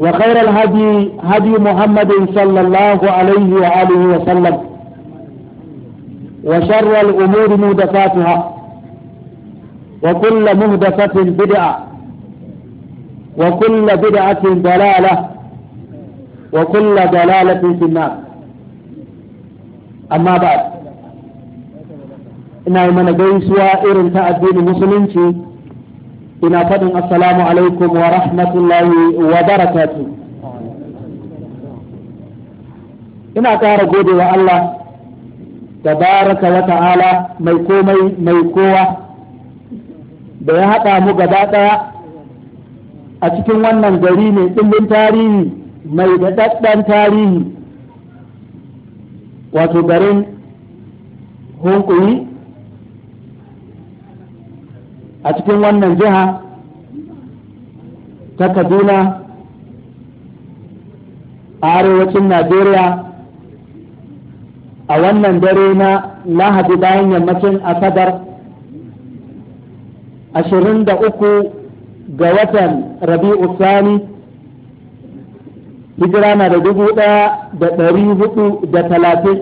وخير الهدي هدي محمد صلى الله عليه وآله وسلم وشر الأمور مهدفاتها وكل مهدفة بدعة وكل بدعة ضلالة وكل ضلالة في النار أما بعد إنه من جيسوا إرن تأدين المسلمين ina faɗin assalamu alaikum wa rahmatullahi wa barakatu ina ƙara gode wa Allah tabaraka wa ta'ala mai komai mai kowa da ya haɗa mu gaba ɗaya a cikin wannan gari mai ɗimbin tarihi mai daɗaɗɗen tarihi wato garin hunkuyi a cikin wannan jiha ta kaduna a arewacin najeriya a wannan dare na lahadi bayan yammacin asabar 23 ga watan rabi'u sani hijira na da dubu ɗaya da ɗari hudu da talatin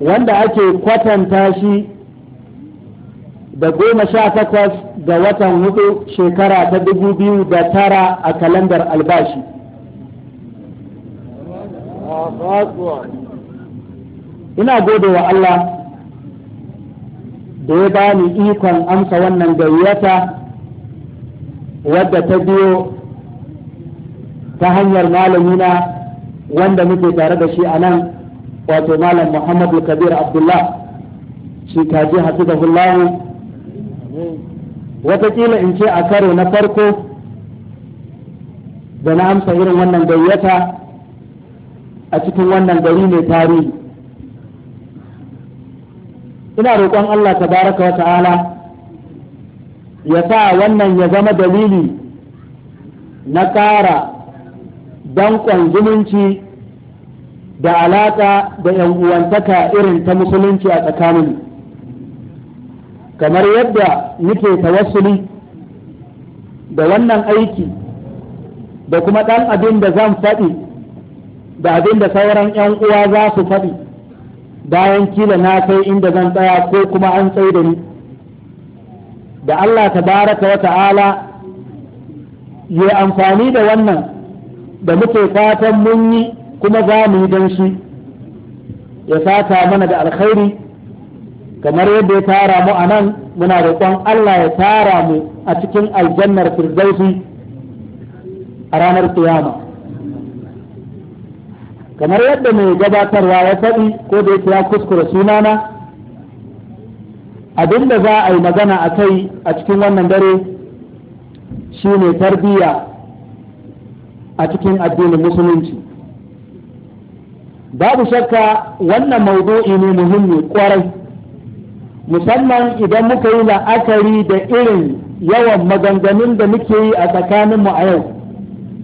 wanda ake kwatanta shi da goma sha takwas ga watan hudu shekara ta dubu biyu da tara a kalandar albashi ina gode wa Allah da ya bani ikon amsa wannan gayyata wadda ta biyo ta hanyar malamina wanda muke tare da shi a nan wato malam muhammadu kabir abdullah shi kaji hasu da watakila in ce a karo na farko da na amsa irin wannan gayyata a cikin wannan gari mai tarihi ina roƙon Allah baraka wa ta'ala ya sa wannan ya zama dalili na ƙara danƙon zumunci da alaƙa da uwantaka irin ta musulunci a tsakanin kamar yadda muke tawassuli da wannan aiki da kuma ɗan abin da zan faɗi da abin da sauran 'yan uwa za su faɗi bayan kila na kai inda zan tsaya ko kuma an tsaye da ni da Allah tabaraka wa ta'ala ya amfani da wannan da muke fatan mun yi kuma za mu yi don shi ya sata mana da alkhairi kamar yadda ya tara mu a nan muna roƙon Allah ya tara mu a cikin aljannar firdausi a ranar kiyama kamar yadda mai gabatarwa ya faɗi ko da yake ya kuskura sunana abin da za a yi magana a kai a cikin wannan dare shi ne tarbiyya a cikin addinin musulunci babu shakka wannan maudu'i ne muhimmi kwarai musamman idan muka yi la'akari da irin yawan maganganun da muke yi a tsakaninmu a yau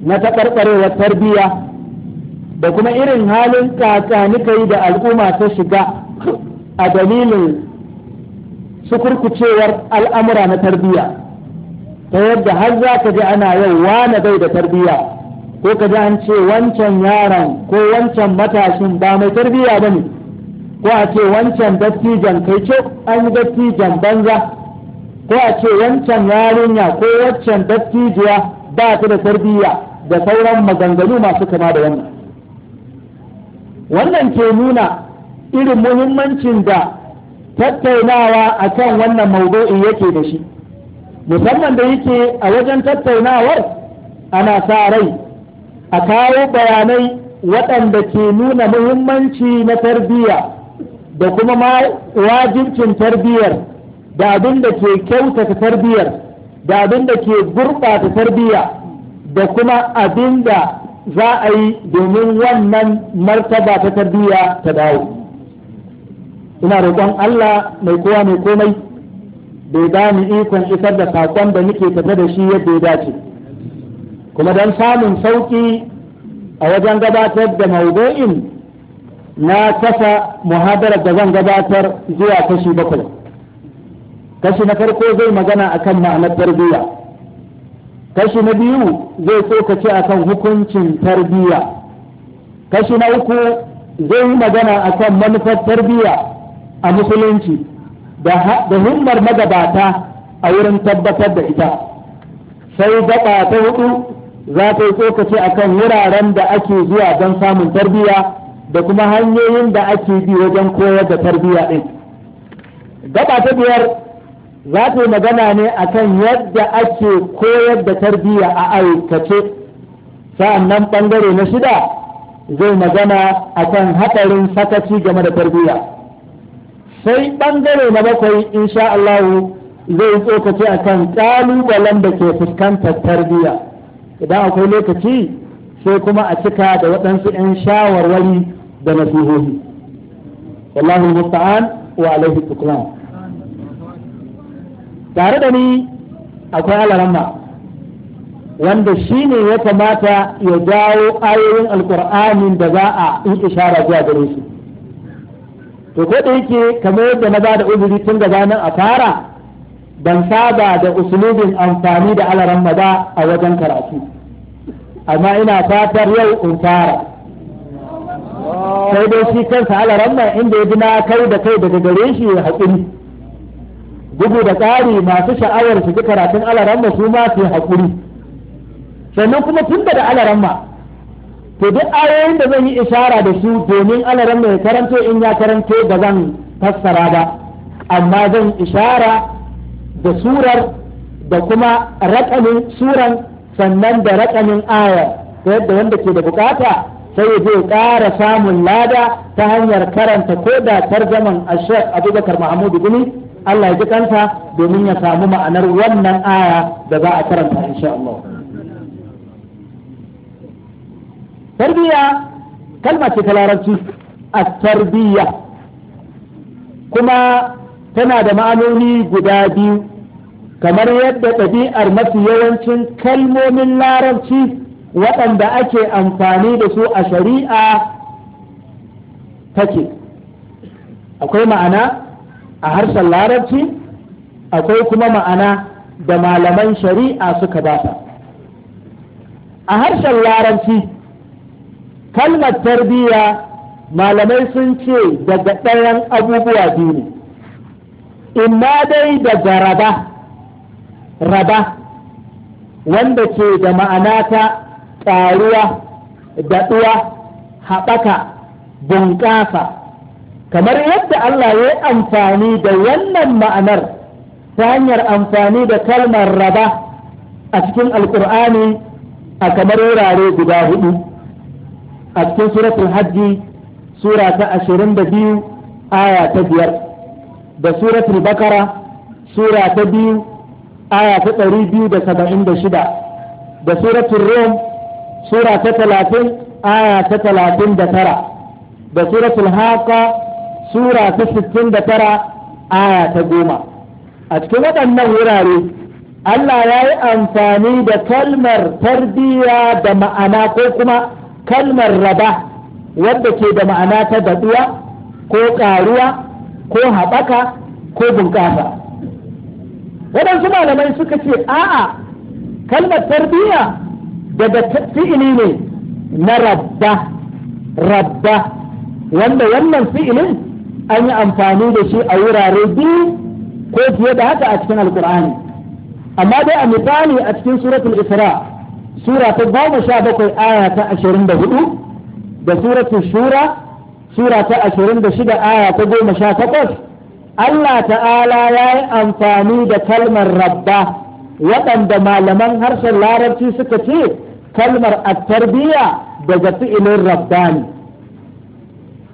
na taɓarɓarewar tarbiyya da kuma irin halin muka yi da al'umma ta shiga a dalilin sukurkucewar al'amura na tarbiyya ta yadda har za ka ji ana yau wane bai da tarbiyya ko ka ji an ce wancan yaron ko wancan matashin ba mai tarbiyya ba ne ko a ce wancan dattijan kai ce an yi dattijan banza ko a ce wancan yarinya ko waccan dattijiya ba ta da tarbiyya da sauran maganganu masu kama da wannan wannan ke nuna irin muhimmancin da tattaunawa a kan wannan maudu'i yake da shi musamman da yake a wajen tattaunawar ana sa rai a kawo bayanai waɗanda ke nuna muhimmanci na tarbiyya da kuma ma wajibcin tarbiyyar da abin da ke kyautata tarbiyyar da abin da ke gurɓata tarbiyya da kuma abin da za a yi domin wannan martaba ta tarbiyya ta dawo ina roƙon Allah mai kowa mai komai bai ba ni ikon isar da saƙon da muke tafe da shi yadda ya dace kuma don samun sauƙi a wajen gabatar da maudu'in na kasa muhadarar da zan gabatar zuwa kashi bakwai kashi na farko zai magana akan ma'anar tarbiyya kashi na biyu zai tsokace akan hukuncin tarbiyya kashi na uku zai yi magana akan manufar tarbiyya a musulunci da himmar magabata a wurin tabbatar da ita sai daɓa ta hudu za ta yi tsokace akan wuraren da ake zuwa don samun tarbiyya da kuma hanyoyin da ake bi wajen koyar da tarbiyya ɗin gaba ta biyar za ta yi magana ne akan yadda ake koyar da tarbiyya a aikace sa'annan ɓangare na shida zai magana kan haɗarin sakaci game da tarbiyya sai ɓangare na bakwai insha Allahu zai tsokace akan ƙalubalen da ke fuskantar tarbiyya idan akwai lokaci sai kuma a cika da waɗansu 'yan shawarwari da nasihohi wallahi musta'an wa alaihi tuklan tare da ni akwai alaramma wanda shi ne ya kamata ya jawo ayoyin alkur'anin da za a yi ishara zuwa gare shi to ko da yake kamar yadda na ba da uzuri tun gabanin a fara ban saba da usulubin amfani da alaramma ba a wajen karatu amma ina fatar yau in fara sai dai shi kansa alaramma in inda ya ji na kai da kai daga gare shi ya haƙuri bugu da tsari masu sha'awar su karatun alaran su ma su haƙuri sannan kuma tun da alaran to duk ayoyin da zan yi ishara da su domin alaran ya karanto in ya karanto da zan fassara ba amma zan ishara da surar da kuma raƙamin suran sannan da raƙamin aya ta yadda wanda ke da bukata sai zai ƙara samun lada ta hanyar karanta ko da tarjaman ashek abubakar mahamudu gumi Allah ya ji kansa domin ya samu ma'anar wannan aya da za a karanta insha Allah tarbiya kalma ce ta larabci a tarbiya kuma tana da ma'anoni guda biyu kamar yadda ɗabi'ar mafi yawancin kalmomin larabci waɗanda ake amfani da su a shari'a take akwai ma'ana a harshen larabci akwai kuma ma'ana da malaman shari'a suka bata a harshen larabci kalmar tarbiyya malamai sun ce daga ɗayan abubuwa biyu ne imma dai daga raba raba wanda ke da ma'ana ta ƙaruwa daɗuwa haɓaka bunƙasa kamar yadda Allah ya yi amfani da wannan ma'anar ta hanyar amfani da kalmar raba a cikin alƙur'ani a kamar wurare guda huɗu a cikin suratul hajji sura ta ashirin da biyu aya ta biyar da suratul bakara sura ta biyu aya ta ɗari biyu da saba'in da shida da suratul rom sura ta talatin aya ta talatin da tara da suratul haka sura ta sittin da tara aya ta goma a cikin waɗannan wurare Allah ya yi amfani da kalmar tarbiyya da ma'ana ko kuma kalmar raba wanda ke da ma'ana ta daɗuwa ko ƙaruwa ko haɓaka ko bunƙasa waɗansu malamai suka ce a'a kalmar tarbiyya daga fi'ili ne na rabba rabba wanda wannan fi'ilin an yi amfani da shi a wurare biyu ko fiye da haka a cikin alkur'ani amma dai a misali a cikin suratul isra sura ta goma sha bakwai aya ta ashirin da hudu da suratul shura sura ta ashirin da shida aya ta goma sha takwas Allah ta'ala ya yi amfani da kalmar rabba waɗanda malaman harshen larabci suka ce kalmar at-tarbiyya daga fi'ilin rabbani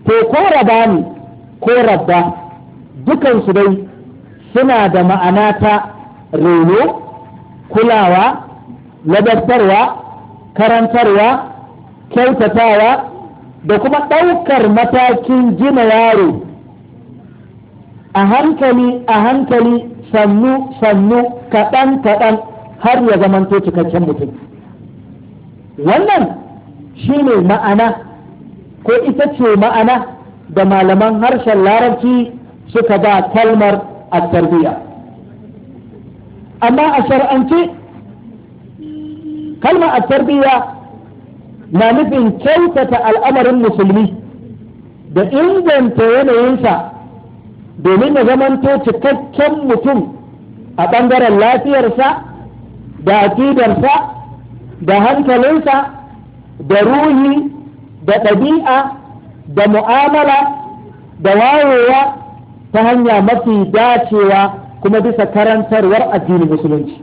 to ko rabani ko rabba dukansu dai suna da ma'ana ta reno kulawa ladabtarwa karantarwa kyautatawa da kuma ɗaukar matakin gina yaro a hankali a hankali sannu sannu kaɗan kaɗan har ya zamanto cikakken mutum wannan shi ne ma'ana ko ita ce ma'ana da malaman harshen larabci suka ba kalmar a tarbiyya amma a shar'ance kalmar a tarbiyya na nufin kyautata al'amarin musulmi da inganta yanayinsa domin ya zamanto cikakken mutum a ɓangaren lafiyarsa da aƙidarsa da hankalinsa da ruhi da ɗabi'a da mu'amala da wayewa ta hanya mafi dacewa kuma bisa karantarwar addinin musulunci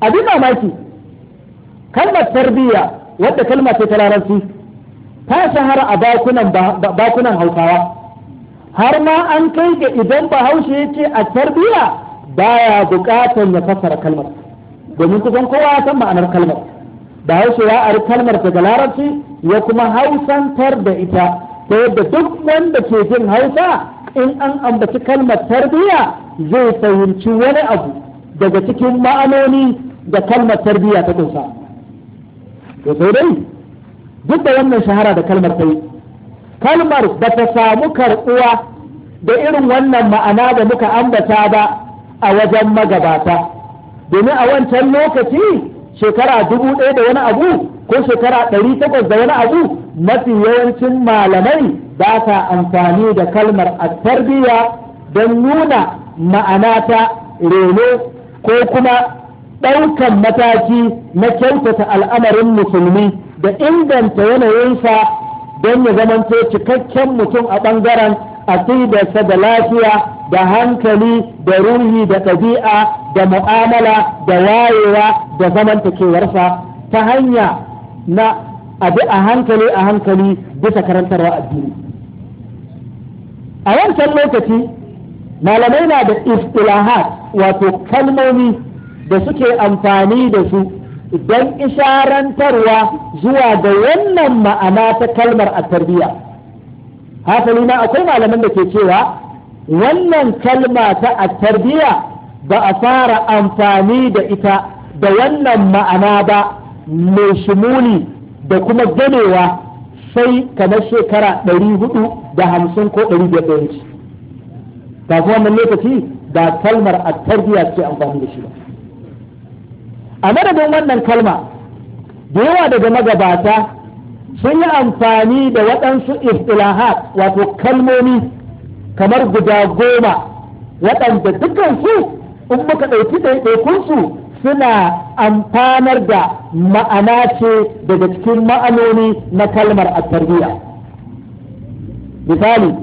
abin mamaki kalmar tarbiyya wadda kalma ce ta larabci ta shahara a bakunan hausawa har ma an kai ga idan bahaushe ya ce a tarbiyya baya bukatan ya fassara kalmar domin kusan kowa ya san ma'anar kalmar da hausa ya ari kalmar daga larabci ya kuma hausantar da ita ta yadda duk wanda ke jin hausa in an ambaci kalmar tarbiyya zai fahimci wani abu daga cikin ma'anoni da kalmar tarbiyya ta kusa to sai dai duk da wannan shahara da kalmar ta yi kalmar ba ta samu karɓuwa da irin wannan ma'ana da muka ambata ba a wajen magabata domin a wancan lokaci shekara dubu ɗaya da wani abu ko shekara ɗari takwas da wani abu mafi yawancin malamai ba ta amfani da kalmar attarbiya don nuna ma'ana ta reno ko kuma ɗaukan mataki na kyautata al'amarin musulmi da inganta yanayinsa don ya zamanto cikakken mutum a ɓangaren asidarsa da lafiya da hankali da ruhi da ɗabi'a da mu'amala da wayewa da zamantakewarsa ta hanya na abi a hankali a hankali bisa karantarwa addini a wancan lokaci malamai na da istilahat wato kalmomi da suke amfani da su don isharantarwa zuwa ga wannan ma'ana ta kalmar a tarbiyya hasali na akwai malaman da ke cewa wannan kalma ta a tarbiya ba a fara amfani da ita da wannan ma'ana ba mai shumuli da kuma ganewa sai kamar shekara ɗari hudu da hamsin ko ɗari biyar da ba kuma wannan lokaci da kalmar a tarbiyya ce amfani da shi ba a madadin wannan kalma da yawa daga magabata sun yi amfani da waɗansu istilahat wato kalmomi kamar guda goma waɗanda dukansu in muka ɗauki ɗaiɗaikunsu suna amfanar da ma'ana ce daga cikin ma'anoni na kalmar at misali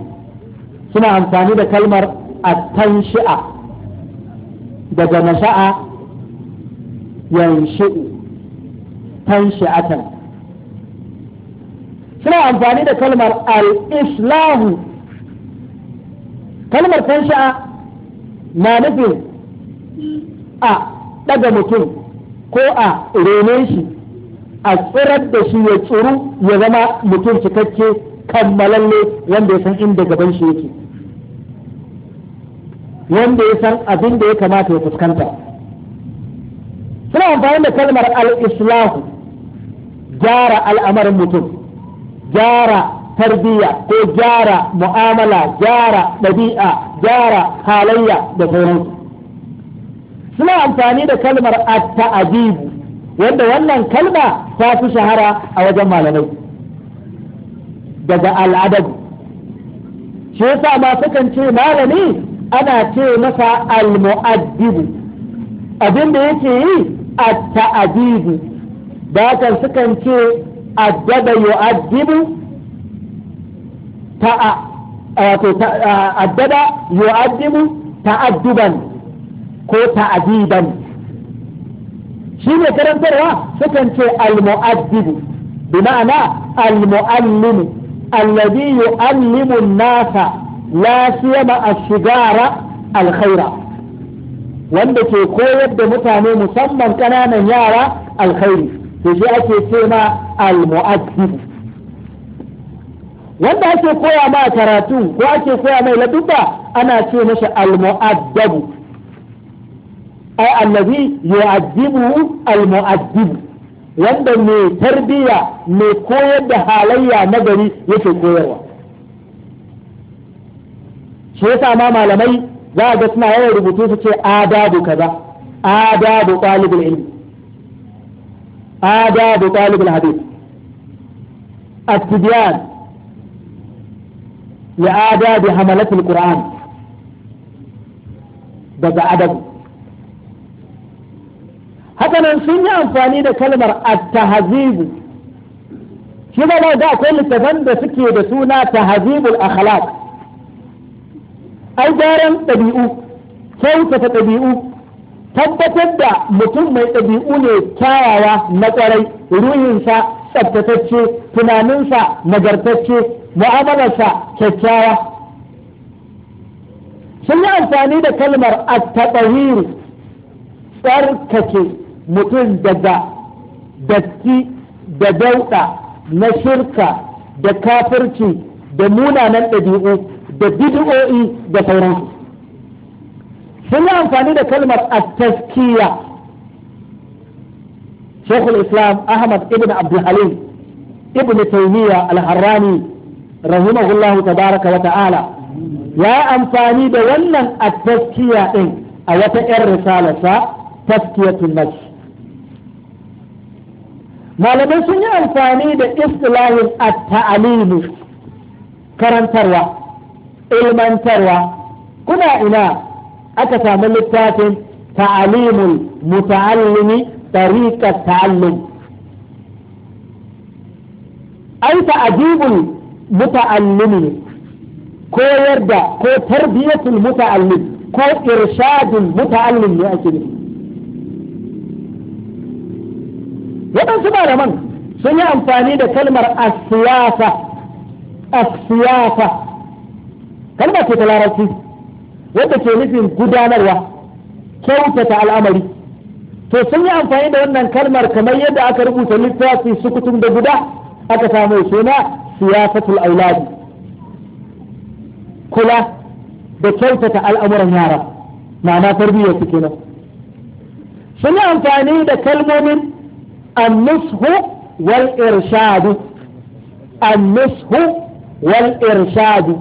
suna amfani da kalmar at-tanshi'a daga nasha'a yanshi'u tanshi'atan suna amfani da kalmar al-islahu kalmar sha'a na nufin a ɗaga mutum ko a rene shi a tsirar da shi ya tsuru ya zama mutum cikakke kammalalle wanda ya san inda gaban shi yake wanda ya san abin da ya kamata ya fuskanta suna amfani da kalmar al gyara al'amarin mutum gyara tarbiyya ko gyara mu'amala gyara ɗabi'a gyara halayya da sauransu suna amfani da kalmar at-ta'adibu wanda wannan kalma ta fi shahara a wajen malamai daga al'adabu shi yasa ma sukan ce malami ana ce masa al-mu'addibu abin da yake yi at-ta'adibu da kan sukan ce addaba yu'addibu ta wato yu'addibu ta'adduban ko ta'adiban shi ne karantarwa sukan ce al-mu'addibu bi ma'ana al-mu'allimu alladhi yu'allimu an-nasa la siyama ash-shigara al-khaira wanda ke koyar da mutane musamman ƙananan yara alkhairi to shi ake ce ma al-mu'addibu wanda ake koya ma karatu ko ake koya mai ladubba ana ce mashi almu'addabu ai allazi yu'addibu almu'addibu wanda mai tarbiya mai koyar da halayya na gari yake koyarwa shi yasa ma malamai za ga suna yawan rubutu su ce adabu kaza adabu talibul ilmi adabu talibul hadith at ya ada bi hamalatul daga adab hakanan sun yi amfani da kalmar at-tahzibu shi ba da akwai littafan da suke da suna tahzibul akhlaq ai gyaran ɗabi'u kyautata ɗabi'u tabbatar da mutum mai ɗabi'u ne kyawawa na ƙwarai ruhinsa tsaftatacce tunaninsa nagartacce mu'amalarsa kyakkyawa sun yi amfani da kalmar at-tatahiru tsarkake mutum daga datti da dauɗa na shirka da kafirci da munanan ɗabi'u da bid'o'i da sauransu sun yi amfani da kalmar at-taskiya shekul islam ahmad ibn abdulhalim ibn taymiya al-harrani rahimahullahu tabaraka wa ta'ala ya amfani da wannan at-taskiya din a wata 'yan risalarsa taskiyatun nafs malamai sun yi amfani da istilahin at-ta'alimu karantarwa ilmantarwa kuna ina aka samu littafin ta'alimul muta'allimi tariqat ta'allum ai ta'jibul muta'allimi koyar da ko tarbiyatul muta'allim ko irshadul muta'allim ne ake nufi waɗansu malaman sun yi amfani da kalmar asiyasa asiyasa kalmar ce ta larabci wadda ke nufin gudanarwa kyautata al'amari to sun yi amfani da wannan kalmar kamar yadda aka rubuta littafi sukutun da guda aka samu suna siyasatul auladi kula da kyautata al'amuran yara ma'ana tarbiyyar su kenan sun yi amfani da kalmomin annushu wal irshadu annushu wal irshadu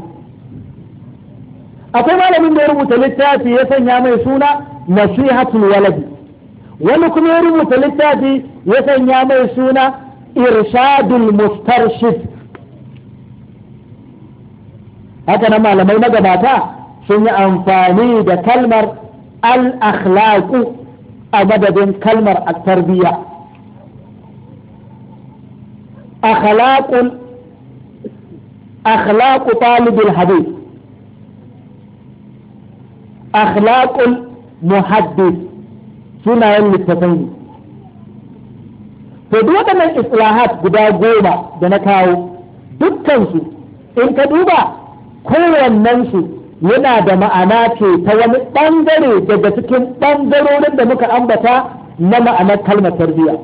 akwai malamin da ya rubuta littafi ya sanya mai suna nasihatul waladi wani kuma ya rubuta littafi ya sanya mai suna irshad al-mustarshid haka nan malamai magabata sun yi amfani da kalmar al-akhlaq a madadin kalmar at-tarbiyya akhlaqul akhlaqu talibul hadith akhlaqul muhaddith sunayen littafai to duk waɗannan islahat guda goma da na kawo dukkansu in ka duba su yana da ma'ana ce ta wani ɓangare daga cikin ɓangarorin da muka ambata na ma'anar kalmar tarbiyya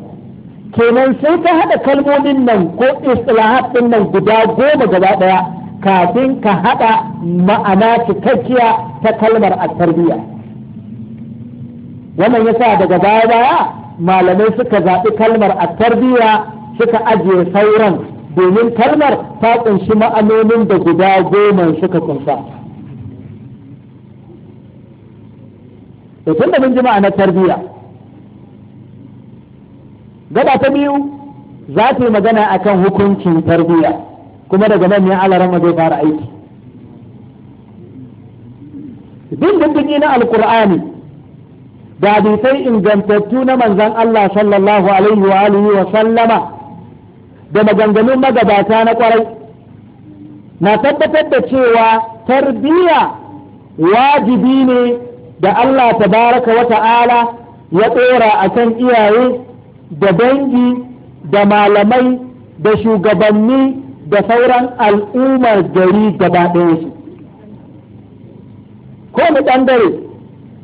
kenan sai ka haɗa kalmomin nan ko islahat ɗin nan guda goma gaba ɗaya kafin ka haɗa ma'ana cikakkiya ta kalmar a tarbiyya wannan yasa daga baya baya malamai suka zaɓi kalmar a tarbiyya suka ajiye sauran domin kalmar ta kunshi ma'anonin da guda goma suka ƙunsa da tun da mun ji ma'anar tarbiyya gaba ta biyu za ta yi magana akan hukuncin tarbiyya kuma daga nan ne alarama zai fara aiki bin diddigi na alkur'ani da hadisai ingantattu na manzon Allah sallallahu alaihi wa alihi wa sallama da maganganun magabata na kwarai na tabbatar da cewa tarbiyya wajibi ne da Allah tabaraka wa ta'ala ya tsora a kan iyaye da dangi da malamai da shugabanni da sauran al'ummar gari gaba ɗaya su ko mu ɗan dare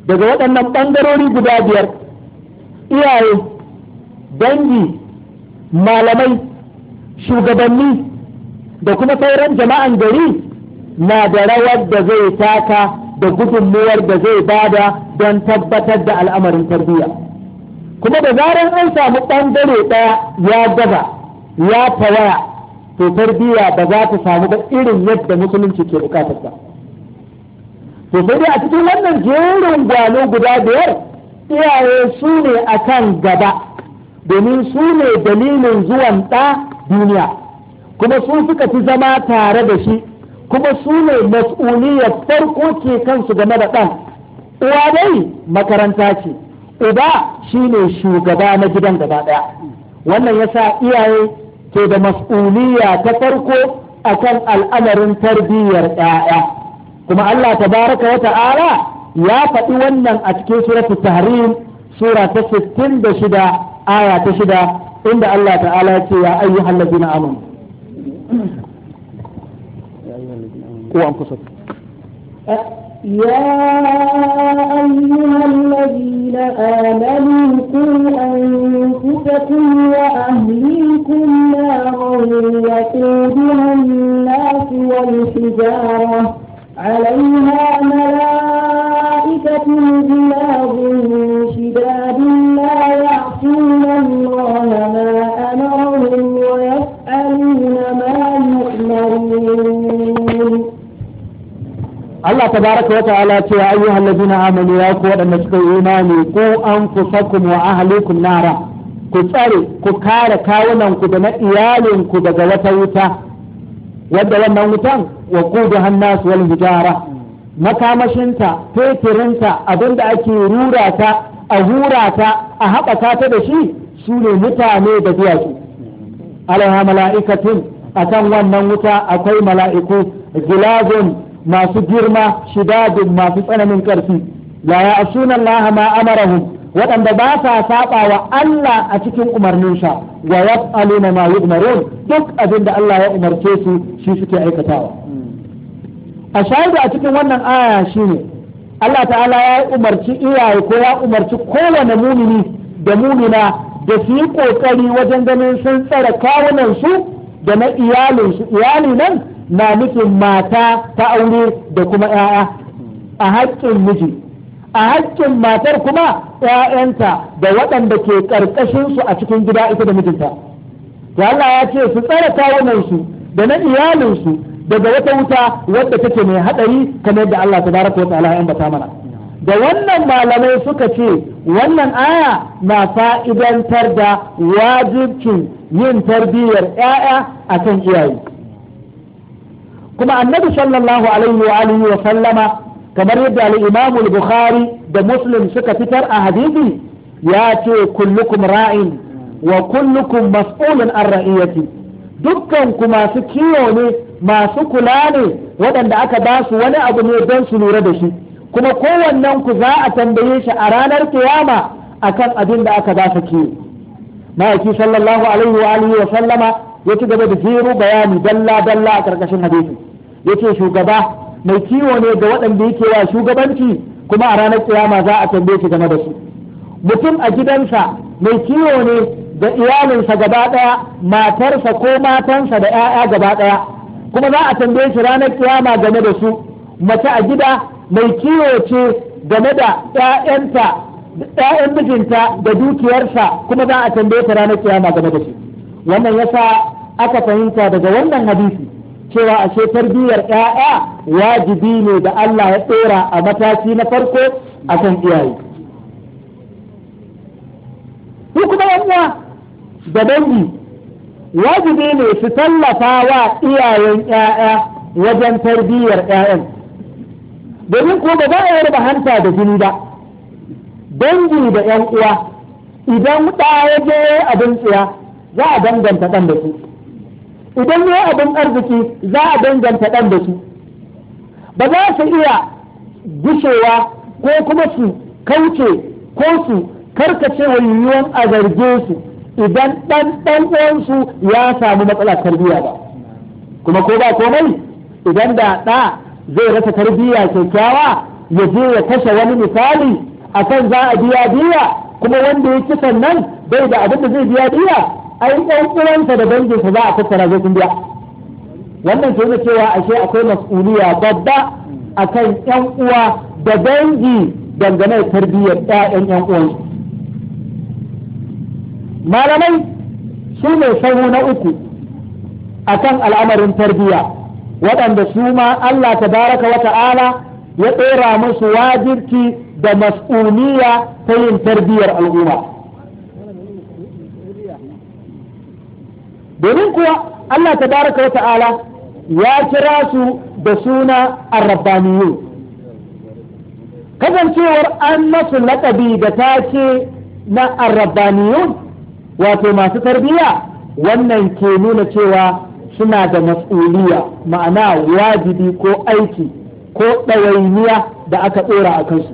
daga waɗannan ɓangarori guda biyar iyaye dangi malamai shugabanni da kuma sauran jama'an gari na da rawar da zai taka da gudunmuwar da zai bada don tabbatar da al'amarin tarbiyya kuma da zarar an samu ɓangare ɗaya ya gaba ya tawaya to tarbiyya ba za ta samu ba irin yadda musulunci ke ba. to sai dai a cikin wannan jerin gwano guda biyar iyaye su ne a kan gaba domin su ne dalilin zuwan ɗa duniya kuma su suka fi zama tare da shi kuma su ne mas'uliyar farko ke kansu game da ɗan uwa dai makaranta ce uba shi ne shugaba na gidan gaba ɗaya wannan yasa iyaye ke da mas'uliya ta farko akan al'amarin tarbiyyar 'ya'ya. kuma Allah tabaraka wa ta'ala ya faɗi wannan a cikin suratul tahrim sura ta 66 aya ta 6 inda Allah ta'ala ya ce ya ayyuhal ladina amanu قوا أنفسكم يا أيها الذين آمنوا قوا أنفسكم وأهليكم نارا وقودها الناس والحجارة عليها ملائكة غلاظ شداد لا يعصون الله ما أمرهم ويسألون ما يؤمرون الله تبارك وتعالى يا أيها الذين آمنوا يا أخوة المسكة إيماني قو أنفسكم وأهلكم نارا ku tsare ku kare kawunanku da na iyalinku daga wata wuta wadda wannan wutan wa kudu hannasu wal hijara makamashinta fetirinta abinda ake rura ta a hura ta a haɓaka ta da shi su ne mutane da duwatsu alaiha mala'ikatun akan wannan wuta akwai mala'iku gilazun masu girma shidadun masu tsananin ƙarfi la ya'suna laha ma amarahum waɗanda ba sa saba wa Allah a cikin umarninsa wa yaf'aluna ma yu'marun duk abin da Allah ya umarce su shi suke aikatawa a shaidu a cikin wannan aya shine Allah ta'ala ya umarci iyaye ko ya umarci kowane mumini da mumina da su yi kokari wajen ganin sun tsare kawunan su da na su. iyali nan na nufin mata ta aure da kuma 'ya'ya a haƙƙin miji a haƙƙin matar kuma ‘ya'yanta da waɗanda ke ƙarƙashin su a cikin gida ita da mijinta to Allah ya ce su tsara kawunansu da na iyalinsu daga wata wuta wadda take mai haɗari kamar da Allah tabaraka wa ta'ala ya ambata mana da wannan malamai suka ce wannan aya na fa'idantar da wajibcin yin tarbiyyar ‘ya'ya a kan iyaye kuma annabi sallallahu alaihi wa alihi wa sallama kamar yadda al-Imam al-Bukhari da Muslim suka fitar a hadisi ya ce kullukum ra'in wa kullukum mas'ulun an ra'iyati dukkan ku masu kiwo ne masu kula ne waɗanda aka ba su wani abu ne don su lura da shi kuma kowannen ku za a tambaye shi a ranar kiyama akan abin da aka ba su kiwo ma'aiki sallallahu alaihi wa alihi wa sallama ya ci gaba da jero bayani dalla dalla a ƙarƙashin hadisi yace shugaba mai kiwo ne ga waɗanda yake wa shugabanci kuma a ranar kiyama za a tambaye shi game da su mutum a gidansa mai kiwo ne ga iyalinsa gaba ɗaya matarsa ko matansa da 'ya'ya gaba ɗaya kuma za a tambaye shi ranar kiyama game da su mace a gida mai kiwo ce game da 'ya'yanta ‘ya'yan mijinta da dukiyarsa kuma za a tambaye ta ranar kiyama game da shi wannan yasa aka fahimta daga wannan hadisi cewa ashe tarbiyyar ƴaƴa wajibi ne da Allah ya tsora a mataki na farko a kan iyaye. Ku kuma yanwa da dangi wajibi ne su tallafa wa iyayen ‘ya'ya wajen tarbiyyar ‘ya'yan. Domin ko ba za a yi hanta da jini ba, dangi da ‘yan uwa idan ɗaya je abin tsiya za a danganta ɗan da su. idan ne abin arziki za a danganta ɗan da su ba za su iya gushewa ko kuma su kauce ko su karkace yiwuwan a zarge su idan ɗan ɗan uwansu ya samu matsalar tarbiyya ba kuma ko ba komai idan da ɗa zai rasa tarbiyya kyakkyawa ya je ya kashe wani misali akan za a biya biya kuma wanda ya kisan nan bai da abin da zai biya biya ai ɗan uwansa da danginsa za a tattara zai kun biya wannan ke cewa ashe akwai mas'uliya babba akan ƴan uwa da dangi dangane da tarbiyyar 'ya'yan ƴan uwan malamai su ne sahu na uku akan al'amarin tarbiyya waɗanda su ma Allah baraka wa ta'ala ya ɗora musu wajibci da mas'uliya ta yin tarbiyyar al'umma domin kuwa Allah ta baraka ta'ala ya kira su da suna arrabbaniyu kasancewar an masu laƙabi da take na arrabbaniyu wato masu tarbiyya wannan ke nuna cewa suna da mas'uliya ma'ana wajibi ko aiki ko ɗawainiya da aka ɗora a kansu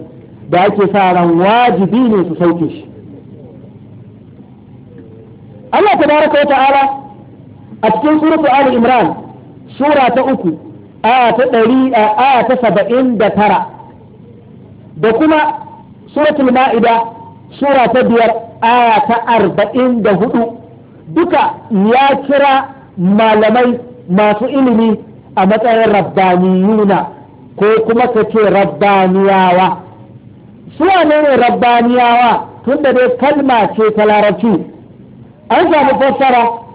da ake sa ran wajibi ne su sauke shi Allah ta baraka ta'ala a cikin suratu Ali Imran sura ta uku aya ta ɗari aya ta saba'in da tara da kuma suratul ma'ida sura ta biyar aya ta arba'in da hudu duka ya kira malamai masu ilimi a matsayin rabbaniyuna ko kuma ka ce rabbaniyawa su ne rabbaniyawa tunda dai kalma ce ta larabci an samu fassara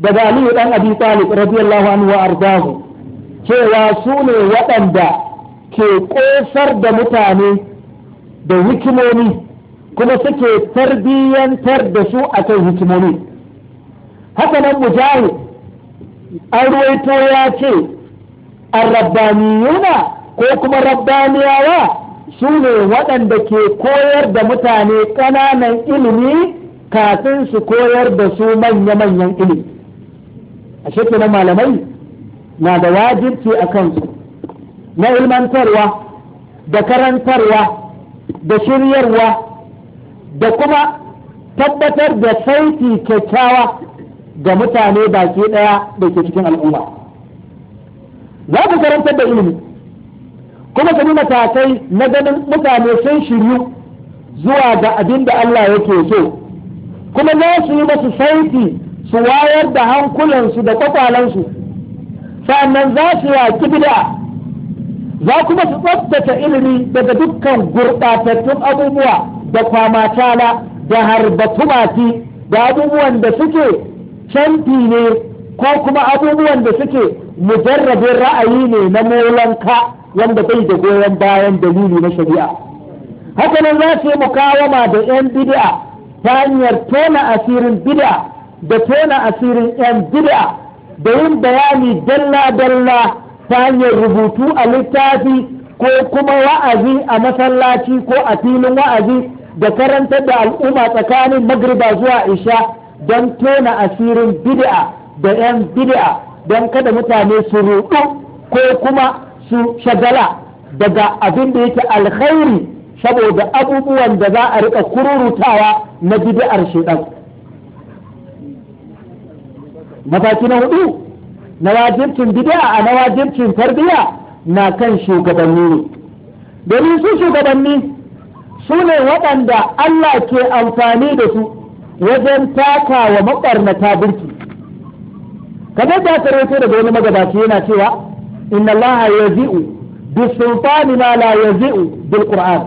daga Aliyu dan Abi Talib radiyallahu anhu wa ardahu cewa su ne waɗanda ke ƙosar da mutane da hikimomi kuma suke tarbiyyantar da su a kan hikimomi haka nan mujahid an ruwaito ya ce Yuna ko kuma rabbaniyawa su ne waɗanda ke koyar da mutane ƙananan ilimi kafin su koyar da su manya-manyan ilimi a shekara malamai na da wajibci a kansu na ilmantarwa da karantarwa da shiryarwa da kuma tabbatar da saiti kyakkyawa ga mutane baki ɗaya da ke cikin al'umma za ku karantar da ilimi kuma su matakai na ganin mutane sun shiryu zuwa ga abin da Allah yake so kuma za su yi masu sauti. su wayar da hankulansu da kwakwalansu sannan za su yaki bid'a za kuma su tsaftace ilimi daga dukkan gurɓatattun abubuwa da kwamatala da harba harbatumati da abubuwan da suke canfi ne ko kuma abubuwan da suke mujarrabin ra'ayi ne na molanka wanda bai da goyon bayan dalili na shari'a haka nan za su yi mukawama da 'yan bid'a ta hanyar tona asirin bid'a da tona asirin 'yan bid'a da yin bayani dalla-dalla ta hanyar rubutu a littafi ko kuma wa'azi a masallaci ko a filin wa'azi da karantar da al'umma tsakanin magriba zuwa isha don tona asirin bid'a da 'yan bid'a don kada mutane su ruɗu ko kuma su shagala daga abin da yake alkhairi saboda abubuwan da za a riƙa kururutawa na bid'ar shaidan. mataki na hudu na wajibcin bid'a a na wajibcin tarbiyya na kan shugabanni ne domin su shugabanni su ne waɗanda Allah ke amfani da su wajen taka wa maɓarnata birki kamar da aka rawaito daga wani magabaci yana cewa inna Allah yazi'u bisultani ma la yazi'u bil qur'an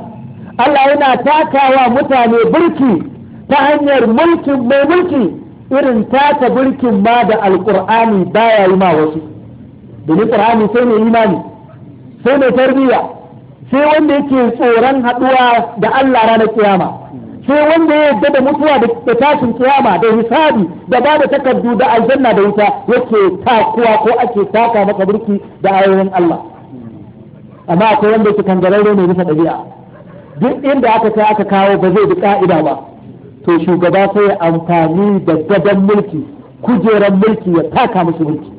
Allah yana takawa mutane birki ta hanyar mulkin mai mulki irin taka birkin ma da alƙur'ani baya yi ma wasu domin ƙur'ani sai mai imani sai mai tarbiyya sai wanda yake tsoron haɗuwa da Allah ranar kiyama sai wanda ya yadda da mutuwa da tashin kiyama da hisabi da ba da takardu da aljanna da wuta yake takuwa ko ake taka maka birki da ayoyin Allah amma akwai wanda yake kangararre ne bisa ɗabi'a duk inda aka kai aka kawo ba zai bi ka'ida ba to shugaba sai ya amfani da gadon mulki kujeran mulki ya taka musu mulki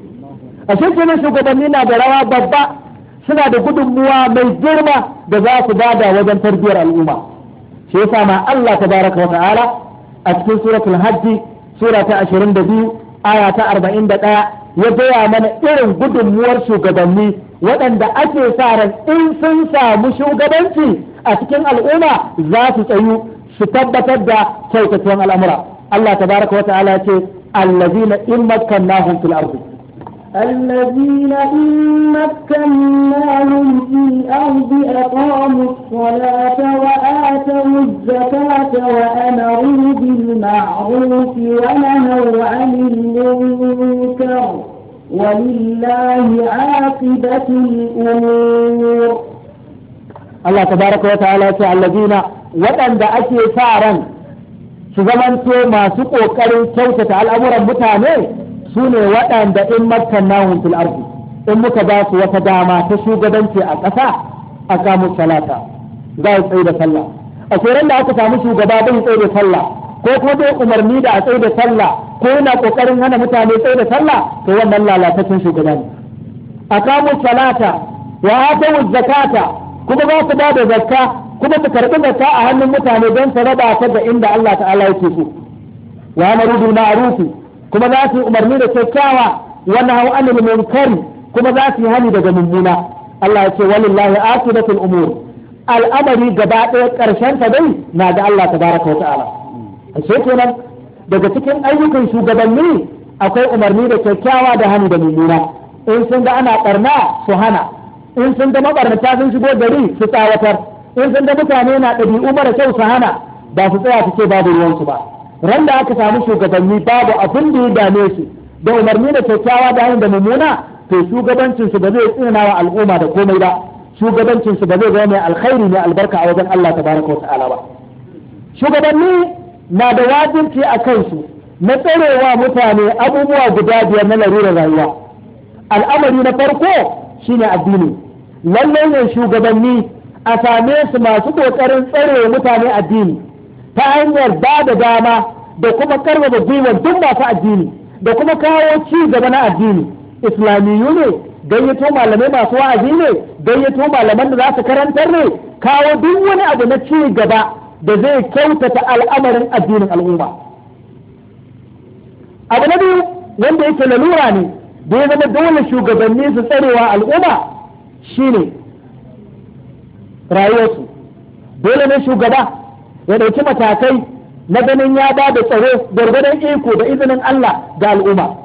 a kenan shugabanni na da rawa babba suna da gudunmuwa mai girma da za su bada wajen tarbiyyar al'umma shi yasa ma Allah baraka wa ta'ala a cikin suratul hajji sura ta 22 aya ta 41 ya gaya mana irin gudunmuwar shugabanni waɗanda ake sa ran in sun samu shugabanci a cikin al'umma za su tsayu su tabbatar da kyautatuwan al'amura Allah baraka wa ta'ala ce allazina in makkannahum fil ardi الذين إن مكناهم في الأرض أقاموا الصلاة وآتوا الزكاة وأمروا بالمعروف ونهوا عن المنكر ولله عاقبة الأمور الله تبارك وتعالى الذين waɗanda ake sa ran su zamanto masu ƙoƙarin kyautata al'amuran mutane su ne waɗanda in makkannahum fil ardi in muka ba su wata dama ta shugabanci a ƙasa a kamun salata za su tsaye da sallah a tsoron da aka samu shugaba don tsaye da sallah ko kuma bai umarni da a tsaye da sallah ko yana ƙoƙarin hana mutane tsaye da sallah to wannan lalatacin shugaba ne a kamun salata wa atawuz zakata kuma ba su ba da zakka kuma mu karɓi zakka a hannun mutane don su raba ta da inda Allah ta'ala yake so wa amaru bil ma'ruf kuma za su umarni da kyakkyawa wa nahaw anil munkari kuma za su yi hani daga mummuna Allah ya ce walillahi aqibatul umur al'amari gaba ɗaya ƙarshen ta dai na ga Allah tabaraka wa ta'ala kenan daga cikin ayyukan shugabanni akwai umarni da kyakkyawa da hani da mummuna in sun ga ana barna su hana in sun ga mabarnata sun shigo gari su tsawatar in sun mutane na ɗabi'u mara kyau su hana ba su tsaya su ce babu ruwansu ba ran da aka samu shugabanni babu abin da ya dame su da umarni da kyakkyawa da hanyar da mummuna to shugabancinsu ba zai tsina wa al'umma da komai ba shugabancinsu ba zai zama mai alkhairi ne albarka a wajen Allah tabaraka wa ta'ala ba shugabanni na da wajibci a kansu na tsarewa mutane abubuwa guda biyar na larurar rayuwa al'amari na farko shine addini lallai ne shugabanni a same su masu ƙoƙarin tsarewa mutane addini ta hanyar ba da dama da kuma karfafa gwiwar duk masu addini da kuma kawo ci gaba na addini islamiyu ne gayyato malamai masu wa'azi ne gayyato malaman da za su karantar ne kawo duk wani abu na ci gaba da zai kyautata al'amarin addinin al'umma abu na biyu wanda yake lalura ne da ya zama dole shugabanni su tsarewa al'umma shine rayuwarsu dole ne shugaba ya ɗauki matakai na ganin ya ba da tsaro gwargwadon iko da izinin Allah ga al'umma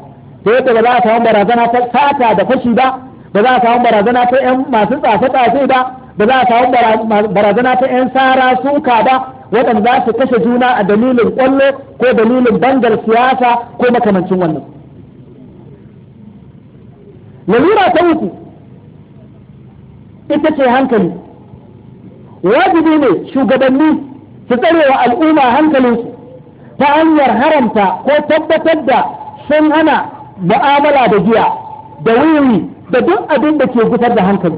da yadda ba za a samu barazana ta sata da fashi ba ba za a samu barazana ta 'yan masu tsafe-tsafe ba ba za a samu barazana ta 'yan sara suka ba waɗanda za su kashe juna a dalilin ƙwallo ko dalilin bangar siyasa ko makamancin wannan lalura ta uku ita ce hankali wajibi ne shugabanni su tsarewa al'umma hankalinsu ta hanyar haramta ko tabbatar da sun hana mu'amala da giya da wuri da duk abin da ke gusar da hankali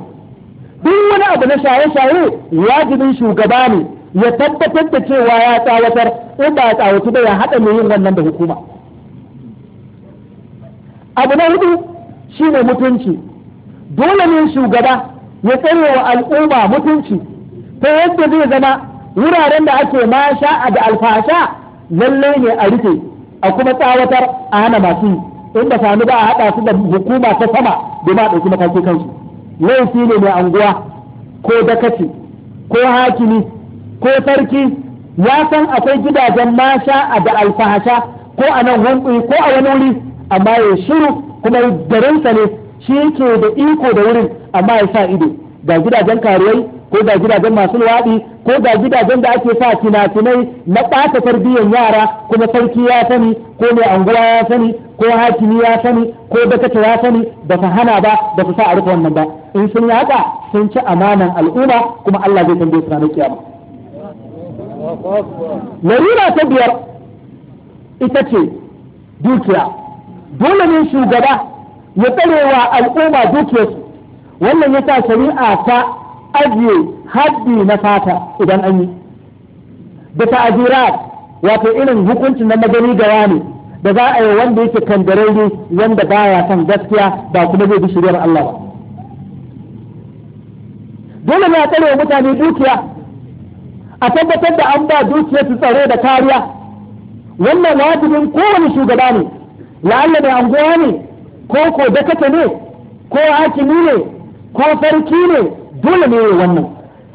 duk wani abu na shaye-shaye wajibin shugaba ne ya tabbatar da cewa ya tsawatar in ba ya tsawatu ba ya haɗa mai yin wannan da hukuma abu na hudu shine mutunci dole ne shugaba ya tsare wa al'umma mutunci ta yadda zai zama wuraren da ake masha da alfasha lallai ne a rufe a kuma tsawatar a hana masu in sami ba a haɗa su da hukuma ta sama domin a ɗauki mataki kansu laifi ne mai anguwa ko dakaci ko hakimi ko sarki ya san akwai gidajen masha da alfahasha ko a nan hankali ko a wani wuri amma ya shiru kuma garinsa ne shi ke da iko da wurin amma ya sa ido ga gidajen karuwai ko ga gidajen masu luwaɗi ko ga gidajen da ake sa fina-finai na ɓata tarbiyyar yara kuma sarki ya sani ko mai anguwa ya sani ko hakimi ya sani ko dakata ya sani ba su hana ba ba su sa a rufe wannan ba in sun yi haka sun ci amanan al'umma kuma Allah zai tambaye su ranar kiyama. Larura ta biyar ita ce dukiya dole ne shugaba ya tsarewa al'umma dukiyarsu wannan ya sa shari'a ta ajiye haddi na fata idan an yi da ta'azirat wato irin hukuncin na magani da wani da za a yi wanda yake kandararre wanda baya son gaskiya ba kuma zai bi shirya Allah ba dole ne a tsare mutane dukiya a tabbatar da an ba dukiya su tsaro da kariya wannan wajibin kowane shugaba ne la'alla da anguwa ne ko ko dakata ne ko hakimi ne ko sarki ne dole ne wannan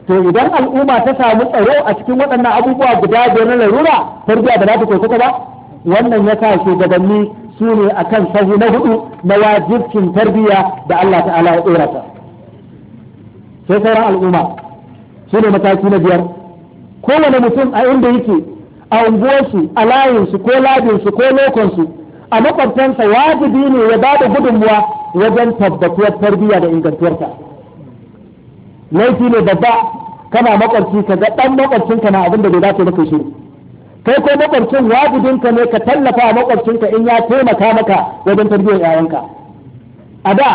to idan al'umma ta samu tsaro a cikin waɗannan abubuwa guda biyar na larura tarbiyya da za ta ba wannan ya sa shugabanni su ne a kan sahu na hudu na wajibcin tarbiyya da Allah ta'ala ya tsora ta sai sauran al'umma su ne mataki na biyar kowane mutum a inda yake a unguwarsu a layinsu ko labinsu ko lokonsu a makwabtansa wajibi ne ya ba da gudunmuwa wajen tabbatuwar tarbiyya da ingantuwarta. laifi ne babba kana makwabci ka ga dan makwabcinka na abin da bai dace maka shi kai ko makwabcin wajibinka ne ka tallafa makwabcinka in ya taimaka maka wajen tarbiyyar yayanka a da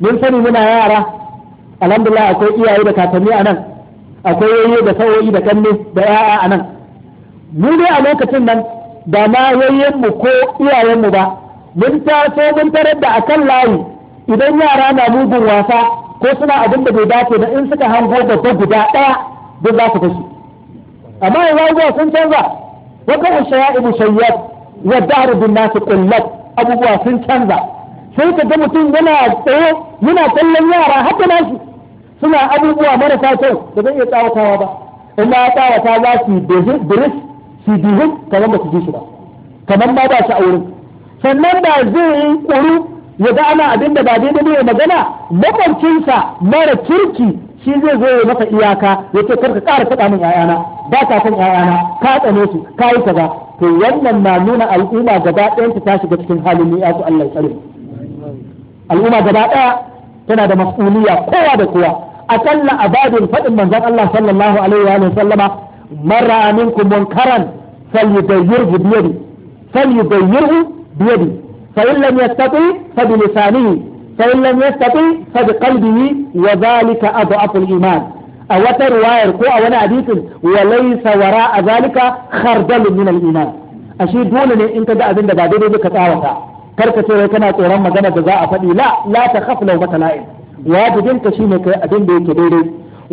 mun sani muna yara alhamdulillah akwai iyaye da kakanni a nan akwai yayye da sauyi da kanne da yaya a nan mu ne a lokacin nan da ma mu ko iyayen mu ba mun taso mun tarar da akan layi idan yara na mugun wasa ko suna abin da bai dace da in suka hango da ta guda ɗaya duk za su kashe amma yanzu zuwa sun canza wata ashaya ibu shayyar wa dahru bin nasu qillat abubuwa sun canza sai ka ga mutum yana tsaye yana kallon yara haka nasu suna abubuwa marasa kyau da zai iya tsawatawa ba ina ya tsawata za su biris su dihun kamar ba su ji shi ba kamar ba shi a wurin sannan ba zai yi ƙuru ya ga ana abin da ba daidai ne ya magana makwabcinsa mara kirki shi zai zo ya masa iyaka ya ce karka ƙara faɗa min ƴaƴana ba ka san ƴaƴana ka tsane su ka yi kaza to wannan na nuna al'umma gaba ɗayanta ta shiga cikin halin ni su Allah ya al'umma gaba ɗaya tana da mas'uliyya kowa da kowa akalla abadin faɗin manzon Allah sallallahu alaihi wa sallama marra minkum munkaran falyughayyirhu biyadi falyughayyirhu biyadi فإن لم يستطع فبلسانه فإن لم يستطع فبقلبه وذلك أضعف الإيمان a wata ruwayar ko a wani hadisin walai sawara a zalika khardal min al-iman ashe dole ne in ka ga abin da ba daidai ba ka tsawata kar ka ce wai kana tsoron magana da za a faɗi la la ta khaf law matala'in wajibin ka kai abin da yake daidai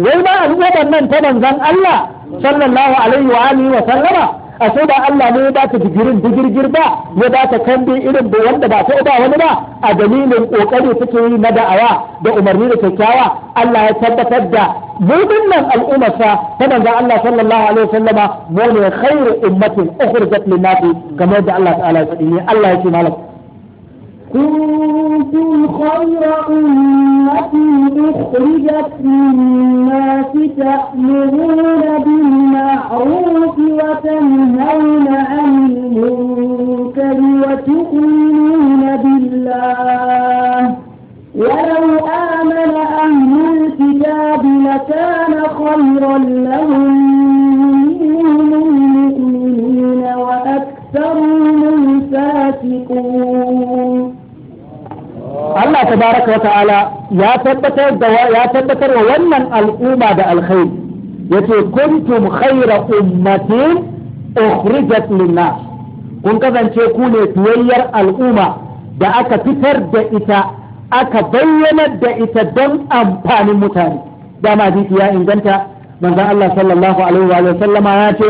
wai ma al'ummar nan ta manzon Allah sallallahu alaihi wa alihi wa sallama a sai ba Allah ne ya ba ka digirin digirgir ba ya ba ka kambi irin da wanda ba ta ba wani ba a dalilin kokari take yi na da'awa da umarni da kyakkyawa Allah ya tabbatar da mudin nan al'ummarsa ta manzon Allah sallallahu alaihi wasallama mu ne khairu ummatin ukhrijat lin-nasi kamar da Allah ta'ala ya faɗi ne Allah ya ce malam كنتم خير أمة أخرجت للناس تأمرون بالمعروف وتنهون عن المنكر وتؤمنون بالله ولو آمن أهل الكتاب لكان خيرا لهم منهم المؤمنين وأكثرهم الفاسقون Allah tabaraka wa ta'ala ya tabbatar da ya tabbatar wa wannan al'umma da alkhairi yace kuntum khayra ummatin ukhrijat lin kun kasance ku ne tuwayyar al'umma da aka fitar da ita aka bayyanar da ita don amfanin mutane dama hadisi ya inganta manzon Allah sallallahu alaihi wa sallama ya ce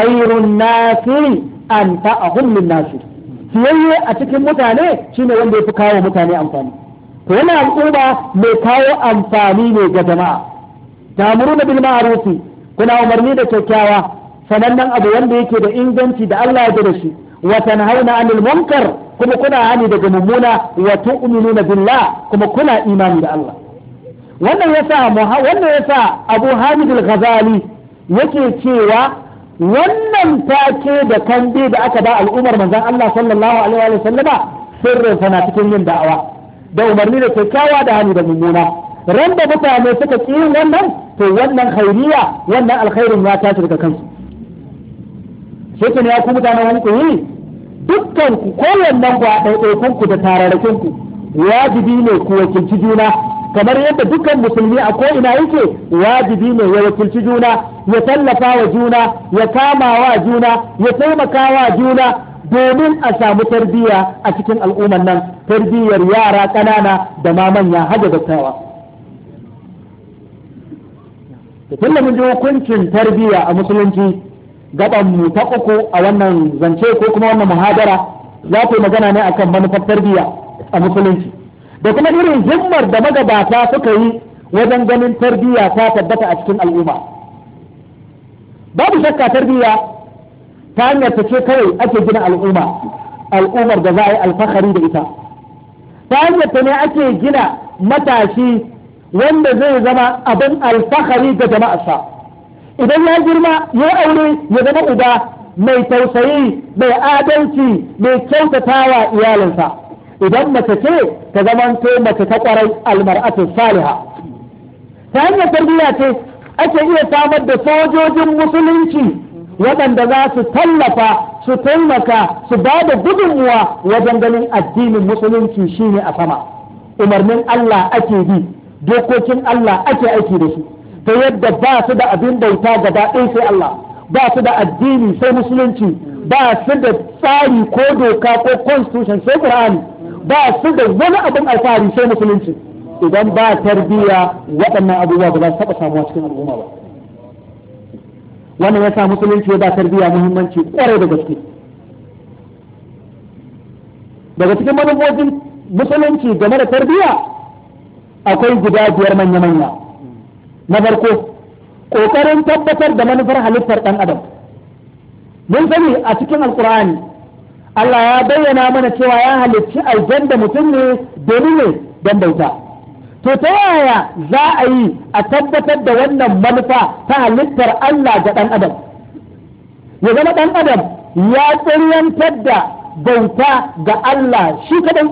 khairun nasi an ta'ahum lin siyayye a cikin mutane shine wanda ya fi kawo mutane amfani to yana al'umma mai kawo amfani ne ga jama'a na bil ma'rufi kuna umarni da kyakkyawa sanannen abu wanda yake da inganci da Allah ya da shi wa tanhauna 'anil munkar kuma kuna hani daga mummuna wa tu'minuna billah kuma kuna imani da Allah wannan yasa wannan yasa Abu Hamid al-Ghazali yake cewa wannan take da kande da aka ba al'ummar manzan Allah sallallahu alaihi wa sallama sirrin sana cikin yin da'awa da umarni da kyakkyawa da hannu da mummuna ran da mutane suka ki wannan to wannan khairiya wannan alkhairin ya tashi daga kansu sai ya ku mutanen wani yi dukkan ku kowannen ku a ɗaiɗaikun ku da tararrakin ku wajibi ne ku wakilci juna kamar yadda dukkan musulmi a ko ina yake wajibi ne ya wakilci juna ya tallafa wa juna ya kama wa juna ya taimaka wa juna domin a samu tarbiyya a cikin al'umman nan tarbiyyar yara ƙanana da ma manya hada dattawa tun da mun ji hukuncin tarbiyya a musulunci gaban mu ta uku a wannan zance ko kuma wannan muhadara za ta yi magana ne akan manufar tarbiyya a musulunci da kuma irin himmar da magabata suka yi wajen ganin tarbiyya ta tabbata a cikin al'umma babu shakka tarbiyya ta hanyar ta ce kawai ake gina al'umma al'ummar da za a yi alfahari da ita ta hanyar ta ne ake gina matashi wanda zai zama abin alfahari ga jama'arsa idan ya girma ya aure ya zama uba mai tausayi mai adalci mai kyautatawa iyalinsa idan mace ce ta zamanto mace ta kwarai almar'atu saliha ta hanyar tarbiyya ce ake iya samar da sojojin musulunci waɗanda za su tallafa su taimaka su ba da gudunmuwa wajen ganin addinin musulunci shine a sama umarnin Allah ake bi dokokin Allah ake aiki da shi, ta yadda ba su da abin bauta gaba ɗaya sai Allah ba su da addini sai musulunci ba su da tsari ko doka ko constitution sai Qur'ani ba su da wani abin alfahari sai musulunci idan ba tarbiyya waɗannan abubuwa ba za su taɓa samuwa cikin al'umma ba wannan ya sa musulunci ya ba tarbiyya muhimmanci ƙwarai da gaske daga cikin manufofin musulunci game da tarbiyya akwai guda biyar manya-manya na farko ƙoƙarin tabbatar da manufar halittar ɗan adam mun sani a cikin alƙur'ani Allah ya bayyana mana cewa ya halicci aljanda mutum ne domin ne don bauta to ta yaya za a yi a tabbatar da wannan manufa ta halittar Allah ga ɗan adam ya zama ɗan adam ya tsoriyantar da bauta ga Allah shi kaɗan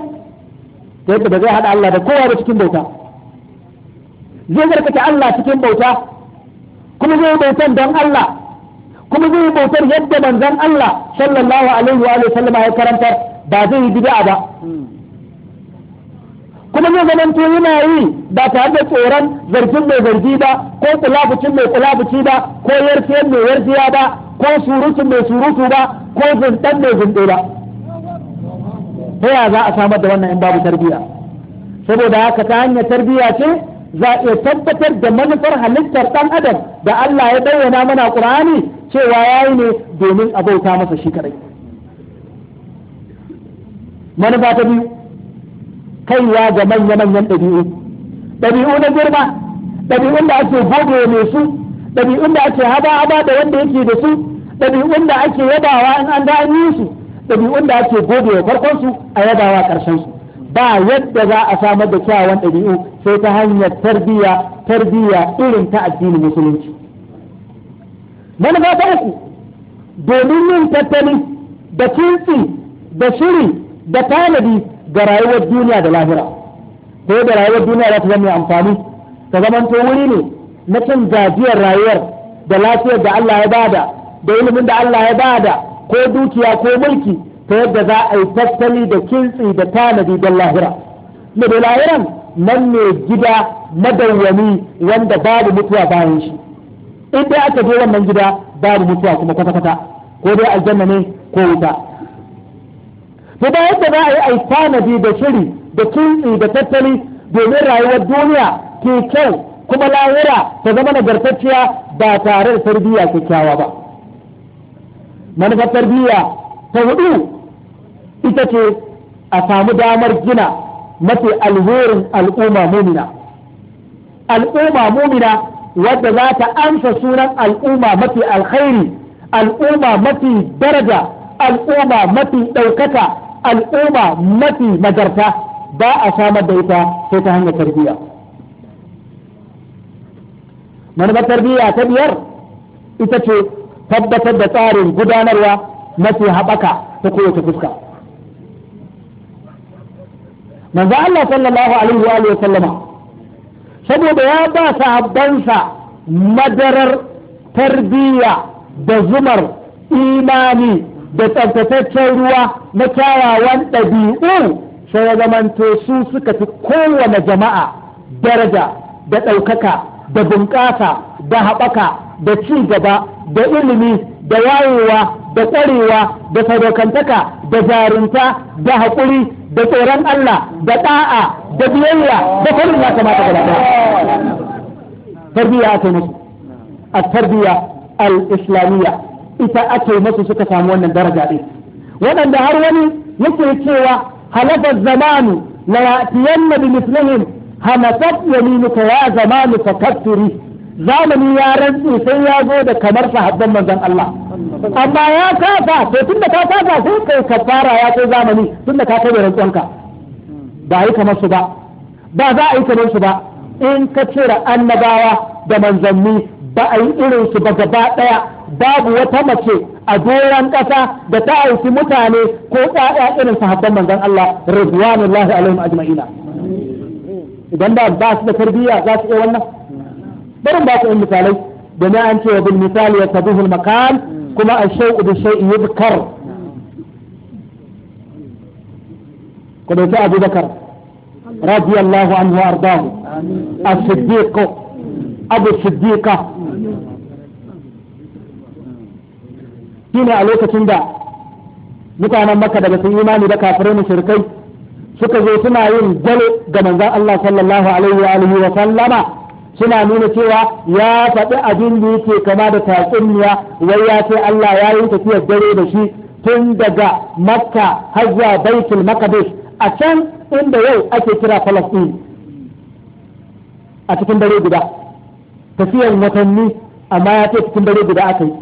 ta yadda ba zai haɗa Allah da kowa da cikin bauta zai zarkata Allah cikin bauta kuma zai bautan don Allah kuma zai yi bautar yadda manzon Allah sallallahu alaihi wa sallam ya karantar ba zai yi bid'a ba kuma zai zama to yana yi ba tare da tsoron zargin mai zargi ba ko kulafucin mai kulafuci ba ko yarfiyar mai yarfiya ba ko surutu mai surutu ba ko zindan mai zinde ba ta ya za a samar da wannan in babu tarbiyya saboda haka ta hanyar tarbiyya ce za a tabbatar da manufar halittar ɗan adam da Allah ya bayyana mana Qur'ani cewa yayi ne domin a bauta masa shi kadai manufa ta biyu kaiwa ga manya-manyan ɗabi'u ɗabi'u na girma ɗabi'un da ake gode mai su ɗabi'un da ake haba-haba da wanda yake da su ɗabi'un da ake yabawa in an da an yi su ɗabi'un da ake goge wa farkon su a yabawa ƙarshen su ba yadda za a samar da kyawawan ɗabi'u sai ta hanyar tarbiyya tarbiyya irin ta addinin musulunci manufa ta uku domin yin tattali da kinsi da shiri da tanadi ga rayuwar duniya da lahira ko da rayuwar duniya za ta zama amfani ta zaman to wuri ne na cin gajiyar rayuwar da lafiyar da Allah ya bada da ilimin da Allah ya bada ko dukiya ko mulki ta yadda za a yi tattali da kintsi da tanadi don lahira da lahiran nan ne gida madawwami wanda babu mutuwa bayan shi in dai aka je wannan gida babu mutuwa kuma kwata-kwata ko dai aljanna ne ko wuta ta yadda za a yi ai tanadi da shiri da kintsi da tattali domin rayuwar duniya ke kyau kuma lahira ta zama nagartacciya ba tare da tarbiyya kyakkyawa ba manufar tarbiyya ta hudu ita ce a samu damar gina mafi alherin al'umma mumina al'umma mumina wadda za ta amsa sunan al'umma mafi alkhairi al'umma mafi daraja al'umma mafi ɗaukaka al'umma mafi nagarta ba a samar da ita sai ta hanyar tarbiyya manufar tarbiyya ta biyar ita ce tabbatar da tsarin gudanarwa mafi haɓaka ta kowace fuska manzo Allah sallallahu alaihi wa sallama saboda ya ba sahabbansa madarar tarbiyya da zumar imani da tsaftataccen ruwa na kyawawan ɗabi'u sai ya zamanto su suka fi kowane jama'a daraja da ɗaukaka da bunƙasa da haɓaka da ci gaba da ilimi da wayewa da kwarewa da sadaukantaka da jarunta da haƙuri da tsoron Allah da ɗa'a da biyayya da kwarin ya kamata gaba ɗaya tarbiyya ake musu a tarbiyya al-islamiyya ita ake musu suka samu wannan daraja ɗin waɗanda har wani yake cewa halafa zamanu la ya'tiyanna bi mislihim hamasat ya zamanu fakatturi zamani ya rantsi sai ya zo da kamar sahabban manzon Allah amma ya saba to tun da ka kafa sai kai kafara ya kai zamani tun da ka kabe rantsuwanka ba yi kamar su ba ba za a yi kamar su ba in ka cira annabawa da manzanni ba a yi irin su ba gaba daya babu wata mace a doron kasa da ta aiki mutane ko ƴaƴa irin sahabban manzan Allah radwanullahi alaihim ajma'ina idan da ba su da tarbiyya za su iya wannan barin ba su in misalai da na an ce wa bil misali ya tabuhul makan kuma a shai'u da shai'i yuzkar ku dauki abu bakar radiyallahu anhu wa ardahu a siddiq abu siddiqa ne a lokacin da mutanen maka daga sun imani da kafirai mushrikai suka zo suna yin gwal ga manzon Allah sallallahu alaihi wa alihi wa sallama suna nuna cewa ya faɗi abin da yake kama da tatsuniya wai ya ce Allah ya yi tafiyar dare da shi tun daga makka har zuwa baitul maqdis a can inda yau ake kira falastin a cikin dare guda tafiyar watanni amma ya ce cikin dare guda aka yi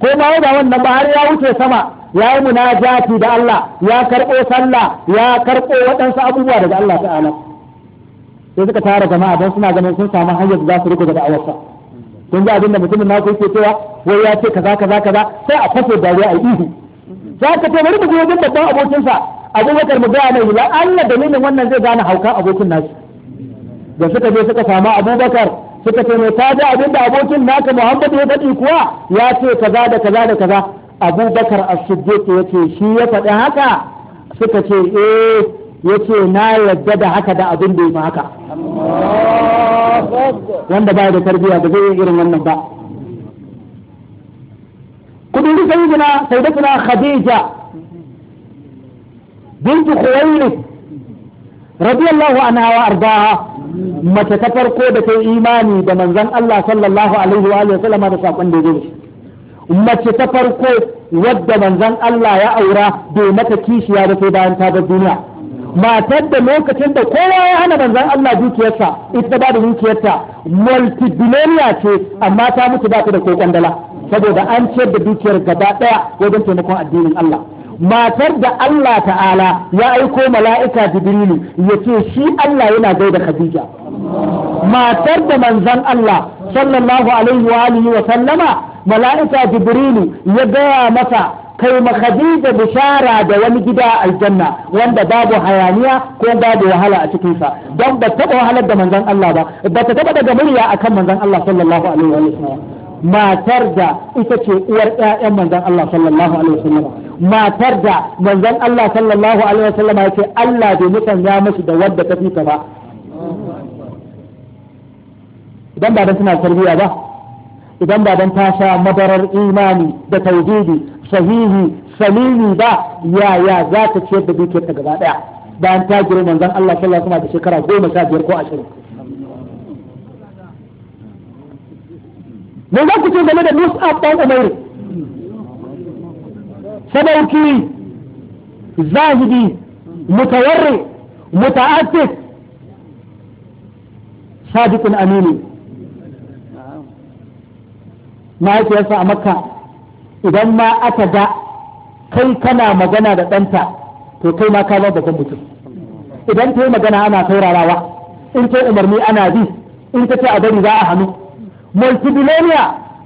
ko ma da wannan ba har ya wuce sama ya yi munajati da Allah ya karɓo sallah ya karɓo waɗansu abubuwa daga Allah ta'ala sai suka tara jama'a don suna ganin sun samu hanyar za su riko awarsa abin da mutumin naku yake cewa wai ya ce kaza kaza kaza sai a kafe dariya a ihu za ka ce bari mu je wajen babban abokinsa abubakar mu gaya mai Allah dalilin wannan zai gane haukan abokin nashi da suka je suka samu abubakar suka ce mai ta ji abin da abokin naka muhammadu ya faɗi kuwa ya ce kaza da kaza da kaza abubakar as-siddiq yace shi ya faɗi haka suka ce eh yace na yadda da haka da abin da yi haka wanda ba da tarbiyya ba zai yi irin wannan ba kudin da suna khadija bintu khuwailid radiyallahu anha wa ardaha mace ta farko da ta imani da manzon Allah sallallahu alaihi wa sallama da sakon da zai mace ta farko wadda manzon Allah ya aura domin mata kishiya da sai bayan ta duniya matar da lokacin da kowa ya hana manzan Allah dukiyarsa ita ba da dukiyarta multibillionaire ce amma ta mutu ba ta da kokon dala saboda an ciyar da dukiyar gaba daya wajen taimakon addinin Allah matar da Allah ta'ala ya aiko mala'ika jibrilu ya ce shi Allah yana da Khadija matar da manzan Allah sallallahu alaihi wa alihi wa sallama mala'ika jibrilu ya gaya masa kai khadija bishara da wani gida a aljanna wanda babu hayaniya ko babu wahala a cikin sa don ba taba wahalar da manzon Allah ba ba ta taba daga murya akan manzon Allah sallallahu alaihi wa sallam matar da ita ce uwar ƴaƴan manzon Allah sallallahu alaihi wa sallam matar da manzon Allah sallallahu alaihi wa sallam yake Allah bai ya musu da wadda ta fita ba idan ba dan suna tarbiyya ba idan ba dan ta sha madarar imani da tauhidi sahihi salimi ba yaya za ta ciyar da dukiyar ta gaba daya bayan ta girma manzon Allah sallallahu alaihi wasallam da shekara goma sha biyar ko ashirin me za ku ce game da Mus'ab ɗan Umair sadauki zahidi mutawarri muta'addid sadiqun amini mahaifiyarsa a makka idan ma aka ga kai kana magana da ɗanta to kai ma ka zama babban mutum idan ta yi magana ana saurarawa in ta umarni ana bi in ta ce a bari za a hannu multibiloniya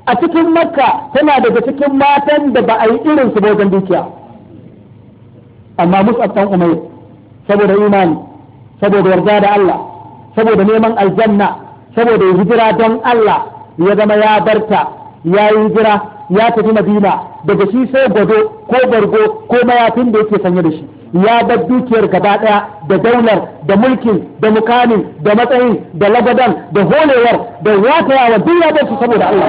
a cikin makka tana daga cikin matan da ba a yi irin su wajen dukiya amma musabtan umar saboda imani saboda yarda da Allah saboda neman aljanna saboda hijira don Allah ya zama ya barta ya yi hijira ya tafi madina daga shi sai gado ko bargo ko mayafin da yake sanye da shi ya bar dukiyar gaba daya da daular da mulkin da mukamin da matsayin da lagadan da holewar da watayawa duk ya bar su saboda Allah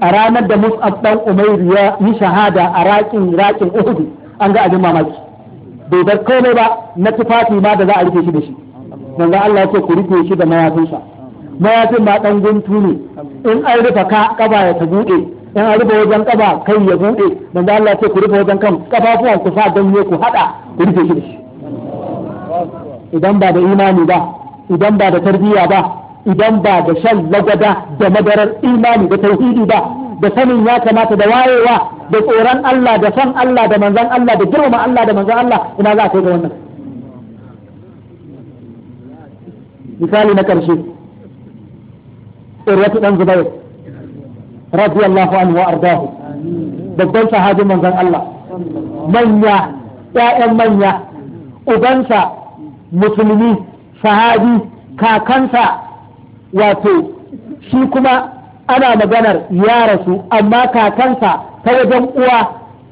a ranar da Mus'ab dan Umair ya yi shahada a raƙin raƙin Uhud an ga abin mamaki bai bar komai ba na tufafi ma da za a rike shi da shi dan Allah ya ce ku rike shi da mayafinsa mayafin ma ɗan guntu ne in an rufe ka ƙaba ya ta buɗe in an rufe wajen ƙaba kai ya buɗe da Allah ce ku rufe wajen kan ƙafafuwan ku fa don ku haɗa ku rufe shi shi idan ba da imani ba idan ba da tarbiyya ba idan ba da shan lagada da madarar imani da tauhidi ba da sanin ya kamata da wayewa da tsoron Allah da san Allah da manzan Allah da girma Allah da manzan Allah ina za a kai ga wannan misali na ƙarshe urwatu dan zubair radiyallahu anhu wa ardahu babban sahabin manzon Allah manya ƴaƴan manya ubansa musulmi sahabi kakansa wato shi kuma ana maganar ya rasu amma kakansa ta wajen uwa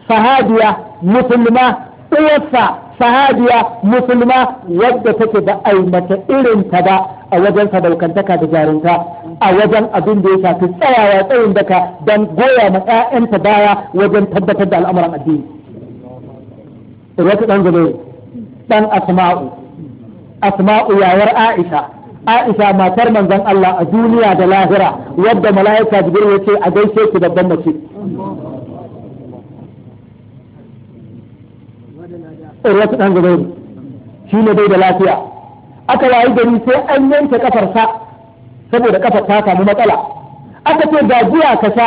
sahabiya musulma uwarsa sahabiya musulma wadda take ba aimata irin ta ba a wajen sadaukantaka da jarunta a wajen abin da ya shafi tsayawa tsayin daka don goya ma 'ya'yanta baya wajen tabbatar da al'amuran addini Ruwatu ɗan zubairu ɗan asma'u asma'u yayar aisha aisha matar manzon Allah a duniya da lahira wadda mala'ika jibril ya ce a gaishe ki babban mace Ruwatu ɗan zubairu shi ne bai da lafiya aka wayi gari sai an yanke kafarsa saboda kafar ta samu matsala aka ce ga giya ka sha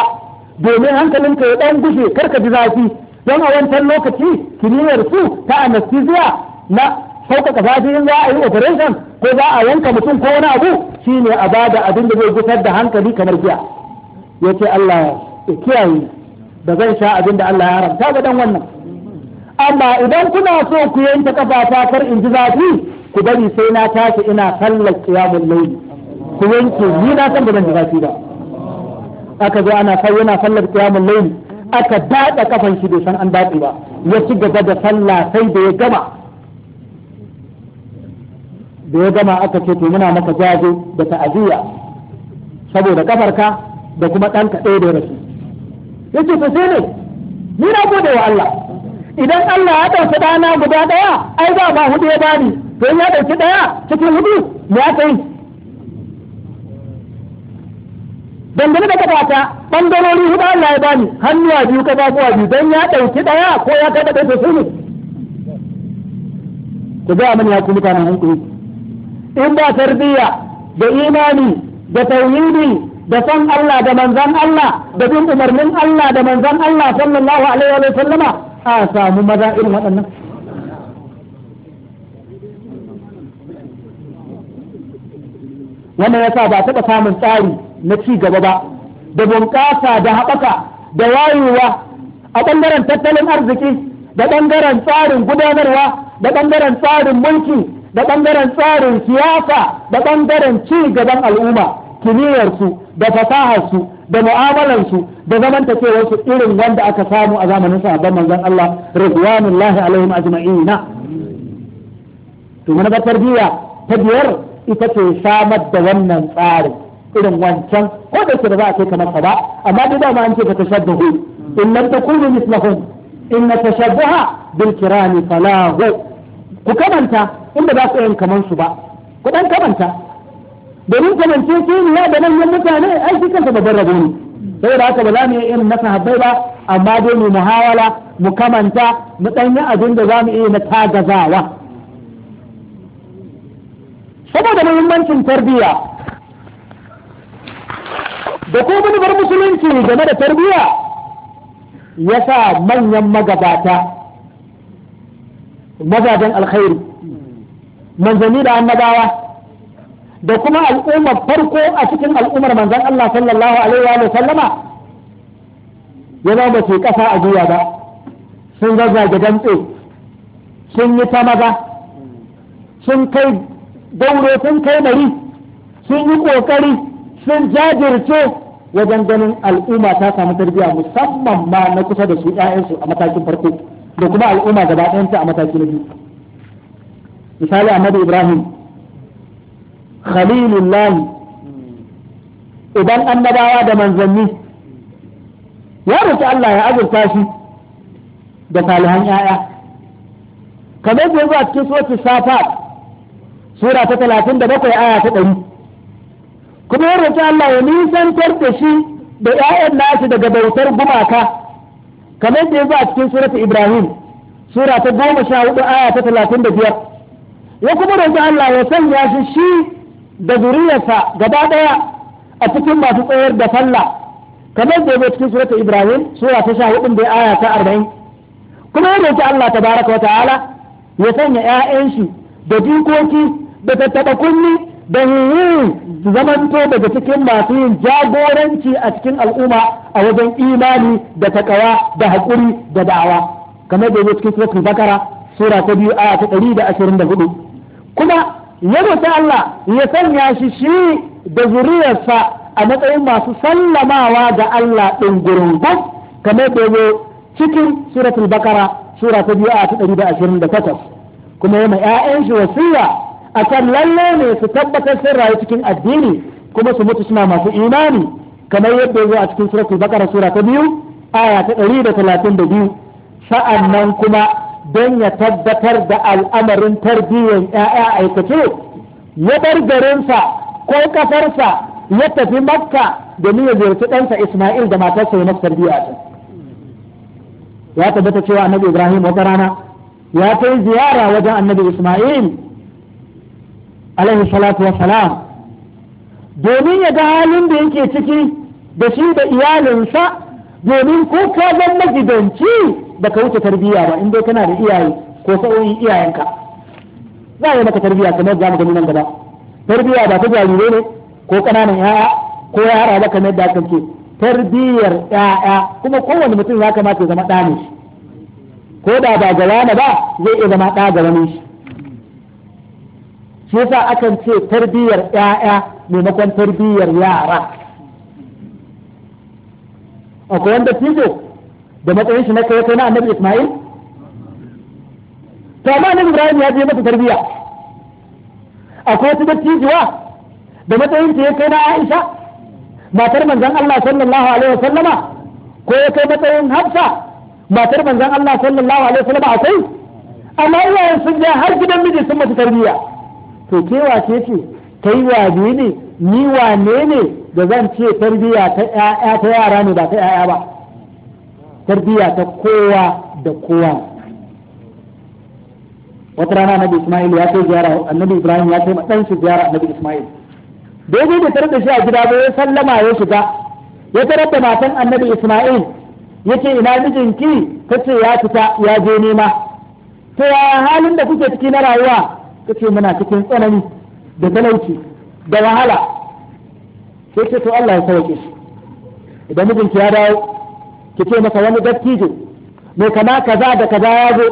domin hankalin ka ya dan gushe karka ji zafi don a wancan lokaci kimiyyar su ta anesthesia na sauƙaƙa zafi in za a yi operation ko za a yanka mutum ko wani abu shine a bada abin da zai gusar da hankali kamar giya ce Allah ya kiyaye da zan sha abin da Allah ya haramta ga dan wannan amma idan kuna so ku yanke kafa ta kar in ji zafi ku bari sai na tashi ina sallar qiyamul layl ku yanke ni na san da zan ji zafi ba aka zo ana sai yana sallar qiyamul layl aka daɗa kafan shi bai san an daɗe ba ya ci gaba da sallah sai da ya gama da ya gama aka ce to muna maka jazo da ta'aziyya saboda kafarka da kuma ɗanka ɗaya da rasu yace to sai ne ni na gode wa Allah idan Allah ya ɗauki ɗana guda ɗaya ai ba ba hudu ya bani to ya ɗauki ɗaya cikin hudu ya aka yi dangane da kafata bangarori hudu Allah ya bani hannuwa biyu kafafuwa biyu dan ya ɗauki ɗaya ko ya kada da to ne ku ga mani ya ku mutanen hankali in ba tarbiyya da imani da tauhidi da san Allah da manzan Allah da bin umarnin Allah da manzan Allah sallallahu alaihi wa sallama a samu maza irin waɗannan wannan yasa ba taɓa samun tsari na ci gaba ba da bunƙasa da haɓaka da wayewa a ɓangaren tattalin arziki da ɓangaren tsarin gudanarwa da ɓangaren tsarin mulki da ɓangaren tsarin siyasa da ɓangaren ci gaban al'umma kimiyyarsu da fasaharsu da mu'amalarsu da zamantakewarsu irin wanda aka samu a zamanin sahabban manzon Allah radiyallahu alaihim ajma'ina to mana tarbiyya ta biyar ita ce samar da wannan tsarin irin wancan ko da ke da za a kai kamar ba amma da dama an ce ka tashabbahu in lam takunu mislahum in na tashabbaha bil kirami falahu ku kamanta inda ba su yin kamar su ba ku dan kamanta domin kamance su ne da manyan mutane ai shi kansa babban rabo ne da haka ba za mu yi irin na sahabbai ba amma dai mu muhawala mu kamanta mu dan yi abin da za mu iya na tagazawa saboda muhimmancin tarbiyya da ko bar musulunci game da tarbiyya ya sa manyan magabata mazajen alkhairi manzanni da annabawa da kuma al'ummar farko a cikin al'ummar manzan Allah sallallahu alaihi wa sallama ya zama ke kasa a zuwa ba sun zazzage dantse sun yi ta maza sun kai daure sun kai mari sun yi kokari sun jajirce wajen ganin al'umma ta samu tarbiyya musamman ma na kusa da su ƴaƴansu a matakin farko da kuma al'umma gaba ɗayanta a mataki na biyu misali Ahmadu Ibrahim Khalilullahi idan annabawa da manzanni ya roki Allah ya azurta shi da salihan 'ya'ya kamar da yanzu a cikin suratul safat sura ta talatin da bakwai aya ta ɗari kuma ya roƙi Allah ya nisantar da shi da ‘ya'yan nasu daga bautar gumaka kamar da ya zo a cikin surata Ibrahim sura ta goma sha hudu aya ta talatin da biyar ya kuma roƙi Allah ya sanya shi shi da zuriyarsa gaba ɗaya a cikin masu tsayar da sallah kamar da ya zo cikin surata Ibrahim sura ta sha hudu da aya ta arba'in kuma ya roƙi Allah tabaraka wa ta'ala ya sanya ‘ya'yan shi da jikoki da tattaɓa kunni da yi zamanto daga cikin masu yin jagoranci a cikin al'umma a wajen imani da takawa da haƙuri da da'awa kamar da yake cikin suratul bakara sura ta biyu a ta ɗari da ashirin da hudu kuma ya roƙi Allah ya sanya shi shi da zuriyarsa a matsayin masu sallamawa ga Allah ɗin gurungun kamar da yake cikin suratul bakara sura ta biyu a ta ɗari da ashirin da takwas kuma ya ma 'ya'yan shi wasiya akan lalle ne su tabbatar sun rayu cikin addini kuma su mutu suna masu imani kamar yadda ya zo a cikin suratul bakara sura ta biyu aya ta ɗari da talatin da biyu sa'annan kuma don ya tabbatar da al'amarin tarbiyyar ‘ya'ya aikace ya bar garinsa ko kafarsa ya tafi makka domin ya ziyarci ɗansa isma'il da matarsa ya masa tarbiyya ya tabbata cewa annabi ibrahim wata rana ya kai ziyara wajen annabi isma'il alaihi salatu wa salam domin ya ga halin da yake ciki da shi da iyalinsa domin ko ka zan magidanci da ka wuce tarbiyya ba in dai kana da iyaye ko sa'o'in iyayenka za a yi maka tarbiyya kamar za mu gani nan gaba tarbiyya ba ta jarirai ne ko ƙananan yaya ko yara ba kamar yadda kake tarbiyyar ‘ya'ya kuma kowane mutum ya kamata ya zama ɗa ne ko da ba gaba wani ba zai iya zama ɗa ga wani shi shi yasa akan ce tarbiyyar ƴaƴa maimakon tarbiyyar yara akwai wanda tijo da matsayin shi na kai kai na annabi Ismail to amma annabi Ibrahim ya je masa tarbiyya akwai wata dattijuwa da matsayin ta ya kai na Aisha matar manzon Allah sallallahu alaihi wasallama ko ya kai matsayin Hafsa matar manzon Allah sallallahu alaihi wasallama akwai amma iyayen sun je har gidan miji sun mata tarbiyya to ke wace ce kai wane ne ni wane ne da zan ce tarbiyya ta ƴaƴa ta yara ne ba ta ƴaƴa ba tarbiyya ta kowa da kowa wata rana annabi Isma'il ya kai ziyara annabi Ibrahim ya kai dan shi ziyara annabi Isma'il daidai da tarbe shi a gida ba ya sallama ya shiga ya tarar da matan annabi Isma'il yace ina mijinki tace ya fita ya je nema to halin da kuke ciki na rayuwa ta ce muna cikin tsanani da talauci da wahala sai ce to Allah ya sauke shi idan mijinki ya dawo ki ce masa wani dattijo mai kama kaza da kaza ya zo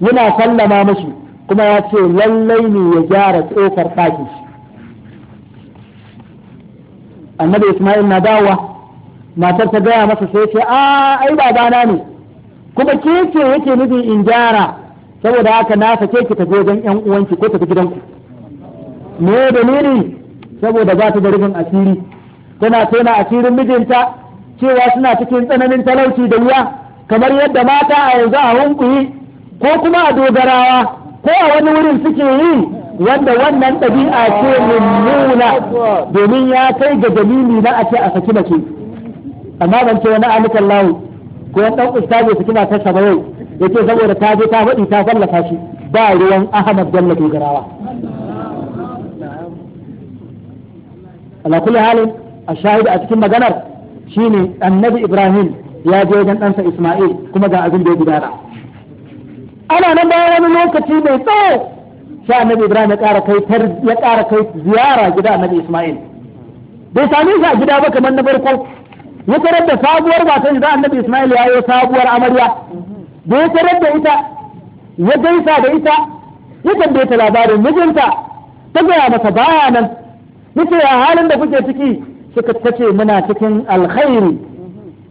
yana sallama mashi kuma ya ce lallai ne ya gyara tsokar ɗakin shi annabi Ismail na dawowa matar ta gaya masa sai ce a ai babana ne kuma ke ce yake nufin in gyara saboda haka na sake ki tafi wajen yan uwanki ko tafi gidanku me dalili saboda za ta da rubin asiri tana tona asirin mijinta cewa suna cikin tsananin talauci da wuya kamar yadda mata a yanzu a hunkuyi ko kuma a dogarawa ko a wani wurin suke yi wanda wannan ɗabi'a ce mummuna domin ya kai ga dalili na a ce a saki mace amma ban ce wani amikan lawo ko yan ɗan ustazi su kina kasa ba yau yake saboda ta je ta faɗi ta sallaka shi ba ruwan Ahmad Bello dogarawa ala kulli halin a shahida a cikin maganar shine annabi Ibrahim ya je wajen ɗansa Ismail kuma ga abin da ya gudana ana nan bayan wani lokaci mai tsawo sai annabi Ibrahim ya ƙara kai ya ƙara kai ziyara gida annabi Ismail bai same shi a gida ba kamar na farko ya tarar da sabuwar sai da annabi Ismail ya yi sabuwar amarya da ya tarar da ita ya gaisa da ita ya tambaye ta labarin mijinta ta gaya masa baya nan nace a halin da kuke ciki suka tace muna cikin alkhairi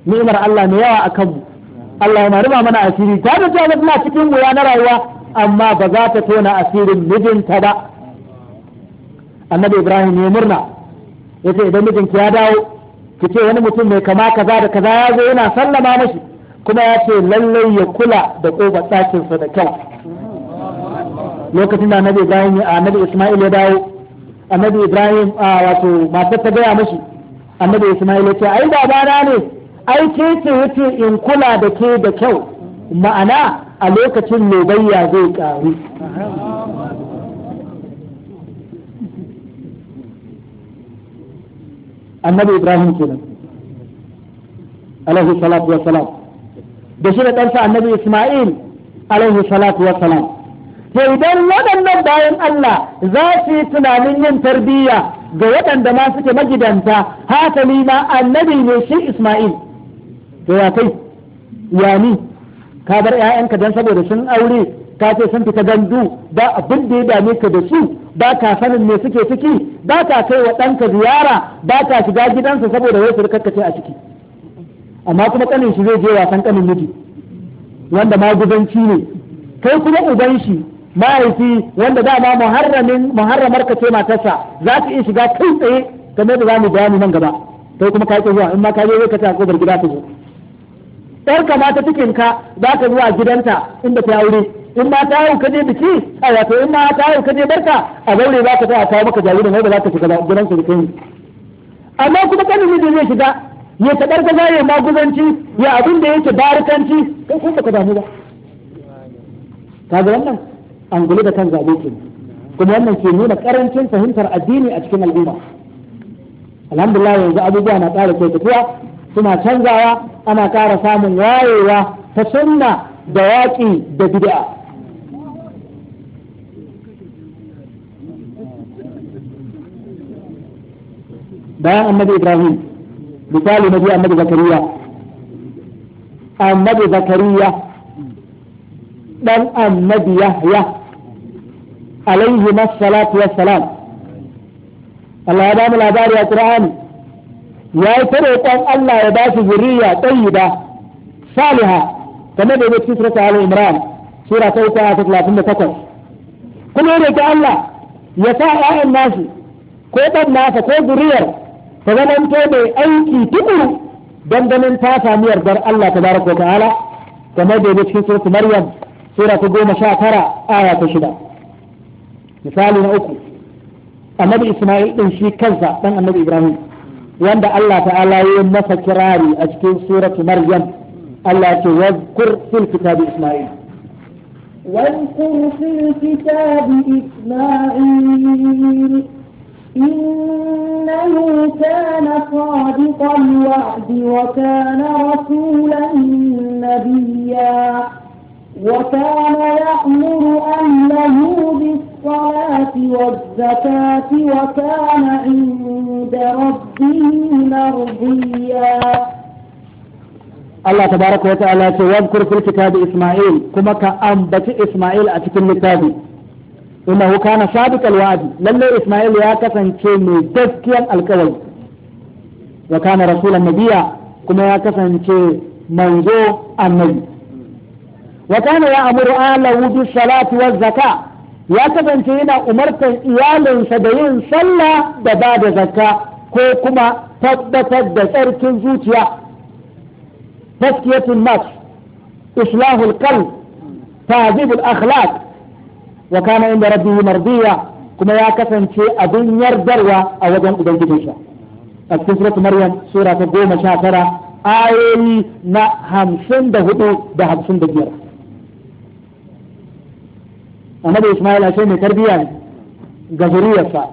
ni'mar Allah ne yawa akan mu Allah ya marima mana asiri ta da ta cikin wuya na rayuwa amma ba za ta tona asirin mijinta ba annabi Ibrahim ya murna yace idan mijinki ya dawo ki ce wani mutum mai kama kaza da kaza ya zo yana sallama mashi kuma ya ce lallai ya kula da ƙofar ɗakinsa da kyau lokacin da annabi ibrahim annabi isma'il ya dawo annabi ibrahim wato masu ta gaya musu annabi isma'il ya ce ai babana ne ai ke ce yace in kula da ke da kyau ma'ana a lokacin lobayya zai ƙaru annabi ibrahim kenan alaihi salatu wa salam da shi da ɗansa annabi Ismail alaihi salatu salam. to idan waɗannan bayan Allah za su yi tunanin yin tarbiyya ga waɗanda ma suke magidanta ni ma annabi ne shi Ismail to ya kai ya ni ka bar ƴaƴanka dan saboda sun aure ka ce sun fita gandu ba abin da ya dame ka da su ba ka sanin me suke ciki ba ka kai wa ɗanka ziyara ba ka shiga gidansa saboda wai su a ciki amma kuma kanin shi zai je wasan kanin miji wanda gudanci ne kai kuma uban shi mahaifi wanda dama muharramin muharramar ka ce matarsa za ki iya shiga kai tsaye kamar da za mu bayani nan gaba kai kuma ka yi zuwa in ma ka je ka ta kobar gida ta zo ɗan kamata cikin ka za ka zuwa gidanta inda ta aure in ma ta hau ka je biki a wato in ma ta hau ka je barka a zaure za ka tsaya kawo maka jaririn wanda za ka shiga gidan ka da kai amma kuma kanin miji zai shiga ya tabar gaza ya maguzanci ya abin da yake barikanci kai kuma ka damu ba kaga wannan an gulu da kan zabe ke kuma wannan ke nuna karancin fahimtar addini a cikin al'umma alhamdulillah yanzu abubuwa na ƙara kyautatuwa suna canzawa ana ƙara samun wayewa ta sunna da waƙi da bid'a bayan annabi ibrahim misali na biyu annabi zakariya annabi zakariya dan annabi yahya alaihi masallatu wassalam Allah ya ba mu labari a Qur'ani ya yi ta roƙon Allah ya ba shi zuriya tayyiba saliha kamar da yake cikin sura Al-Imran sura ta 38 kuma ya roƙi Allah ya sa ƴaƴan nasu ko ɗan nasa ko zuriyar ta zamanto mai aiki tukuru don ganin ta sami yardar Allah ta baraka ta'ala kamar da cikin suratul maryam sura ta goma sha tara aya ta shida misali na uku annabi isma'il din shi kansa dan annabi ibrahim wanda Allah ta'ala ya masa kirari a cikin suratul maryam Allah Ya ce wazkur fil kitabi isma'il واذكر في الكتاب إسماعيل إنه كان صادق الوعد وكان رسولا نبيا وكان يأمر أهله بالصلاة والزكاة وكان عند ربه مرضيا الله تبارك وتعالى سيذكر في الكتاب إسماعيل كما كأنبت إسماعيل أتكلم الكتاب inna kana sadiq alwadi lalle isma'il ya kasance mai gaskiyan alkawari wa kana rasulan nabiya kuma ya kasance manzo annabi wa ya amuru ahlahu bis salati waz ya kasance yana umartar iyalinsa da yin sallah da bada da zakka ko kuma tabbatar da tsarkin zuciya taskiyatul nafs islahul qalb ta'dibul akhlaq wa kana inda rabbihi mardiya kuma ya kasance abin yardarwa a wajen ubangiji shi a cikin suratul maryam sura ta goma sha tara ayoyi na hamsin da hudu da hamsin da biyar annabi ismail a mai tarbiyya ga zuriyarsa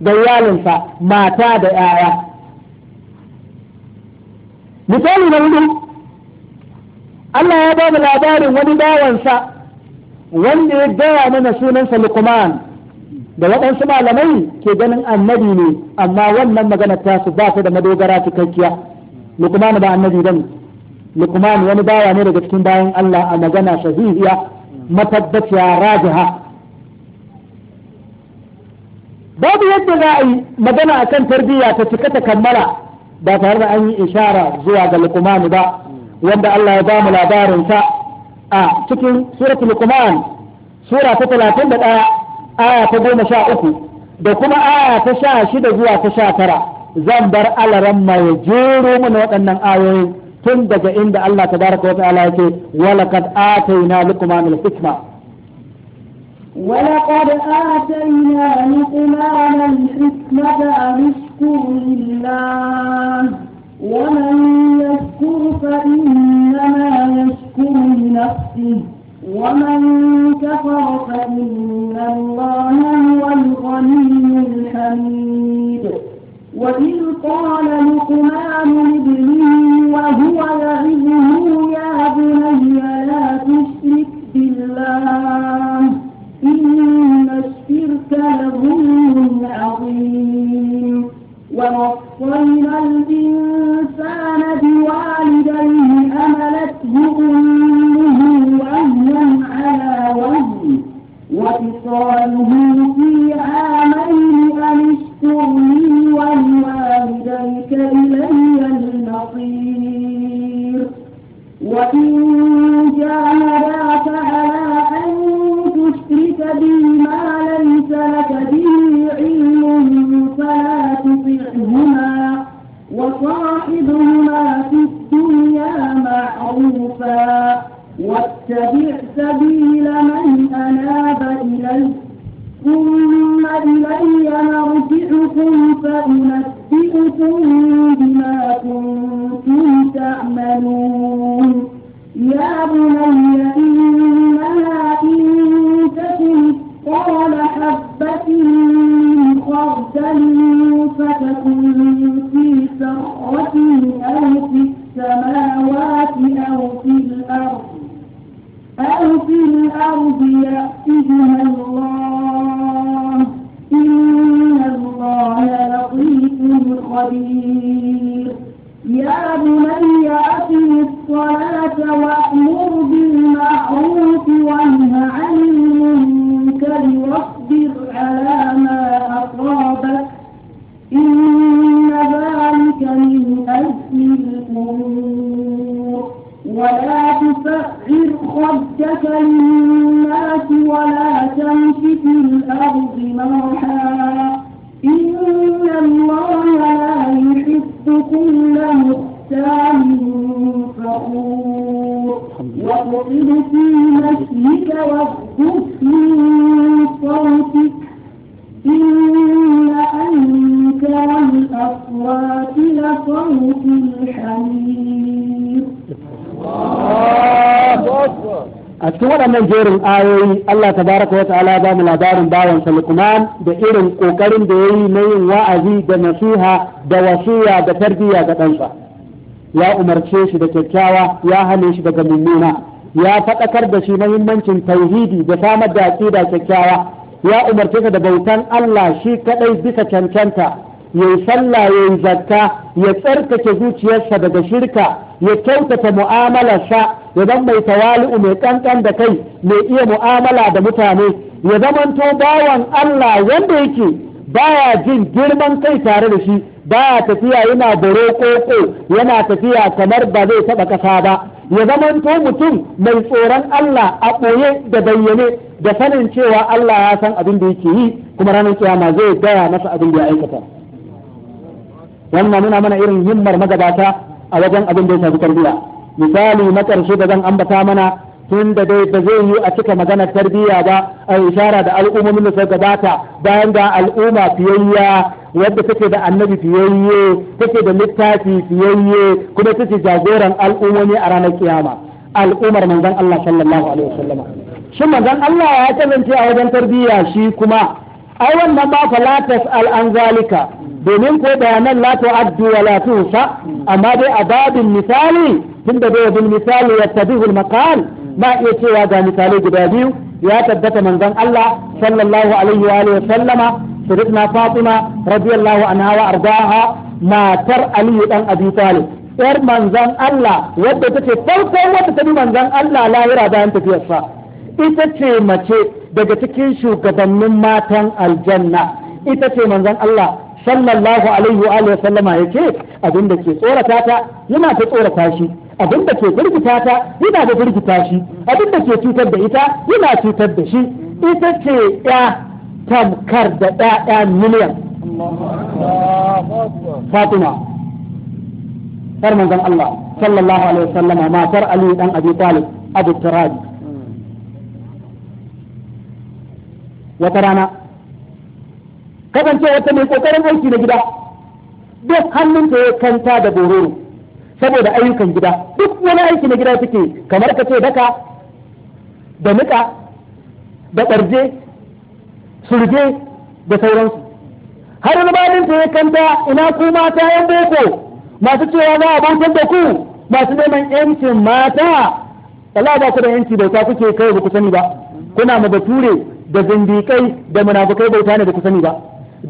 ga iyalinsa mata da yaya misali na hudu Allah ya ba mu labarin wani bawansa wanda ya gaya mana sunansa lukman da waɗansu malamai ke ganin annabi ne amma wannan magana ta su ba da madogara cikakkiya Luqman ba annabi ne Luqman wani bawa ne daga cikin bayan Allah a magana sahihiya matabbaciya rajiha babu yadda za a yi magana akan tarbiyya ta cika ta kammala ba tare da an yi ishara zuwa ga Luqman ba wanda Allah ya ba mu labarin sa a cikin suratul luqman sura ta ɗaya aya ta goma sha uku, da kuma aya ta sha shida zuwa ta sha tara, zan bar alaran mai jero mana waɗannan ayoyin tun daga inda Allah ta tabaraka wa ta'ala yake yi atayna luqman al-hikma ولقد آتينا لقمان الحكمة أن اشكر لله ومن يشكر فإنما يشكر يذكر لنفسه ومن كفر فإن الله هو الغني الحميد وإذ قال لقمان لابنه وهو يعظه يا بني لا تشرك بالله إن الشرك لظلم عظيم ووصينا الإنسان بوالديه أمه أهلا على وجهه وفصاله ومؤمن في نفسك والكفر إن أنك الأصوات أصوات لصوت الحمير. الله أكبر. أتوقع من غير الآية الله تبارك وتعالى ذا من أدار سلقمان بإرم أوكرم بإي نين وأزيد نصيحة دوصية دتربية دتنصح. ya umarce shi da kyakkyawa ya hane shi daga mummuna ya faɗakar da shi mahimmancin tauhidi da samar da aƙida kyakkyawa ya umarce ka da bautan Allah shi kaɗai bisa cancanta ya sallah ya yi zakka ya tsarkake zuciyarsa daga shirka ya kyautata mu'amalarsa ya zama mai tawali'u mai ɗanɗan da kai mai iya mu'amala da mutane ya zamanto bawan Allah wanda yake baya jin girman kai tare da shi Ba baya tafiya yana da koko yana tafiya kamar ba zai taɓa kasa ba ya zama to mutum mai tsoron Allah a ɓoye da bayyane da sanin cewa Allah ya san abin da yake yi kuma ranar kiyama zai gaya masa abin da ya aikata wannan nuna mana irin himmar magabata a wajen abin da ya shafi tarbiyya misali na da zan ambata mana tun da dai ba zai yi a cika maganar tarbiyya ba a ishara da al'ummomin da suka gabata bayan ga al'umma fiyayya wadda take da annabi fiyayye take da littafi fiyayye kuma take jagoran al'ummomi a ranar kiyama al'ummar manzon Allah sallallahu alaihi wasallam shin manzon Allah ya kasance a wajen tarbiyya shi kuma ai wannan ba fa latas al an domin ko bayanan la tu'addu wa la tuhsa amma dai a babin misali tun da bai bin misali ya tabihul maqal ma iya cewa ga misalai guda biyu ya tabbata manzon Allah sallallahu alaihi wa alihi sallama sayyidina Fatima radiyallahu anha wa ardaha matar aliyu dan Abi Talib yar manzon Allah wadda take farko wadda ta bi manzon Allah lahira bayan tafiyarsa ita ce mace daga cikin shugabannin matan aljanna ita ce manzon Allah sallallahu alaihi wa alihi sallama yake abinda ke tsorata ta yana ta tsorata shi abin da ke firgita ta yana da firgita shi abin da ke cutar da ita yana cutar da shi ita ce ya tamkar da ɗaya miliyan fatima har manzon Allah sallallahu alaihi wasallam matar Ali dan Abi Talib Abu Turabi wata rana kasance wata mai kokarin aiki na gida duk hannun da ya kanta da bororo saboda ayyukan gida duk wani aiki na gida suke kamar ka ce daka da nika da ɓarje surge da sauransu har wani malin ta kanta ina ku mata yan boko masu cewa za a bautar da ku masu neman yancin mata Allah ba ku da yanci bauta kuke kai ba ku sani ba kuna ma bature da zindikai da munafukai bauta ne da ku sani ba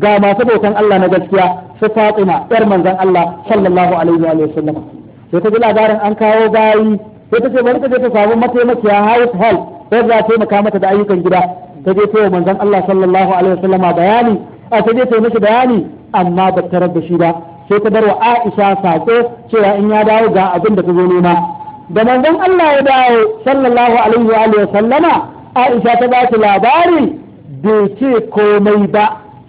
ga masu bautan Allah na gaskiya su Fatima yar manzon Allah sallallahu alaihi wa sallam sai ta ji labarin an kawo bayi sai ta ce bari ta je ta samu mataimakiya house hall sai za ta taimaka mata da ayyukan gida ta je ta manzon Allah sallallahu alaihi wasallama bayani a ta je ta mishi bayani amma ba ta rabu shi ba sai ta bar wa Aisha sako cewa in ya dawo ga abin da ta zo nema da manzon Allah ya dawo sallallahu alaihi wa sallama Aisha ta ba ta labari bai ce komai ba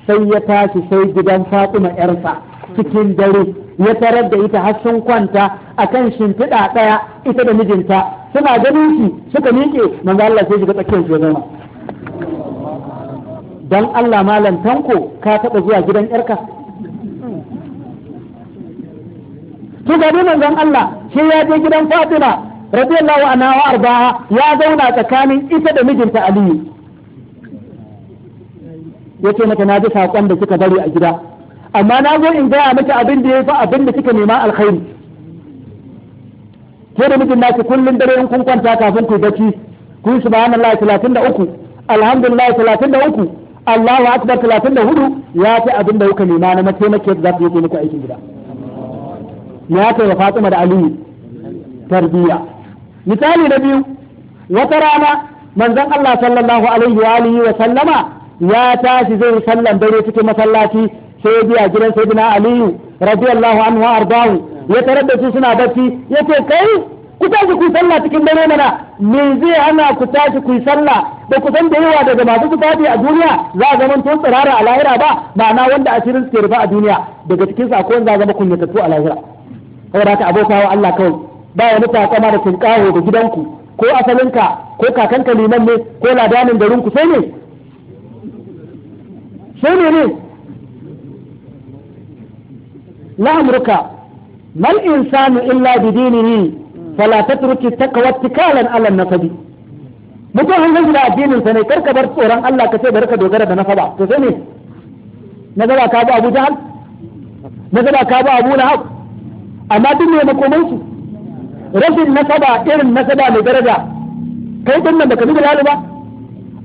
sai ya tashi sai gidan Fatima yarsa cikin dare ya tarar da ita har sun kwanta akan shimfiɗa ɗaya ita da mijinta suna ganin shi suka miƙe manzo Allah sai shiga tsakiyar ya zama. dan Allah malam tanko ka taɓa zuwa gidan ƴarka to ga manzon Allah shi ya je gidan Fatima radiyallahu anha wa arba'a ya zauna tsakanin ita da mijinta Aliyu yace mata na ji saƙon da kika bari a gida amma na zo in gaya miki abin da ya fi abin da kika nema alkhairi ke da mijin naki kullum dare in kun kwanta kafin ku bacci ku yi subhanallah 33 alhamdulillah 33 Allahu akbar 34 ya fi abin da kuka nema na da za ku yi muku aikin gida ya kai Fatima da Aliyu tarbiyya misali na biyu wata rana manzon Allah sallallahu alaihi wa alihi wa sallama ya tashi zai sallan dare cikin masallaci sai ya biya gidan sayyidina aliyu radiyallahu anhu ardahu ya tarar da su suna barci ya ce kai ku tashi ku sallah cikin dare mana me zai ana ku tashi ku sallah da ku san da yawa daga masu su fadi a duniya za a zama tun tsirara a lahira ba ma'ana wanda asirin suke rufa a duniya daga cikin sa akwai za a zama kunyatattu a lahira da haka abota wa Allah kawai ba wani takama da kawo da gidanku ko asalinka ko kakanka liman ne ko ladanin garinku sai ne sai ne ne la'amurka mal insanu illa bi dinihi fala tatruki taqwa tikalan ala mutum an gaji da addinin sa ne karka bar tsoron Allah ka ce bari ka dogara da nasaba to sai ne na gaba ka ba Abu Jahal na gaba ka ba Abu Lahab amma duk ne makoman su rashin nasaba irin nasaba mai daraja kai din nan baka bi da ba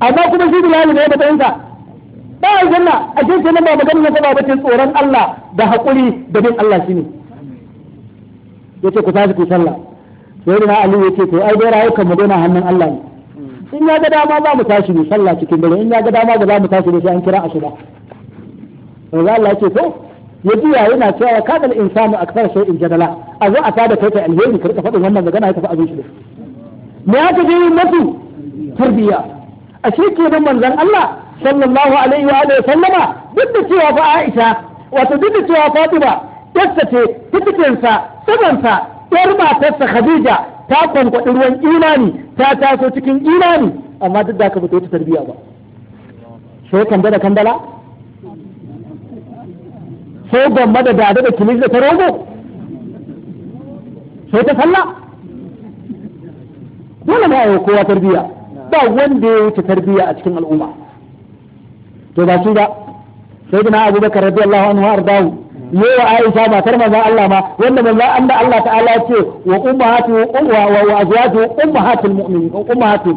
amma kuma shi Bilal ne matsayinsa ba a aljanna a cikin nan ba maganar nasaba ba ce tsoron Allah da hakuri da bin Allah shine yace ku tashi ku sallah sai na Ali yace to ai dai rayukan mu dona hannun Allah ne in ya ga dama za mu tashi ne sallah cikin dare in ya ga dama za mu tashi ne sai an kira asuba za Allah yace to ya juya yana cewa kada al-insanu akthar shay'in jadala a zo a tada kai kai alheri ka rika faɗin wannan magana ya tafi abin shi da me aka je masu tarbiya a shi ke manzon Allah sallallahu alaihi wa sallama duk da cewa fa Aisha wato duk da cewa Fatima yasta ce tikitinsa sabansa yar matarsa Khadija ta kwankwaɗi ruwan imani ta taso cikin imani amma duk da haka ba ta tarbiya ba sai kanda da kandala sai gwamma da dada da kilis da ta rogo sai ta sallah dole ma a yi kowa tarbiya ba wanda ya wuce tarbiya a cikin al'umma to ba su ba sai dina abubakar radiyallahu anhu ardahu ne wa aisha matar manzon Allah ma wanda manzon Allah Allah ta'ala ya ce wa ummahatu wa wa azwaju ummahatul mu'minin ummahatu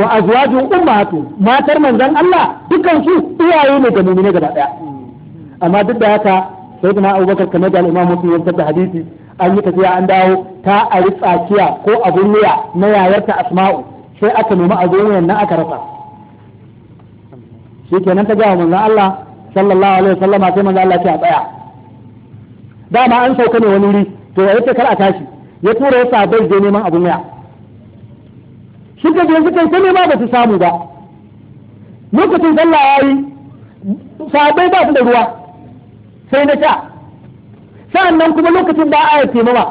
wa azwaju ummahatu matar manzon Allah dukan su iyaye ne da mu'mine gaba daya amma duk da haka sai dina abubakar kamar da al-imam muslim ya da hadisi an yi tafiya an dawo ta ari tsakiya ko abun wuya na yayarta asma'u sai aka nemi a zo na aka rasa nan ta gaya manzan Allah sallallahu alaihi wasallama sai manzan Allah ce a tsaya dama an sauka ne wani wuri to ya ce kar a tashi ya tura ya sabai je neman abun waya suka je suka yi ta nema ba su samu ba lokacin sallah ya yi sabai ba su da ruwa sai na sha sa'an nan kuma lokacin da ayat mawa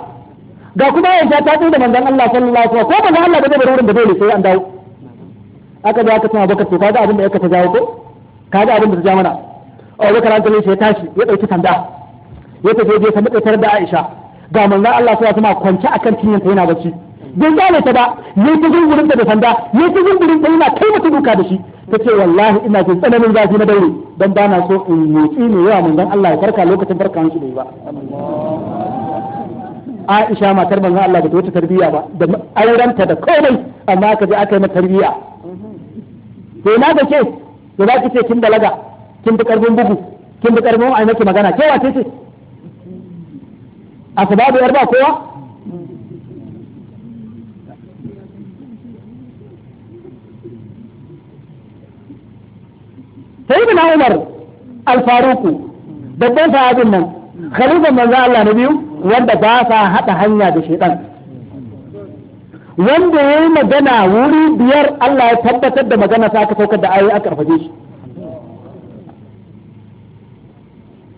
ga kuma aisha ta tsaye da manzan Allah sallallahu alaihi wasallam ko manzan Allah da zai bar wurin da dole sai an dawo aka da aka tana bakar to kaga abin da ya ka ta jawo ko kaga abin da ta ja mana A wani karanta shi ya tashi ya ɗauki sanda ya tafi je sanda tsaitar da Aisha ga manzo Allah sai ya kuma kwance akan ta yana bacci bai gane ta ba ya ta zungurin da sanda ya ta zungurin da yana kai mata duka da shi ta ce wallahi ina jin tsananin zafi na daure dan ba na so in motsi ne yawa manzo Allah ya farka lokacin farka shi bai ba Aisha matar manzo Allah da wata tarbiyya ba da aurenta da komai amma kaje je aka yi mata tarbiyya sai na da ce da za ki ce kin balaga kin fi karfin bugu kin fi karfin ai maki magana ke wace ce a sababu yar ba kowa sai na Umar al-Faruku babban sahabin nan khalifan manzo Allah na biyu wanda ba sa hada hanya da shaytan wanda ya yi magana wuri biyar Allah ya tabbatar da magana sa aka saukar da ayoyi aka karfafe shi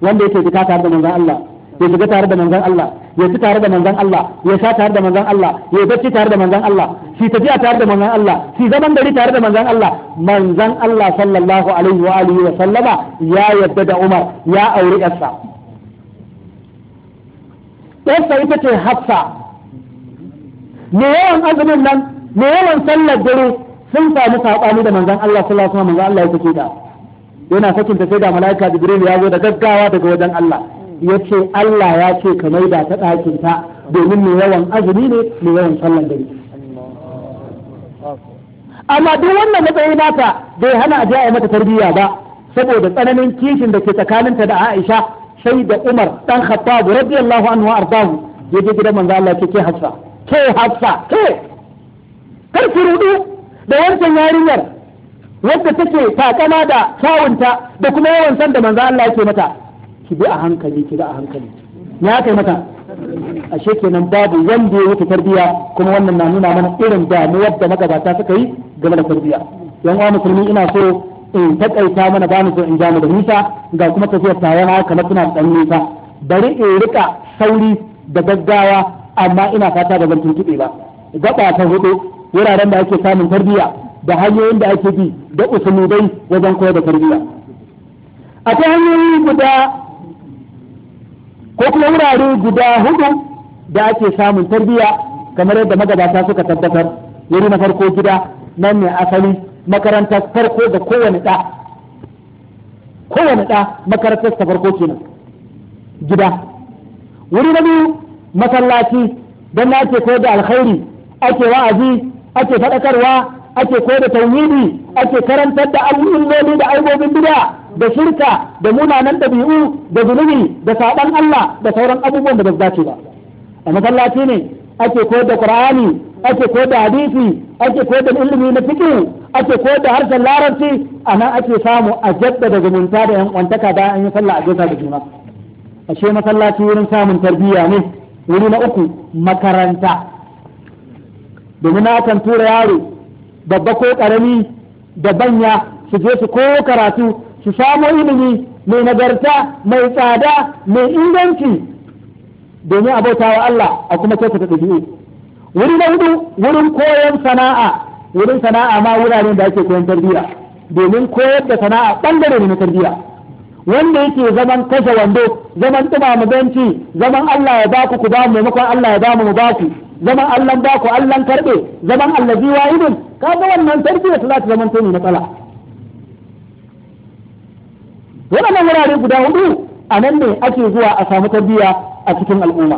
wanda yake fita tare da manzon Allah ya shiga tare da manzon Allah ya ci tare da manzon Allah ya sha tare da manzon Allah ya bacci tare da manzon Allah shi tafiya tare da manzon Allah shi zaman gari tare da manzon Allah manzon Allah sallallahu alaihi wa alihi wa sallama ya yadda da Umar ya auri yarsa yarsa ita ce Hafsa me yawan azumin nan me yawan sallar dare sun samu saɓani da manzon Allah sallallahu alaihi wasallam Allah ya da yana sakin ta sai da malaika Jibril ya zo da gaggawa daga wajen Allah ya ce Allah ya ce ka maida ta ɗakin ta domin me yawan azumi ne me yawan sallar dare amma duk wannan matsayi nata bai hana a a mata tarbiyya ba saboda tsananin kishin da ke tsakaninta da Aisha sai da Umar dan Khattab radiyallahu anhu arda'u ya je gidan manzo Allah ke ke hassa ke hafsa ke kar ki rudu da wancan yarinyar wadda take takama da kawunta da kuma yawan san da manzo Allah yake mata ki bi a hankali ki bi a hankali me ya kai mata ashe kenan babu wanda ya wuce tarbiya kuma wannan na nuna mana irin damuwar da magabata suka yi game da tarbiya yan uwa musulmi ina so in takaita mana bani so in jamu da nisa ga kuma tafiyar tawa kamar suna dan nisa bari in rika sauri da gaggawa amma ina fata da zan tuntuɓe ba gaba ta hudu wuraren da ake samun tarbiyya da hanyoyin da ake bi da usulubai wajen koyar da tarbiyya akwai hanyoyi guda ko kuma wurare guda hudu da ake samun tarbiyya kamar yadda magabata suka tabbatar wuri na farko gida nan ne asali makarantar farko da kowane ɗa kowane ɗa makarantar ta farko kenan gida wuri na biyu masallaci don na ake koyar da alkhairi ake wa'azi ake faɗakarwa ake koyar da tauhidi ake karantar da al'ummoli da aibobin bid'a da shirka da munanan dabi'u da zunubi da saɓan Allah da sauran abubuwan da ba su dace ba a masallaci ne ake koyar da qur'ani ake koyar da hadisi ake koyar da ilimi na fiqh ake koyar da harshen larabci a nan ake samu a jaddada zumunta da yan kwantaka da an yi sallah a gaisa da juna ashe masallaci wurin samun tarbiyya ne wuri na uku makaranta domin na kan tura yaro babba ko ƙarami da banya su je su koyo karatu su samo ilimi mai nagarta mai tsada mai inganci domin abota wa Allah a kuma kyautata ɗabi'u wuri na hudu wurin koyon sana'a wurin sana'a ma wuraren da ake koyon tarbiyya domin koyar da sana'a ɓangare ne na tarbiyya wanda yake zaman kashe wando zaman tuma benci zaman Allah ya baku ku bamu maimakon Allah ya bamu mu baku zaman Allah baku Allah karbe zaman Allah ji wahidun kaga wannan tarbiyya ta za ta zaman tuni matsala wannan wurare guda hudu a nan ne ake zuwa a samu tarbiyya a cikin al'umma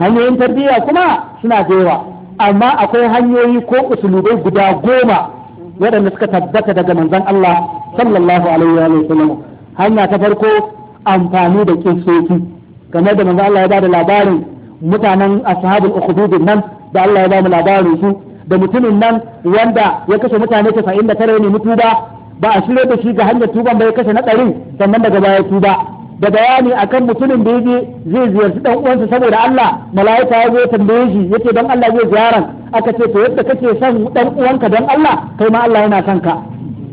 hanyoyin tarbiyya kuma suna da amma akwai hanyoyi ko usulubai guda goma waɗanda suka tabbata daga manzon Allah sallallahu alaihi wa sallam hanya ta farko amfani da kisoki kamar da manzo Allah ya bada labarin mutanen ashabul ukhdud nan da Allah ya ba labarin su da mutumin nan wanda ya kashe mutane 99 ne mutu ba ba a shirye da shi ga hanyar tuban ba ya kashe na ɗari sannan daga baya tuba da bayani akan mutumin da yaje zai ziyarci dan uwansa saboda Allah malaika ya zo tambaye shi yace dan Allah zai ziyaran aka ce to yadda kake son dan uwanka dan Allah kai ma Allah yana son ka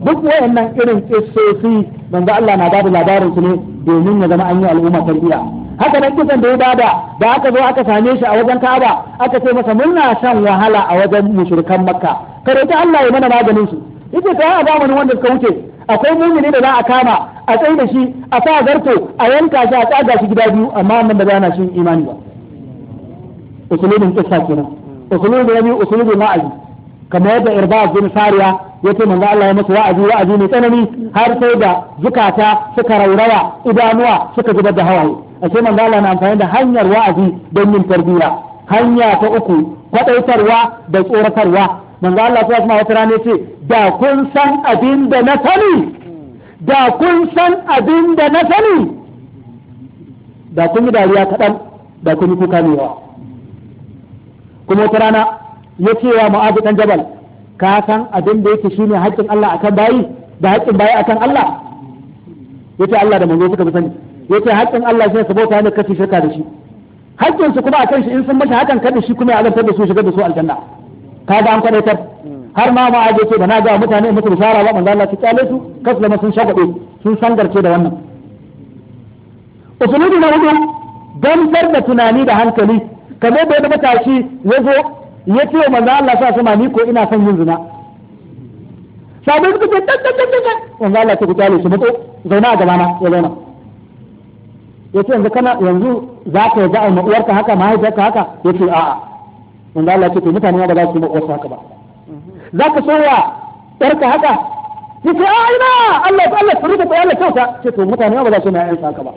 duk wayannan irin kissosi manzo Allah na bada labarin su ne domin ya zama an yi al'umma tarbiya haka nan kisan da ya bada da aka zo aka same shi a wajen Ka'aba aka ce masa muna shan wahala a wajen mushrikan Makka karanta Allah ya mana maganin su yace ta a zamanin wanda suka wuce akwai mumini da za a kama a tsaye da shi a sa zarto a yanka shi a tsaga shi gida biyu amma da ba na shi imani ba usulubin kissa kenan usulubi na biyu usulubi ma'azi kamar yadda bin sariya yace manzo Allah ya masa wa'azi wa'azi mai tsanani har sai da zukata suka raurawa idanuwa suka zubar da hawaye a ce manzo Allah na amfani da hanyar wa'azi don yin tarbiyya hanya ta uku kwadaitarwa da tsoratarwa manzo Allah ya kuma wata rana ce da kun san abin da na sani da kun san abin da na sani da kun yi dariya kaɗan da kun yi kuka mewa kuma wata rana ya ce wa mu'azu ɗan jabal ka san abin da yake shine haƙƙin Allah akan bayi da haƙƙin bayi akan Allah yace Allah da manzo suka fi sani yace haƙƙin Allah shine sabota ne kace shirka da shi haƙƙin su kuma akan shi in sun mashi hakan kada shi kuma ya alantar da su shiga da su aljanna ka ga an ta har ma ma aje ce da na ga mutane musu bishara ba manzo Allah ta kyale su kaslama sun shagade sun sangarce da wannan usulubi na hudu gamsar da tunani da hankali kamar da matashi ya zo ya ce wa manzo Allah sa sama ni ko ina son yin zina sabai suka ce dan dan dan dan manzo Allah ta kutale shi mutu zauna a gabana ya zauna ya ce yanzu kana yanzu za ka yi a uwarka haka mahaifiyarka haka ya ce a'a manzo Allah ce to mutane ba za su yi uwarka haka ba za ka soya ɗarka haka ya ce a ina Allah ta Allah furu ta Allah kyauta ce to mutane ba za su yi haka ba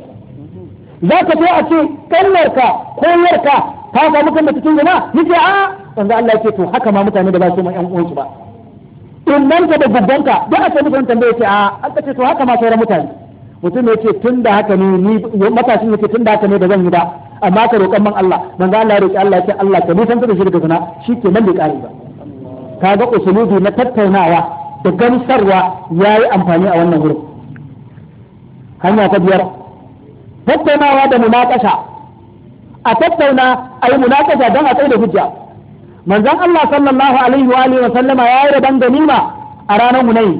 za ka so a ce kallarka koyarka. ka ga kan da cikin zina nake a ah! wanda Allah yake to haka ma mutane da ba su ma ƴan uwansu ba in nan da gubbanka duk aka mutum tambaye yake a ah! an ce to haka ma sauran mutane mutum yake tun da haka ne ni matashin yake tun da haka ne da zan yi ba amma ka roƙan man Allah manzo Allah ya roƙi Allah ya Allah ka nisan da shi zina ke nan da ƙari ba kaga usulubi na tattaunawa da gamsarwa yayi amfani a wannan wurin hanya ta biyar tattaunawa da kasha a tattauna a yi dan don a tsaye da hujja manzon Allah sallallahu alaihi wa alihi wa sallama ya yi rabon ganima a ranar Hunayn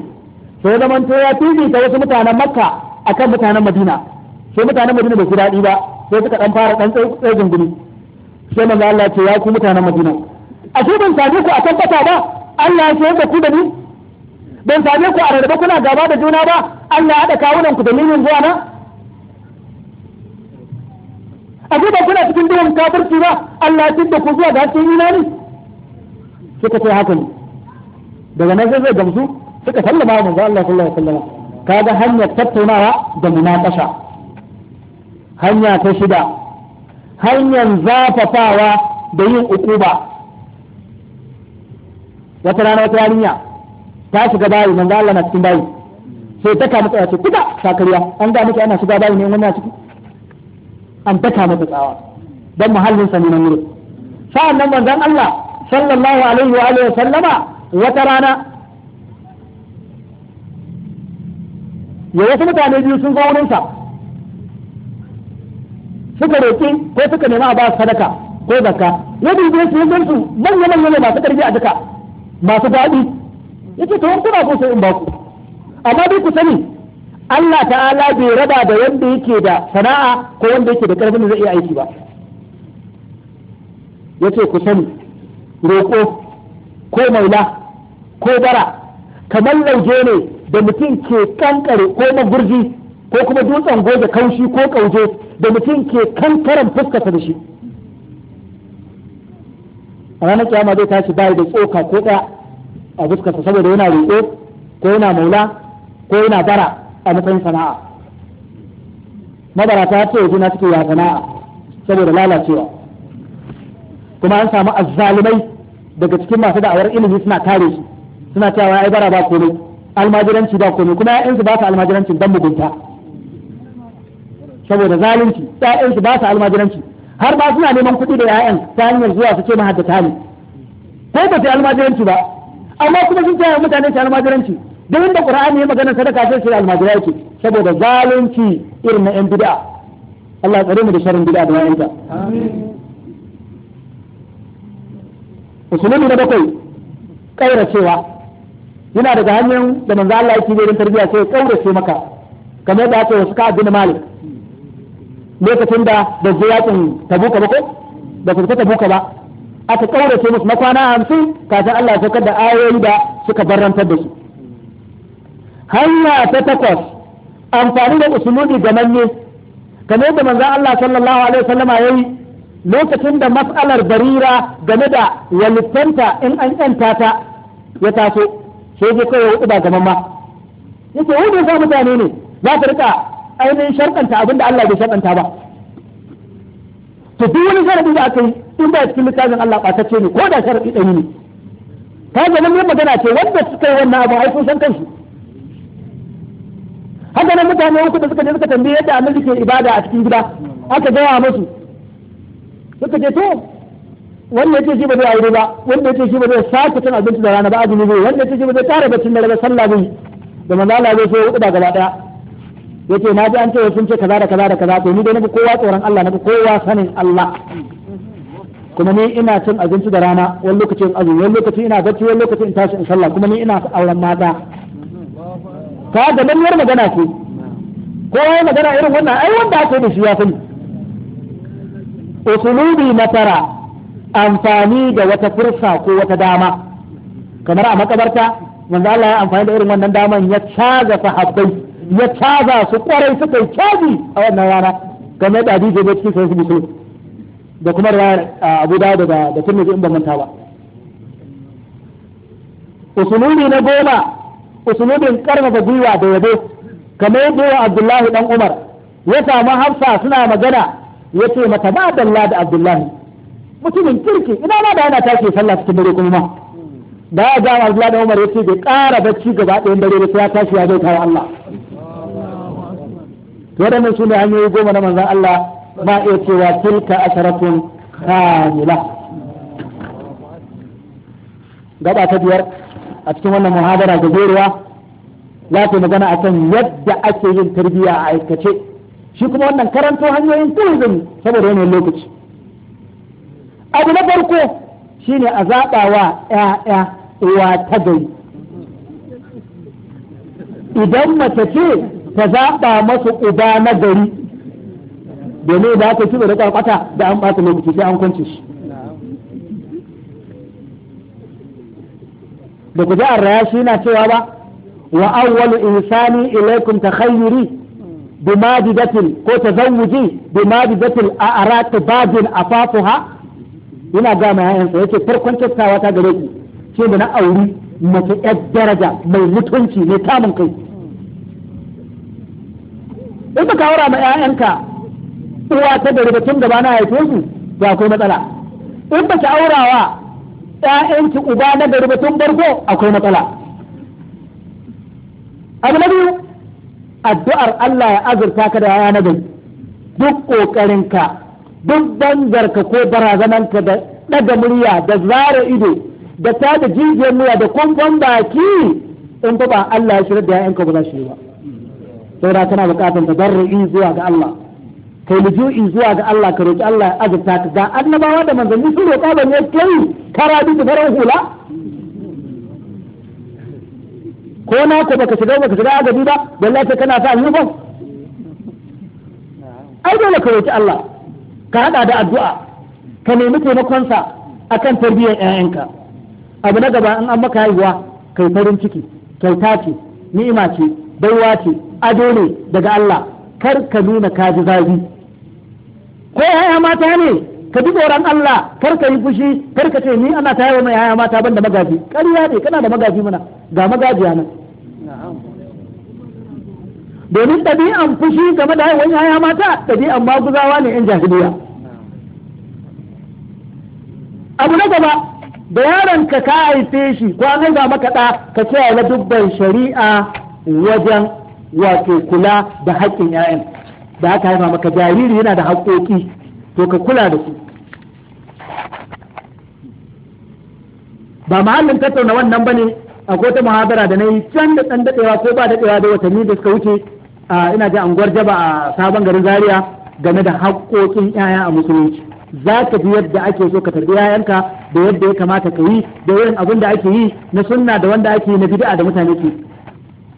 to ya zamanto ya fifita wasu mutanen Makka akan mutanen Madina sai mutanen Madina ba su daɗi ba sai suka dan fara dan tsaye gungumi sai manzo Allah ce ya ku mutanen Madina a ce ban sabe ku a tabbata ba Allah ya ce da ku da ni ban sabe ku a rarraba kuna gaba da juna ba Allah ya haɗa kawunan ku ni zuwa na abubuwan ba kuna cikin duhun kafirci ba Allah ya tinda ku zuwa ga cikin imani suka ce haka ne daga nan sai zai gamsu suka sallama wa manzo Allah sallallahu alaihi wasallam kaga hanyar tattaunawa da munakasha hanya ta shida hanyar zafafawa da yin ukuba wata rana wata yarinya ta shiga bayi manzo Allah na cikin bayi sai ta kama tsaya ce kuka sakariya an ga miki ana shiga bayi ne wannan ciki an daka masa tsawa don muhallin sa ne nan wurin sa'an nan manzon Allah sallallahu alaihi wa alihi sallama wata rana ya wasu mutane biyu sun zo wurinsa suka roƙi ko suka nema a ba sadaka ko zakka ya dube su yin su manya manya ne masu ƙarfi a duka masu daɗi yace to kuna ko sai in ba ku amma dai ku sani Allah ta'ala bai raba da wanda yake da sana'a ko wanda yake da karfin da zai iya aiki ba yace ku sani roƙo ko maula ko bara kamar lauje ne da mutum ke kankare ko magurji ko kuma dutsen goge kaushi ko kauje da mutum ke kankaren fuskarsa da shi a ranar kiyama zai tashi bayi da tsoka ko ɗaya a fuskarsa saboda yana roƙo ko yana maula ko yana bara a matsayin sana'a mabarata ta yi juna suke ya sana'a saboda lalacewa kuma an samu azzalumai daga cikin masu da'awar ilimi suna kare su suna cewa ai bara ba komai almajiranci ba komai kuma ƴaƴansu ba su almajiranci dan mugunta saboda zalunci ƴaƴansu ba su almajiranci har ba suna neman kuɗi da ya'yan ta hanyar zuwa su ce mahaddata ne ko ba su almajiranci ba amma kuma sun ce mutane su almajiranci duk inda qur'ani ya magana sadaka sai shi almajira yake saboda zalunci irin na yan bid'a Allah tsare mu da sharrin bid'a da ta musulmi na bakwai kaira cewa yana daga hanyar da manzo Allah yake don tarbiyya sai kaura ce maka kamar da aka wasu ka bin malik lokacin da da ziyatin tabuka ba ko da ta tabuka ba aka kaura ce musu na kwana 50 kafin Allah ya saukar da ayoyi da suka barantar da su hanya ta takwas amfani da usulubi gamanne game da manzo Allah sallallahu alaihi wasallama yayi lokacin da mas'alar barira game da walittanta in an yanta ta ya taso sai dai kawai hudu gaman ma yake wanda sa mutane ne za su rika ainihin sharkanta abin da Allah bai sharkanta ba to duk wani sharadi da aka yi in ba cikin littafin Allah ɓatacce ne ko da sharadi ɗani ne ta zama yin magana ce wanda suka yi wannan abu ai sun san kansu haka nan mutane uku da suka je suka tambaye yadda annabi ke ibada a cikin gida aka gaya musu suka ce to wanda yake shi ba zai aure ba wanda yake shi ba zai sake cin abinci da rana ba azumi zai wanda yake shi ba zai tara baccin da daga sallah zai da manzo zai sai uku da gaba daya yace na ji an ce sun ce kaza da kaza da kaza to ni dai nabi kowa tsoron Allah nabi kowa sanin Allah kuma ni ina cin abinci da rana wani lokacin azumi wani lokacin ina bacci wani lokacin in tashi in sallah kuma ni ina auren mata ka ga manyan magana ce ko ya magana irin wannan ai wanda aka yi da shi ya sani usulubi na tara amfani da wata fursa ko wata dama kamar a makabarta manzo Allah ya amfani da irin wannan daman ya caza sahabbai ya caza su kwarai kai caji a wannan rana kamar da hadisi da cikin sahih muslim da kuma da Abu Dawud da da Tirmidhi in ban manta ba usulubi na goma usulubin karfafa gwiwa da yabo kamar yadda wa Abdullahi dan Umar ya samu Hafsa suna magana ya ce mata ba dalla da Abdullahi mutumin kirki ina ma da yana tashi sallah cikin dare kuma ma da ya ga Abdullahi dan Umar ya ce bai ƙara bacci gaba ɗayan dare sai ya tashi ya zai kawo Allah waɗannan su ne hanyoyi goma na manzan Allah ma iya cewa tilka asharatun kamila gaba ta biyar a cikin wannan muhadara gajeruwa za ta magana kan yadda ake yin tarbiyya a aikace shi kuma wannan karanto hanyoyin turizm saboda wannan lokaci abu na farko shine a zaɓa wa ‘ya'ya uwa ta gari idan mace ce ta zaɓa masu uba na gari domin da aka ci da kwata da an ɓata lokaci sai an kwance shi ba ku ji arraya shi na cewa ba wa awwalu insani ilaikum takhayyuri bi madidatin ko tazawuji bi madidatin a aratu badin afafuha ina ga mai yayansa yake farkon kyautawa ta gare ku ce da na auri mace yar daraja mai mutunci mai kamun kai in ka kawara ma 'ya'yanka uwa ta rubutun da tun gaba na haife su ba akwai matsala in ba ki aurawa ƴaƴanki uba na gari tun farko akwai matsala abu na biyu addu'ar Allah ya azurta ka da yaya gari duk ƙoƙarinka duk dangarka ko barazananka da ɗaga murya da zara ido da ta da jijiyar murya da kumfan baki in ba Allah ya shirya da ƴaƴanka ba za su yi ba saboda kana buƙatar tadarru'i zuwa ga Allah kai ju'i zuwa ga Allah ka roki Allah ya azurta ka ga annabawa da manzanni sun roƙa ban ya kai kara duk farar hula ko na ko baka shiga baka shiga agabi ba wallahi sai kana sa uniform ai dole ka roki Allah ka haɗa da addu'a ka nemi taimakon sa akan tarbiyyar ƴaƴanka abu na gaba in an maka haihuwa kai farin ciki kyauta ce ni'ima ce baiwa ce ado ne daga Allah kar ka nuna kaji zagi ko yaya mata ne ka bi tsoron Allah kar ka yi fushi kar ka ce ni ana ta yawa mai yaya mata ban da magaji ƙarya ne kana da magaji mana ga magajiya nan domin ɗabi'an fushi game da haihuwar yaya mata ɗabi'an maguzawa ne yan jahiliya abu na gaba da yaron ka ka haife shi ko an haifa maka ɗa ka kiyaye dubban shari'a wajen wato kula da haƙƙin 'ya'yan da aka haifa maka jariri yana da haƙoƙi to ka kula da su ba mahallin tattauna wannan ba ne a kota muhabara da na yi can da ɗan daɗewa ko ba daɗewa da watanni da suka wuce ina ji anguwar jaba a sabon garin zaria game da haƙoƙin 'ya'ya a musulunci za ka bi yadda ake so ka tarbi yayanka da yadda ya kamata ka yi da wurin abin da ake yi na sunna da wanda ake yi na bid'a da mutane ke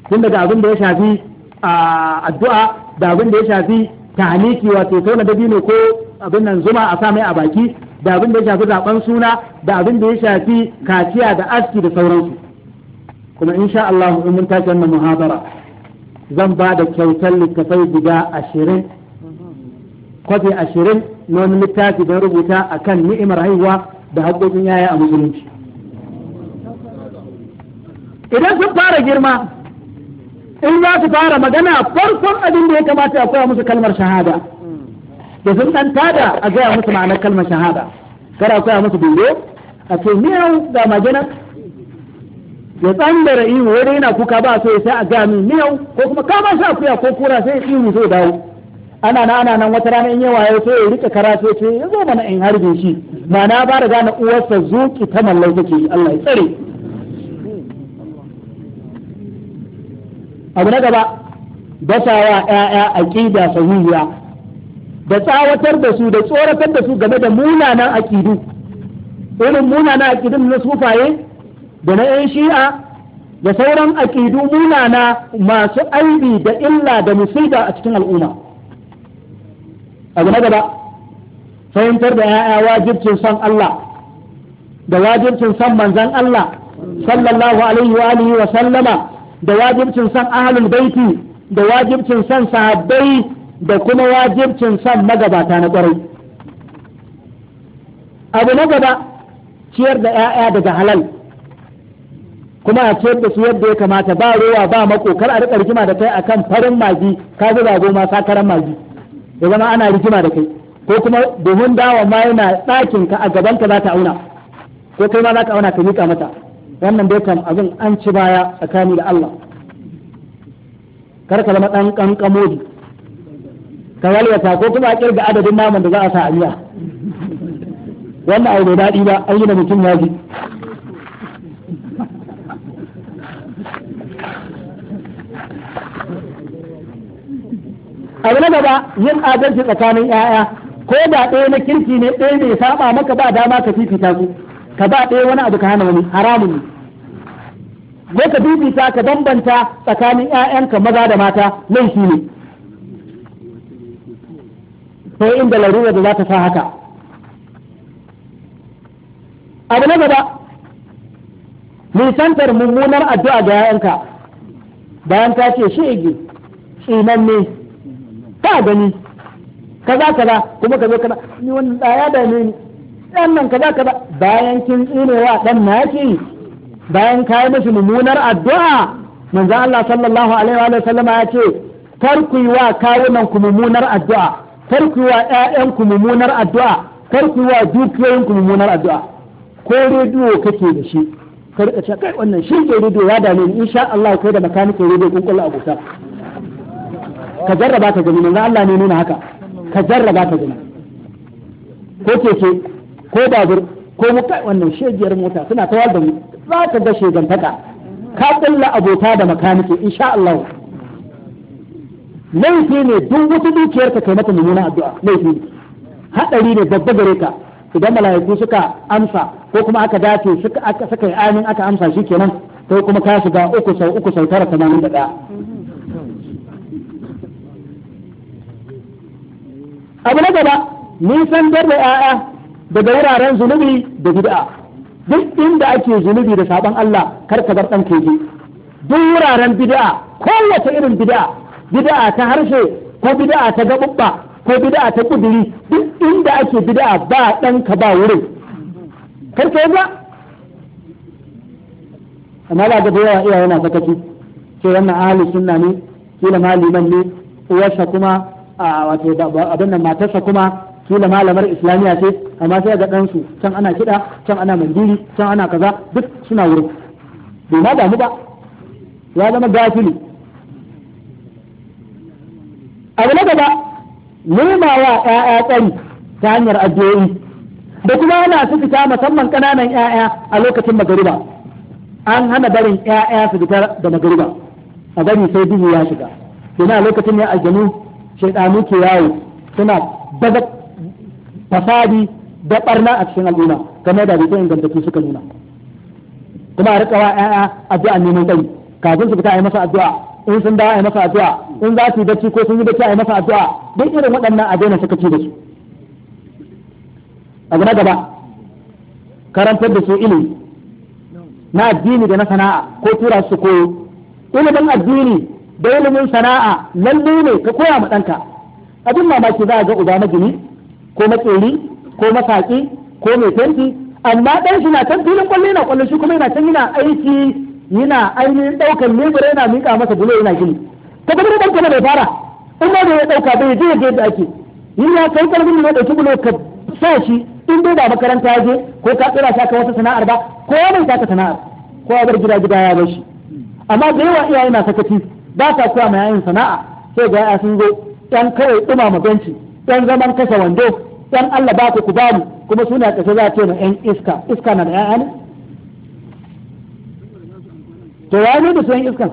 tun daga abin da ya shafi A addu'a da abin da ya shafi taniki wato tauna dabino ko abin nan zuma a sa mai a baki da abin da ya shafi zaben suna da abin da ya shafi kaciya da aski da sauransu kuma insha Allah in mun tashi wannan muhabara zan ba da kyautar littafai guda ashirin kwafi ashirin na wani littafi don rubuta akan ni'imar haihuwa da haƙoƙin yaya a musulunci idan sun fara girma in za su fara magana farkon abin da ya kamata a koya musu kalmar shahada da sun dan tada a gaya musu ma'anar kalmar shahada kada koya musu dodo a ce miyau ga magana ya da ihu wani yana kuka ba so ya sai a gaya min miyau ko kuma kama sa kuya ko kura sai ihu zai dawo ana na ana nan wata rana in yawa ya so ya rike kara sai ce ya zo mana in harbe shi na ba da gane uwarsa zuki ta mallai take Allah ya tsare abu na gaba dasawa ƴaƴa aqida sahihiya da tsawatar da su da tsoratar da su game da munanan aqidu irin munanan aqidun na sufaye da na ƴan shi'a da sauran aqidu munana masu aibi da illa da musiba a cikin al'umma abu na gaba fahimtar da ƴaƴa wajibcin son Allah da wajibcin son manzon Allah sallallahu alaihi wa alihi wa sallama da wajibcin san ahalin baiti da wajibcin san sahabbai da kuma wajibcin san magabata na kwarai abu na gaba ciyar da 'ya'ya daga halal kuma a ciyar da su yadda ya kamata ba rowa ba makokar kar a riƙa rigima da kai a kan farin magi ka zago goma sakaran magi da zama ana rigima da kai ko kuma domin dawa ma yana ɗakin ka a gaban ka za ta auna ko kai ma za ka auna ka miƙa mata wannan bai kam abin an ci baya tsakani da Allah kar ka zama dan ji ka ta ko kuma kirga adadin naman da za a sa a wannan abu bai daɗi ba an yi da mutum ya ji abu na gaba yin adalci tsakanin 'ya'ya ko da ɗaya na kirki ne ɗaya mai saba maka ba dama ka fifita su ka ba ɗaya wani abu ka hana wani haramun ne ko ka bibita ka bambanta tsakanin 'ya'yanka maza da mata laifi ne sai inda larura da za ta sa haka abu na gaba nisantar mummunar addu'a ga 'ya'yanka bayan ta ce shi igi ne ta gani kaza kaza kuma ka zo kaza ni wannan da ya dame ni dan nan kaza kaza bayan kin tsinewa ɗan na yake bayan kayi musu mummunar addu'a manzo Allah sallallahu alaihi wa sallama ya ce kar ku yi wa kawunan ku mummunar addu'a kar ku yi wa ƴaƴan ku mummunar addu'a kar ku yi wa dukiyoyin ku mummunar addu'a ko rediyo kake da shi kar ka ce kai wannan shi ke rediyo ya dame ni insha Allah kai da makanikin rediyo kun kula abota ka jarraba ka gani manzo Allah ne nuna haka ka jarraba ka gani ko keke ko babur ko mu kai wannan shegiyar mota suna ta da mu za ka ga shegantaka ka kulla abota da makanike insha Allah laifi ne duk wata dukiyar ka kai mata mummunan addu'a laifi ne hadari ne babba gare ka idan mala'iku suka amsa ko kuma aka dace suka aka saka amin aka amsa shi kenan ko kuma ka shiga uku sau uku sau tara tamanin da abu na gaba nisan da 'ya'ya daga wuraren zunubi da bid'a duk inda ake zunubi da sabon Allah kar ka bar dan keke duk wuraren bid'a kowace irin bid'a bid'a ta harshe ko bid'a ta gabubba ko bid'a ta kuduri duk inda ake bid'a ba dan ka ba wurin kar ka yaba amma la ga yawa iyaye na sakaci ce wannan ahli sunna ne kila maliman ne uwarsa kuma a wato abin nan matarsa kuma kila malamar islamiyya ce amma sai ga ɗansu can ana kiɗa can ana mandiri can ana kaza duk suna wurin bai ma damu ba ya zama gafili abu na gaba nema wa ƴaƴa tsari ta hanyar addu'o'i da kuma ana su fita musamman ƙananan ƴaƴa a lokacin magariba an hana barin ƴaƴa su fita da magariba a bari sai duhu ya shiga domin a lokacin ne aljanu shaidanu ke yawo suna bazak fasadi da barna a cikin al'umma game da bidiyon gantattu suka nuna kuma a rika wa ƴaƴa addu'a neman tsayi kafin su fita a yi masa addu'a in sun dawo a yi masa addu'a in za su yi bacci ko sun yi bacci a yi masa addu'a duk irin waɗannan a daina suka ci da su abu na gaba karantar da su ilimi na addini da na sana'a ko tura su koyo ilimin addini da ilimin sana'a lalle ne ka koya ma ɗanka abin mamaki za a ga uba magini ko maƙeri ko masaƙi ko mai fenti amma ɗan shi na can filin kwallo yana kwallo shi kuma yana can yana aiki yana ainihin ɗaukar lebura yana miƙa masa bulo yana gini ta kuma ɗan kuma bai fara in ma da ɗauka bai je yadda yadda ake yin ya kai ƙarfin ne ɗauki bulo ka sa shi in dai ba makaranta ya je ko ka tsira sa ka wata sana'ar ba ko ya bai saka sana'ar ko ya bar gida gida ya bar shi amma da yawa iyaye na sakaci ba sa koya ma yayin sana'a sai ga ya sun zo ɗan kawai ɗumama benci yan zaman kasa wando yan Allah ba ku ku ba mu kuma suna kasa za ce na yan iska iska na da ƴaƴa ne to ya ne da su yan iskan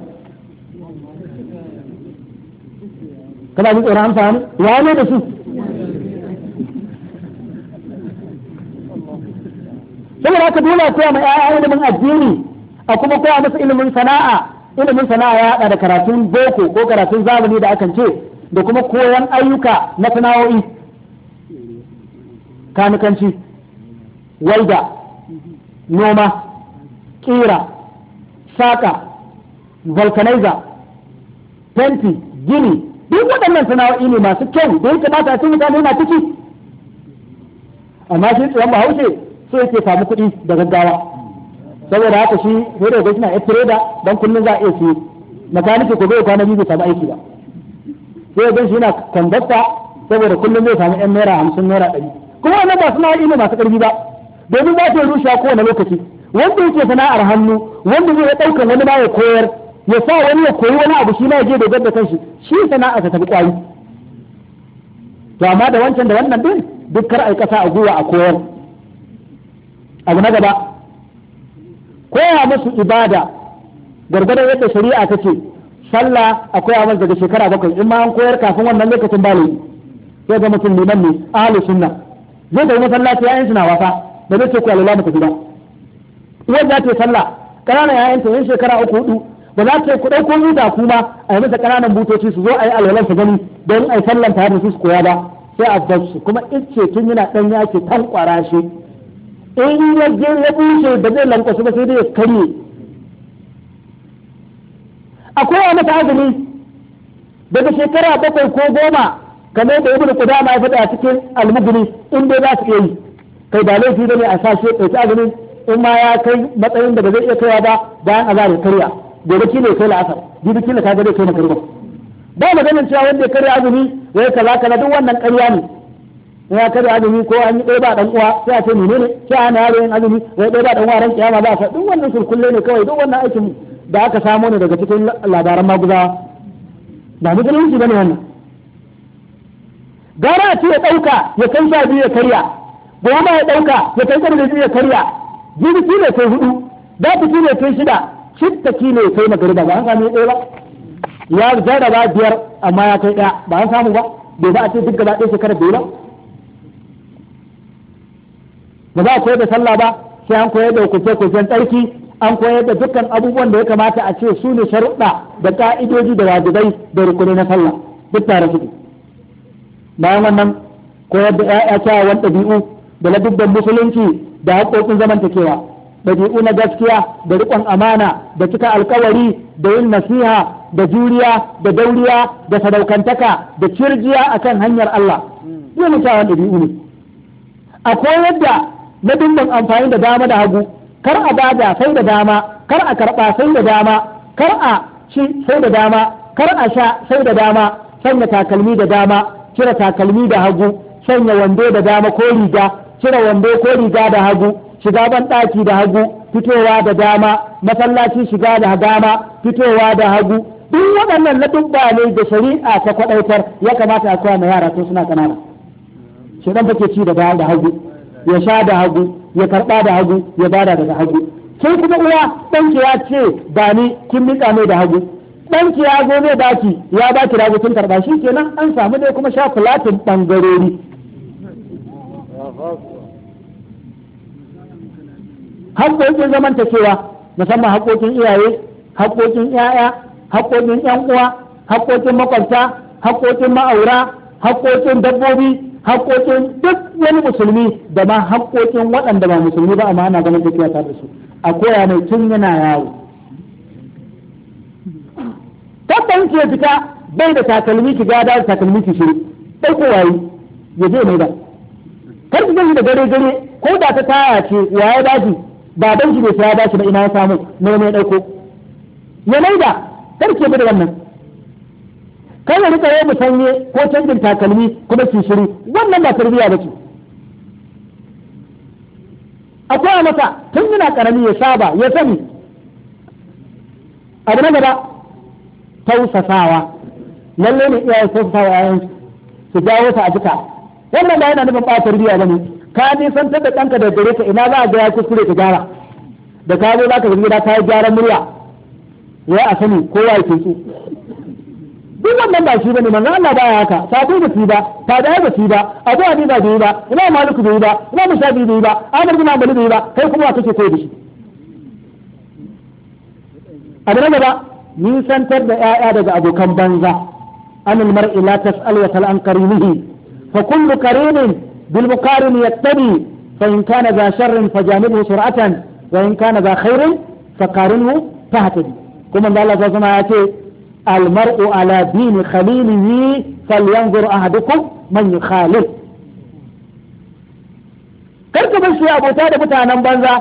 kana ji tsoron fa ne ya ne da su saboda haka dole a ya mai ƴaƴa ilimin addini a kuma ya masa ilimin sana'a ilimin sana'a ya haɗa da karatun boko ko karatun zamani da akan ce da kuma koyon ayyuka na sana'o'i kanukanci walda noma ƙira saƙa vulcanizer fenti gini duk waɗannan sana'o'i ne masu kyau da yake ba sun mutane na ciki amma shi tsohon bahaushe so yake samu kuɗi da gaggawa saboda haka shi sai da gashi na ya da don kullum za a iya siye makaniki ko bai kwana biyu bai samu aiki ba sai gan shi yana kwandasta saboda kullum zai samu yan naira hamsin naira ɗari kuma wannan ba suna ne masu ƙarfi ba domin ba ta rushe kowane lokaci wanda yake sana'ar hannu wanda zai ɗaukar wani ba ya koyar ya sa wani ya koyi wani abu shi ma ya je dogar da kanshi shi sana'a ka tafi ƙwari. to amma da wancan da wannan din duk kar ai ƙasa a gwiwa a koyar abu na gaba koya musu ibada gargadar yadda shari'a ta ce sallah akwai abin daga shekara bakwai in ma an koyar kafin wannan lokacin ba laifi sai ga mutum liman ne ahlus sunna zai ga masallaci yayin na wasa da zai ce ku alala mata gida uwar za ta yi sallah ƙananan yayin ta yin shekara uku hudu ba za ta yi ku ɗauko kuma a yi masa ƙananan butoci su zo a yi alalan su gani don a yi sallan tare da su su koya ba sai a bar kuma kuma ice tun yana ɗan yake tan ƙwara shi in ya ya bushe ba zai lankwasu ba sai dai ya karye akwai wani masa azumi daga shekara bakwai ko goma kamar da ibnu qudama ya faɗa cikin al-mughni in dai za su iya yi kai ba laifi bane a sa shi ɗauki azumi in ma ya kai matsayin da ba zai iya kaiwa ba bayan azhar karya gobe kila kai la'asar jibi kila ka ga zai kai makarba ba maganin cewa wanda ya karya azumi wai kaza kaza duk wannan karya ne ya karya azumi ko an yi ɗaya ba ɗan uwa sai a ce menene sai na yaro yin azumi wai ɗaya ba ɗan uwa ran kiyama ba sa duk wannan surkulle ne kawai duk wannan aikin da aka samo ne daga cikin labaran maguza ba musulunci bane wannan gara a ce ya ɗauka ya kai sha biyu ya karya goma ya ɗauka ya kai sha biyu ya karya jirgi ne kai hudu shi ne kai shida ki ne kai magariba ba an samu ɗaya ba ya ba biyar amma ya kai ɗaya ba an samu ba bai ba a ce duk gaba ɗaya shekara biyu ba ba za a koyar da sallah ba sai an koyar da hukunce-hukuncen tsarki an koyar da dukkan abubuwan da ya kamata a ce su ne sharuɗa da ƙa'idoji da wajibai da rukuni na sallah duk tare suke bayan wannan koyar da ƴaƴa kyawawan ɗabi'u da ladubban musulunci da haƙoƙin zamantakewa ɗabi'u na gaskiya da riƙon amana da cika alƙawari, da yin nasiha da juriya da dauriya da sadaukantaka da cirjiya akan hanyar Allah yana kyawawan ɗabi'u ne a koyar da ladubban amfani da dama da hagu kar a bada sai da dama kar a karba sai da dama kar a ci sai da dama kar a sha sai da dama sanya takalmi da dama cire takalmi da hagu sanya wando da dama ko riga cire wando ko riga da hagu shiga ban daki da hagu fitowa da dama masallaci shiga da dama fitowa da hagu duk waɗannan ladubba ne da shari'a ta kwaɗaitar ya kamata a koya ma yara tun suna ƙanana shedan take ci da da hagu ya sha da hagu ya karɓa da hagu ya bada daga hagu sai kuma uwa ɗanki ya ce ba ni kin miƙa mai da hagu ɗanki ya zo ne baki ya baki da hagu kin karɓa shi kenan an samu dai kuma sha kulatin ɓangarori haƙoƙin cewa musamman haƙoƙin iyaye haƙoƙin 'ya'ya haƙoƙin 'yan uwa haƙoƙin makwabta haƙoƙin ma'aura haƙoƙin dabbobi haƙoƙin duk wani musulmi da ma haƙoƙin waɗanda ba musulmi ba amma ana ganin tafiya tare da su a koya mai tun yana yawo tabban ke fita bai da takalmi ki gada da takalmi ki shiru ɗai ko wayi ya je mai ba kar ki gani da gare gare ko da ta taya ce ya daji ba dan ki bai ya dace ba ina ya samu mai mai ɗauko ya mai da kar ki bi da wannan kai ya rika mu sanye ko canjin takalmi kuma su shiru wannan ba tarbiyya ba ce akwai masa tun yana karami ya saba ya sani abu na gaba tausasawa lalle ne iyaye tausasawa yayan su jawo ta a jika wannan ba yana nufin ba tarbiya ba ne ka san da ɗanka da gare ka ina za a gaya kuskure ka gyara da ka zo za ka gida ka yi gyaran murya ya a sani kowa ya kintsu duk wannan ba shi bane manzon Allah baya haka sabai da shi ba tabi'ai da shi ba abu abi ba da ba ina maliku da ba ina mushabi da ba amir bin ambali da ba kai kuma kake kai da shi abu na gaba nisantar da 'ya'ya daga abokan banza anil mar'i la tas'al wa tal an karimihi fa kullu karimin bil muqarin yattabi fa in kana za sharrin fajanibuhu sur'atan wa in kana za khairin fa qarinhu fahtadi kuma Allah ya ce المرء على دين خليله فلينظر أحدكم من يخالف karka bar shi abota da mutanen banza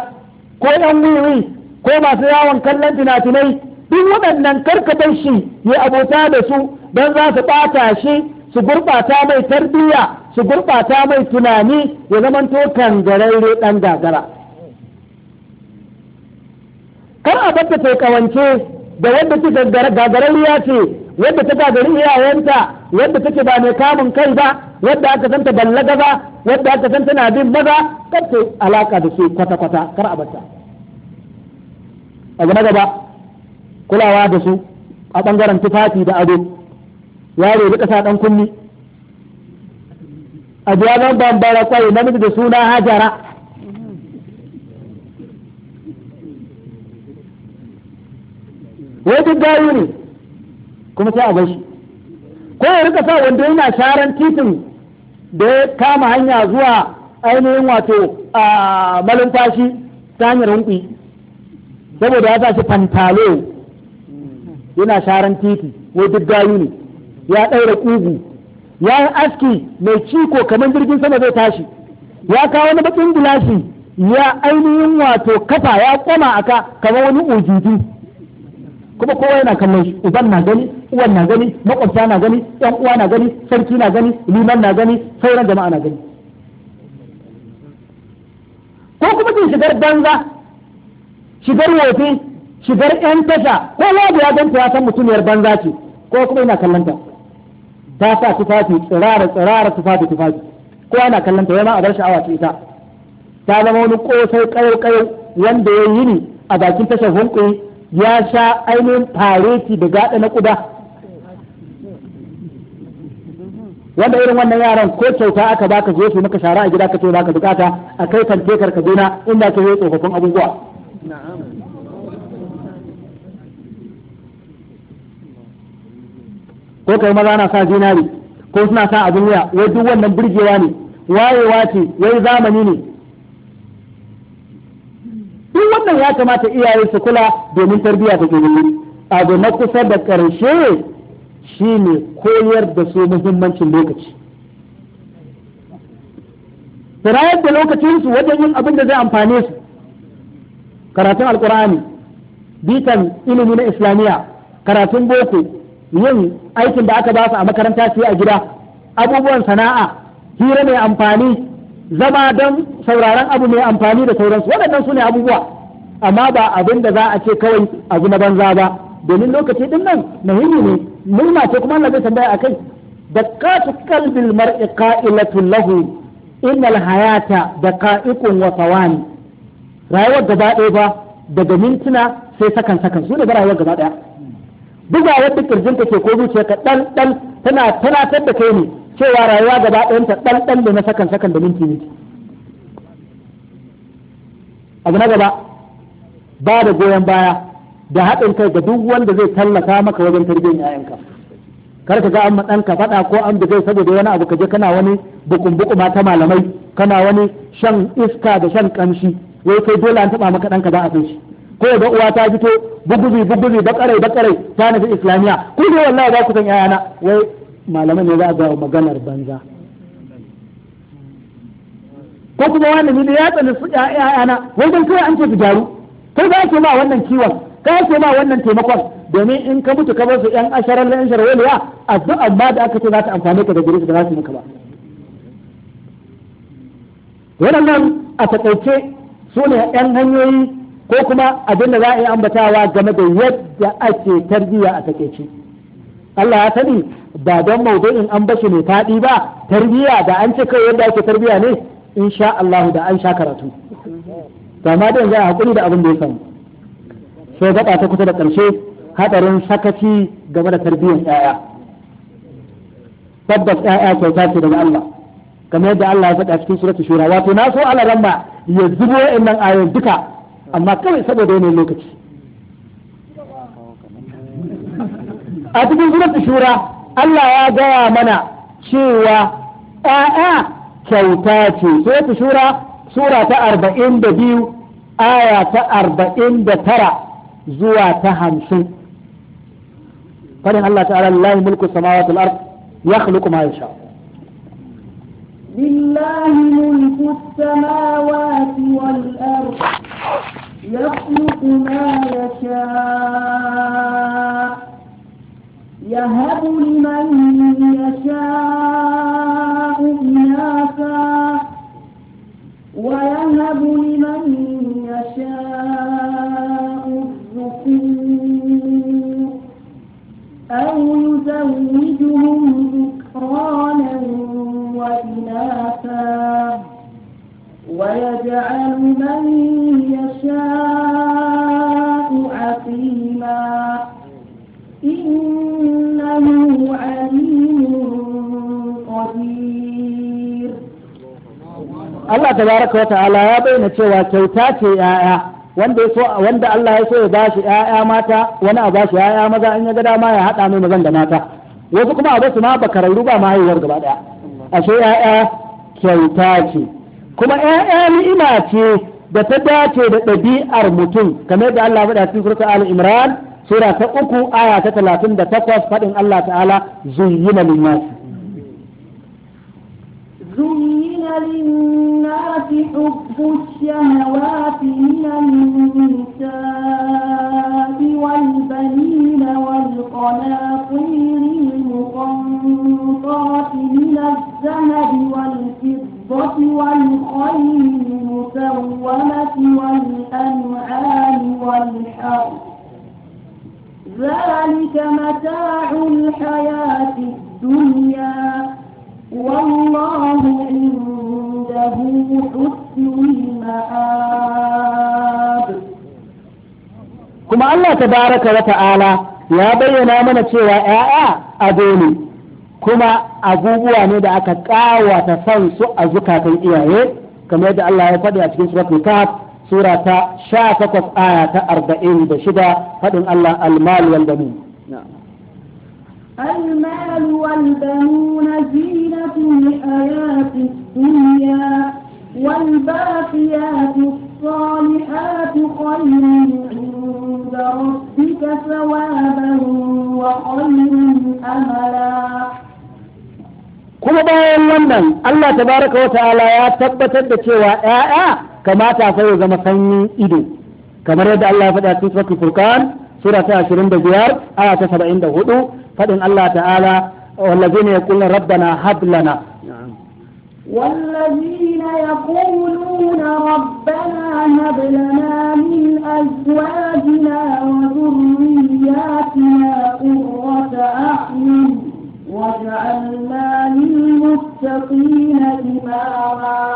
ko yan wiwi ko masu yawon kallon fina duk waɗannan karka bar shi ya abota da su don za su ɓata shi su gurɓata mai tarbiyya su gurɓata mai tunani ya zamanto kangararre ɗan gagara kar a batta ƙawance. kawance da wanda ta gagararriya ce wadda ta gagari iyayenta wadda take ba mai kamun kai ba wadda aka santa ballaga ba wadda aka santa na bin maza kafin alaka da su kwata kwata kar a bata gaba gaba kulawa da su a bangaren tufafi da ado yaro da kasa dan kunni a biya ban bambara kwai namiji da suna hajara wai duk gayu ne kuma sai a bar shi ko ya rika sa wanda yana sharan titin da ya kama hanya zuwa ainihin wato a malumfashi ta hanyar hunki saboda ya sa fantalo yana sharan titi wai duk gayu ne ya ɗaura ƙugu ya yi aski mai ciko kamar jirgin sama zai tashi ya kawo wani bakin gilashi ya ainihin wato kafa ya koma aka kamar wani ojiji. kuma kowa yana kallon shi uban na gani uwan na gani makwabta na gani yan uwa na gani sarki na gani liman na gani sauran jama'a na gani ko kuma jin shigar banza shigar wofi shigar yan tasha ko da ya ganta ya san mutumiyar banza ce ko kuma yana kallon ta ta sa tufafi tsirara tsirara tufafi tufafi ko yana kallon ta yana a sha'awa ce ita ta zama wani kosai kayo kayo wanda ya yi ni a bakin tashar hunkuri ya sha ainihin fareti da gaɗa na ƙuda wanda irin wannan yaran ko kyauta aka baka zo su maka shara a gida ka ce baka bukata a kai kan tekar kaduna inda ke yi tsofaffin abubuwa ko kai maza na sa zinari ko suna sa abin wuya wai duk wannan burgewa ne wayewa ce wai zamani ne duk wannan ya kamata iyaye su kula domin tarbiyya ta gari abu na kusa da ƙarshe shi ne koyar da su muhimmancin lokaci firayar da lokacinsu wajen yin abin da zai amfane su karatun alkur'ani bitan ilimi na islamiyya karatun boko yin aikin da aka ba su a makaranta su a gida abubuwan sana'a hira mai amfani zama don sauraron abu mai amfani da sauransu waɗannan su ne abubuwa amma ba abin da za a ce kawai a na banza ba domin lokaci din nan muhimmi ne murna ce kuma Allah zai tambaya akai daqatu qalbil mar'i qa'ilatun lahu innal hayata daqa'iqun wa thawani rayuwar gaba ɗaya ba daga mintuna sai sakan sakan su ne ba rayuwar gaba ɗaya buga yadda kirjinka ke ko zuciyarka ɗan ɗan tana tunatar da kai ne cewa rayuwa gaba ɗayanta ɗanɗan da na sakan sakan da minti minti abu na gaba ba da goyon baya da haɗin kai da duk wanda zai tallata maka wajen tarbiyyar 'ya'yanka kar ka ga an ka faɗa ko an bugai saboda wani abu ka kaje kana wani bukun bukuma ta malamai kana wani shan iska da shan kamshi wai kai dole an taɓa maka ɗanka ba a kai shi ko da uwa ta fito buguzi buguzi bakarai bakarai ta nufi islamiya ku ne wallahi ba ku san 'ya'yana wai malamai ne za a ga maganar banza ko kuma wani ne ya tsani su ƴaƴana wai don kai an ce su gyaru kai za ke ma wannan kiwon kai ke ma wannan taimakon domin in ka mutu ka bar su ƴan asharar yan sharwaliya addu'a amma da aka ce za ta amfani ka da gari da za su maka ba waɗannan a taƙaice su ne ƴan hanyoyi ko kuma abin da za a yi ambatawa game da yadda ake tarbiyya a taƙaice Allah ya sani ba don maudu'in an bashi mai faɗi ba tarbiyya da an ce kai yadda ake tarbiyya ne sha Allah da an sha karatu to ma da yanzu a hakuri da abin da ya samu sai gaba ta kusa da ƙarshe hadarin sakaci game da tarbiyyar ƴaƴa tabbas ƴaƴa kyauta ce daga Allah kamar yadda Allah ya faɗa cikin suratul shura wato na so Allah ramma ya zubo wa'annan ayoyin duka amma kawai saboda yanayin lokaci a cikin suratul shura Allah ya gaya mana cewa ‘ya'ya kyauta ce, sai shura sura ta arba'in da biyu, aya ta arba'in da tara zuwa ta hamsin. Fadin Allah ta'ala lillahi mulku samawati wal ard yakhluqu ma yasha. Lillahi لله ملك السماوات والأرض يخلق ma yasha. يهب لمن يشاء إناثا ويهب لمن يشاء الذكور أو يزوجهم ذكرانا وإناثا ويجعل من يشاء Allah ta baraka wata ala ya bayyana cewa kyauta ce yaya wanda ya so wanda Allah ya so ya ba shi yaya mata wani a bashi yaya maza in ya ga dama ya haɗa mai mazan da mata wasu kuma a basu ma bakararru ba ma haihuwar gaba daya ashe yaya kyauta ce kuma yaya ni'ima ce da ta dace da ɗabi'ar mutum kamar da Allah faɗa cikin suratul Ali Imran sura ta uku aya ta talatin da takwas faɗin Allah ta'ala zuyyina linnasi للناس حب الشهوات من النساء والبنين والقناطير المقنطرة من الذهب والفضة والخيل المسومة والأنعام والحرث ذلك متاع الحياة الدنيا والله عنده حسن المآب كما الله تبارك وتعالى ya bayyana mana cewa ‘ya'ya ado ne kuma abubuwa ne da aka ƙawata son su a zukatan iyaye kamar da Allah ya faɗi a cikin suratul kaf sura ta 18 aya ta 46 faɗin Allah al-mal wal banun al-mal wal banun الحياة الدنيا والباقيات الصالحات خير عند ربك ثوابا وخير أملا kuma bayan wannan Allah ta baraka wa ta'ala ya tabbatar da cewa ‘ya'ya kamata sai ya zama sanyin ido kamar yadda Allah ya faɗa cikin suratul furqan sura ta 25 aya ta 74 faɗin Allah ta'ala والذين يقولون ربنا هب لنا والذين يقولون ربنا هب لنا من أزواجنا وذرياتنا قرة أعين واجعلنا للمتقين إماما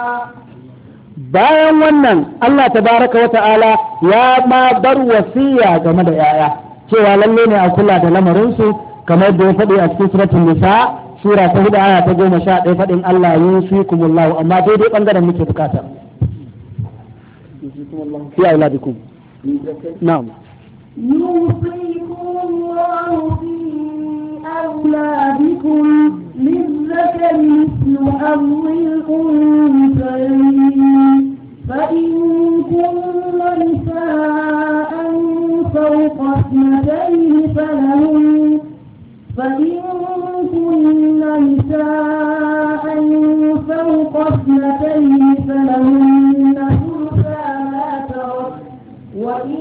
bayan wannan Allah ta baraka wa ta'ala ya ma bar wasiya game da yaya cewa lalle ne a kula da lamarinsu كما يقول فضي سورة النساء سورة تهدى آية تقوم شاد إيه فضي الله يوفيكم الله أما تهدي قد أن يكتب كاتب في أولادكم نعم يوفيكم الله في أولادكم للذكر مثل أمر الأنثيين فإن كن نساء فوق اثنتين فلهن فإن كن نساء فوق اثنتين فلهن ثلثا ما ترك وإن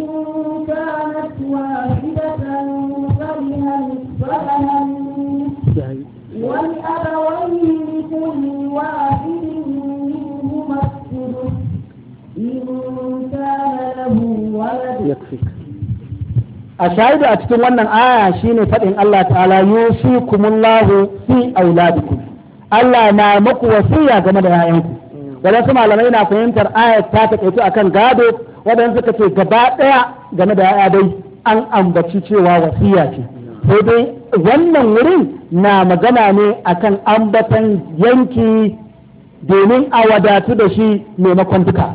كانت واحدة فلها فلها ولأبويه لكل واحد منهما السدس إن كان له ولد يكفيك a shahidu a cikin wannan aya shine faɗin Allah ta'ala yusikumullahu fi auladikum Allah na maku wasiya game da 'ya'yanku wadansu malamai na fahimtar Aya ta a akan gado wadansu suka ce gaba ɗaya game da 'ya'ya dai an ambaci cewa wasiya ce sai wannan wurin na magana ne akan ambatan yanki domin a wadatu da shi maimakon duka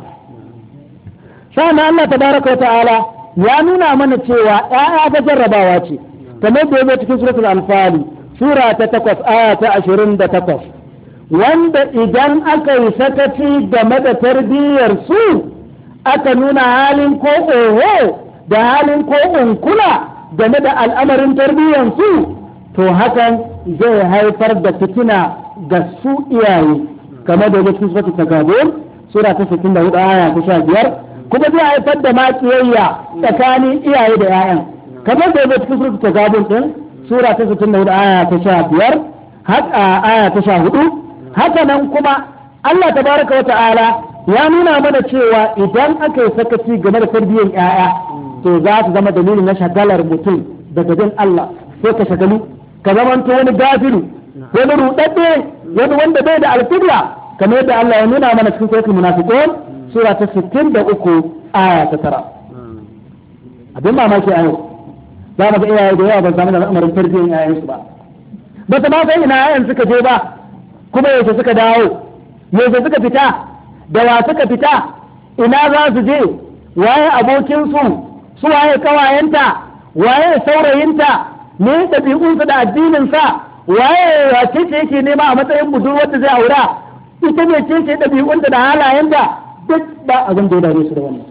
sa'an Allah ta wa ta'ala ya nuna mana cewa ƴaƴa ta jarrabawa ce kamar da yake cikin suratul alfali sura ta takwas aya ta ashirin da takwas wanda idan aka yi sakaci game da tarbiyyar su aka nuna halin ko oho da halin ko unkula game da al'amarin tarbiyyar su to hakan zai haifar da fitina ga su iyaye kamar da yake cikin suratul takabur sura ta hudu aya ta biyar. kuma zai haifar da makiyayya tsakanin iyaye da 'ya'yan kamar da yake cikin surat tagabun din sura ta 64 aya ta 15 haka aya ta 14 haka nan kuma Allah tabaraka wa ta'ala ya nuna mana cewa idan aka yi sakaci game da tarbiyyar 'ya'ya to za su zama dalilin na shagalar mutum daga bin Allah sai ka shagalu ka zamanto wani gafilu wani rudadde wani wanda bai da alƙibla kamar yadda Allah ya nuna mana cikin suratul munafiqun sura ta 63 aya ta tara abin mamaki a yau za mu zama da al'amarin tarbiyyar yayan ba ba ta ma san ina yayan suka je ba kuma yaushe suka dawo yaushe suka fita da wa suka fita ina za su je waye abokinsu suwaye ƙawayenta? waye kawayenta waye saurayinta ne da addininsa waye wace ce yake nema a matsayin budurwar da zai aura ita ne ce ce ɗabi'unta da halayenta duk ba abin da ya dame su da wannan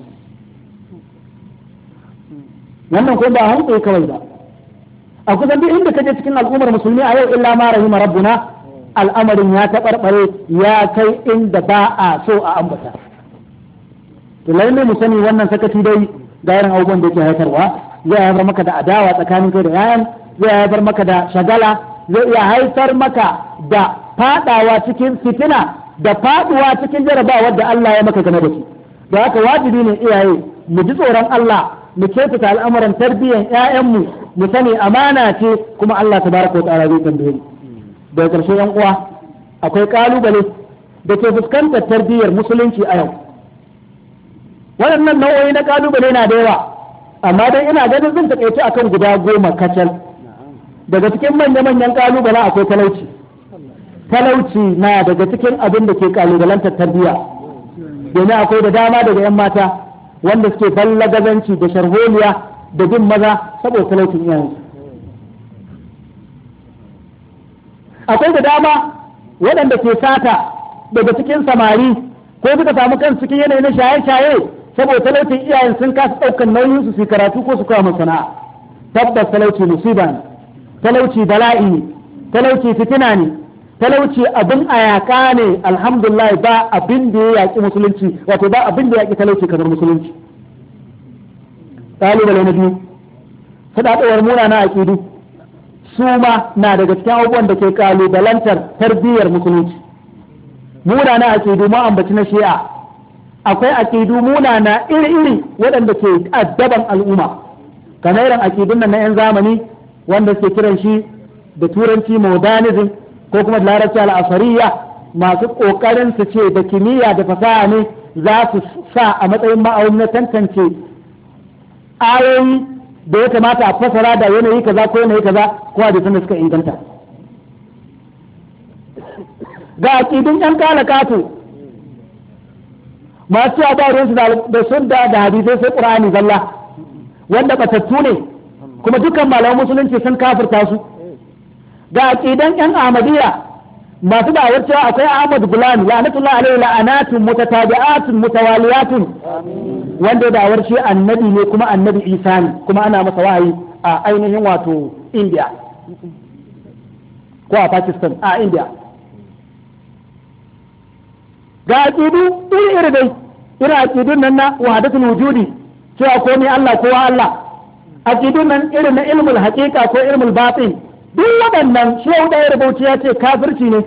wannan ko ba a hankali kawai ba a kusan duk inda kaje cikin al'ummar musulmi a yau illa ma rahima rabbuna al'amarin ya taɓarɓare ya kai inda ba a so a ambata to lallai mu sani wannan sakati dai ga irin abubuwan da yake haifarwa zai haifar maka da adawa tsakanin kai da yayan zai haifar maka da shagala zai iya haifar maka da fadawa cikin fitina da faduwa cikin jaraba da Allah ya maka game da shi da haka wajibi ne iyaye mu ji tsoron Allah mu kyautata al'amuran tarbiyyar ƴaƴanmu mu sani amana ce kuma Allah tabaraka wa ta'ala zai tambaye mu daga karshe yan uwa akwai kalubale da ke fuskantar tarbiyyar musulunci a yau waɗannan nau'o'i na kalubale na da yawa amma dai ina ganin zan takaice akan guda goma kacal daga cikin manya-manyan kalubale akwai talauci talauci na daga cikin abin da ke kalubalantar tarbiyya domin akwai da dama daga 'yan mata wanda suke ballagazanci da sharholiya da bin maza saboda talaucin iyayensu akwai da dama waɗanda ke sata daga cikin samari ko suka samu kan cikin yanayi na shaye-shaye saboda talaucin iyayen sun kasa ɗaukar nauyin su su karatu ko su kama sana'a tabbas talauci musiba ne talauci bala'i ne talauci fitina ne talauci abin ayaka ne alhamdulillah ba abin da ya yaƙi musulunci wato ba abin da ya yaƙi talauci kamar musulunci ɗalibale na biyu faɗaɗawar muna na aƙidu su ma na daga cikin abubuwan da ke ƙalubalantar tarbiyyar musulunci muna na aƙidu ma ambaci na shi'a akwai aƙidu muna na iri-iri waɗanda ke addaban al'umma kamar irin aƙidun nan na 'yan zamani wanda suke kiran shi da turanci modernism ko kuma larabci al'asariya masu kokarin su ce da kimiyya da fasaha ne za su sa a matsayin ma'aunin na tantance ayoyi da ya kamata a fasara da yanayi kaza ko yanayi kaza ko hadisan da suka inganta ga aƙidin yan kalakatu masu cewa ba ruwansu da sun da hadisai sai ƙura'ani zalla wanda batattu ne kuma dukkan malamai musulunci sun kafirta su ga aqidan yan ahmadiyya masu da'awar cewa akwai ahmad gulam la'natullah alaihi la'anatun mutatabi'atun mutawaliyatun wanda da'awar shi annabi ne kuma annabi isa ne kuma ana masa wahayi a ainihin wato india ko a pakistan a india ga aƙidu iri iri dai iri aqidun nan na wahdatul wujudi cewa ni Allah ko Allah aqidun nan irin na ilmul haqiqa ko ilmul batin duk waɗannan shehu da rubuci ya ce kafirci ne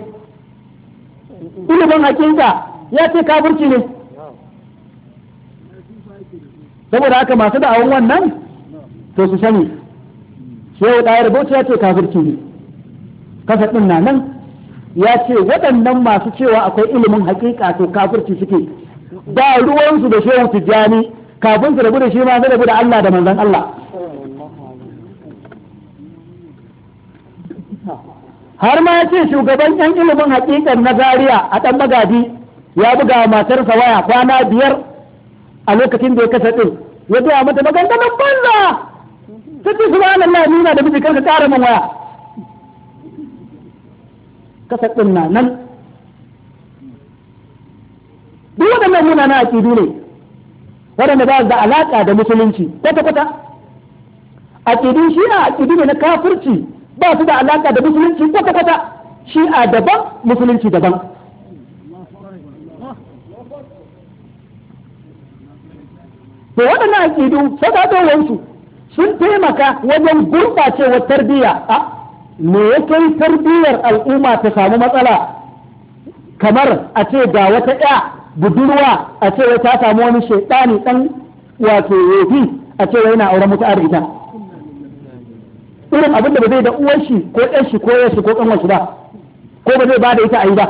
ilimin hakinka ya ce kafirci ne saboda haka masu awon wannan to su sani shehu da rubuci ya ce kafirci ne kasa ɗin na nan ya ce waɗannan masu cewa akwai ilimin hakika to kafirci suke ba ruwansu da shehu tijjani kafin su rabu da shi ma su rabu da Allah da manzon Allah har ma ya ce shugaban yan ilimin hakikan na zaria a ɗan magadi ya buga matarsa waya kwana biyar a lokacin da ya kasa ɗin ya biya mata maganganun banza ta ce su ni na da miji ka ƙara min waya kasa ɗin na nan duk waɗannan na aƙidu ne waɗanda ba da alaƙa da musulunci kwata-kwata shi na aƙidu ne na kafurci. ba su da alaka da musulunci kwata kwata a daban musulunci daban to waɗannan aƙidu wansu sun taimaka wajen gurɓacewar tarbiyya a me ya kai tarbiyyar al'umma ta samu matsala kamar a ce ga wata ya budurwa a ce ta samu wani shaidani ɗan wato yofi a ce yana auren mutu'ar ita irin abin da ba zai da uwan shi ko ɗan shi ko yar ko kanwar shi ba ko ba zai ba da ita a yi ba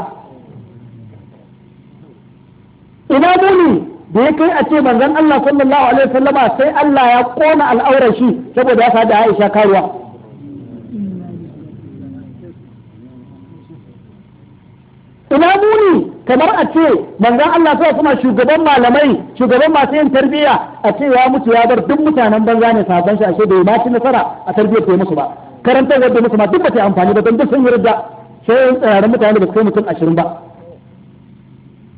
ina muni da ya kai a ce manzon Allah sallallahu alaihi wasallama sai Allah ya kona al'aurar shi saboda ya da Aisha karuwa ina kamar a ce manzon Allah sai kuma shugaban malamai shugaban masu yin tarbiyya a ce ya mutu ya bar duk mutanen banza ne sabon shi ashe bai ma ci nasara a tarbiyyar ta musu ba karantar da musu ma duk ba ta amfani ba don duk sun yarda sai yin tsararren mutane da kai mutum ashirin ba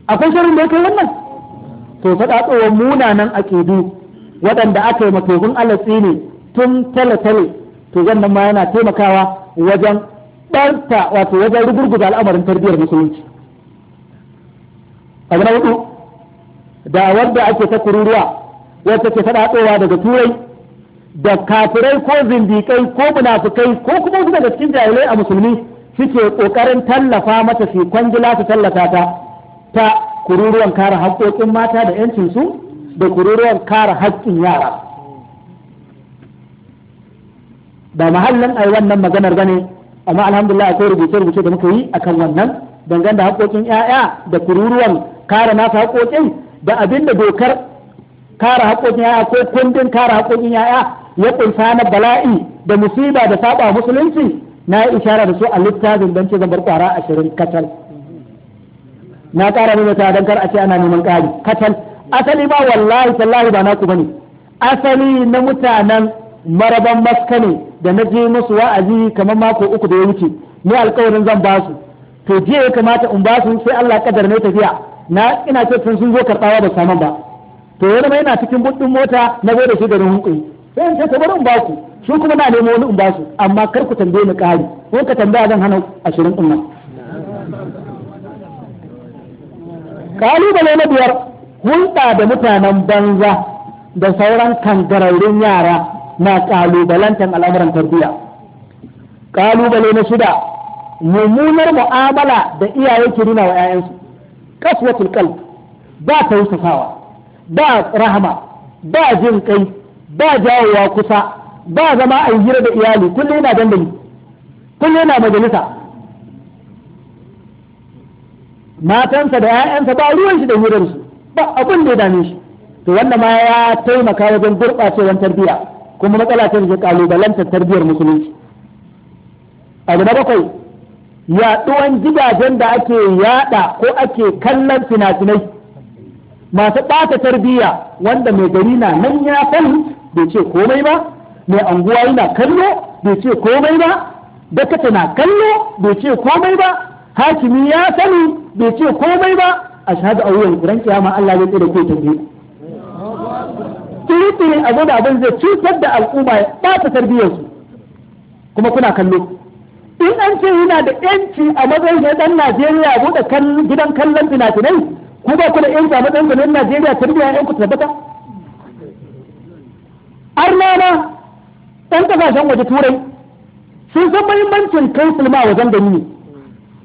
akwai shirin da ya kai wannan to faɗa-faɗu faɗaɗowar munanan aƙidu waɗanda aka yi matogun alatsi ne tun tale-tale to wannan ma yana taimakawa wajen ɓarta wato wajen rugurguza al'amarin tarbiyyar musulunci abu na hudu da wadda ake ta kururuwa wadda ke faɗaɗowa daga turai da kafirai ko zindikai ko munafukai ko kuma wasu daga cikin jahilai a musulmi suke ƙoƙarin tallafa mata su kwangila su tallata ta ta kururuwan kare haƙƙoƙin mata da yancin su da kururuwan kare haƙƙin yara ba mahallin ai wannan maganar bane amma alhamdulillah akwai rubuce-rubuce da muka yi akan wannan dangane da haƙƙoƙin 'ya'ya da kururuwan kare nasu haƙoƙin da abinda dokar kare haƙoƙin yaya ko kundin kare haƙoƙin yaya ya kunsa na bala'i da musiba da saba musulunci na yi ishara da su a littafin don ce zan bar ashirin kacal na ƙara nuna ta don kar a ce ana neman ƙari kacal asali ba wallahi sallahu ba naku bane asali na mutanen maraban maska ne da na je musu wa'azi kamar mako uku da ya wuce ni alƙawarin zan basu to jiya ya kamata in ba su sai Allah kadar ne tafiya na ina ce sun sun zo karɓawa da saman ba to wani mai yana cikin buɗin mota na zo da shi garin hunkuri sai in ce ta bari in ba ku shi kuma na nemo wani in ba su amma kar ku tambaye ni ƙari ko ka tambaya zan hana ashirin ɗin nan. Ƙalubale na biyar hulɗa da mutanen banza da sauran kangararrun yara na ƙalubalantar al'amuran tarbiyya. Ƙalubale na shida mummunar mu'amala da iyaye ke nuna wa 'ya'yansu. kaswatul qalb ba tausasawa ba rahama ba jin kai ba jawowa kusa ba zama a hira da iyali kullum yana dandali kullum yana majalisa matansa da 'ya'yansa ba ruwan shi da hirarsu ba abin da ya shi to wannan ma ya taimaka wajen gurɓacewar tarbiyya kuma matsala ce da ke tarbiyyar musulunci abu na bakwai yaɗuwan gidajen da ake yaɗa ko ake kallon finafinai masu ɓata tarbiyya wanda mai gari na nan ya san bai ce komai ba mai anguwa yana kallo bai ce komai ba dakata na kallo bai ce komai ba hakimi ya sani bai ce komai ba a shahada a wuyan ran kiyama Allah zai da ke tambaye tiri a zo da abin zai cutar da al'umma ya ɓata tarbiyyarsu kuma kuna kallo in an ce yana da yanci a matsayin shi Najeriya Najeriya buɗe gidan kallon fina-finai ku ba ku da yanci a matsayin shi Najeriya ta rubuwa yan ku tabbata arnana ɗan kasashen waje turai sun san mahimmancin kai fulma a wajen gani ne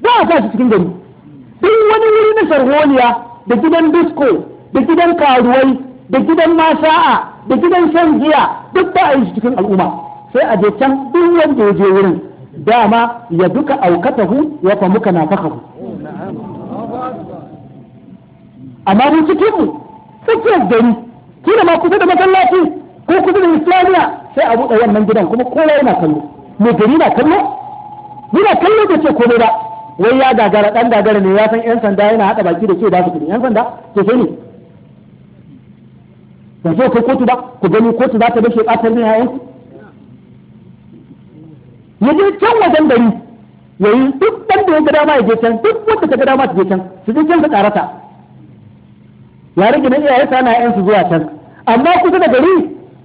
za a sa shi cikin gani. duk wani wuri na sharholiya da gidan disco da gidan karuwai da gidan masa'a da gidan shan giya duk ba a yi cikin al'umma sai a je can duk wanda ya je wurin dama ya duka aukatahu ya muka na fakahu amma mun cikin mu tsakiyar gari kina ma kusa da masallaci ko kusa da islamiyya sai a buɗe wannan gidan kuma kowa yana kallo me gani na kallo muna kallo da ce komai ba wai ya gagara Ɗan gagara ne ya san yan sanda yana haɗa baki da ke ba su kudi ƴan sanda to sai ne ba zo kai kotu ba ku gani kotu za ta bashe ɓatar ne yayan ku ya je can wajen gari ya yi duk ɗan da ya ga dama ya je can duk wanda ta ga dama ta je can su je can su tsarata. ya rage na yasa na yan su zuwa can amma kusa da gari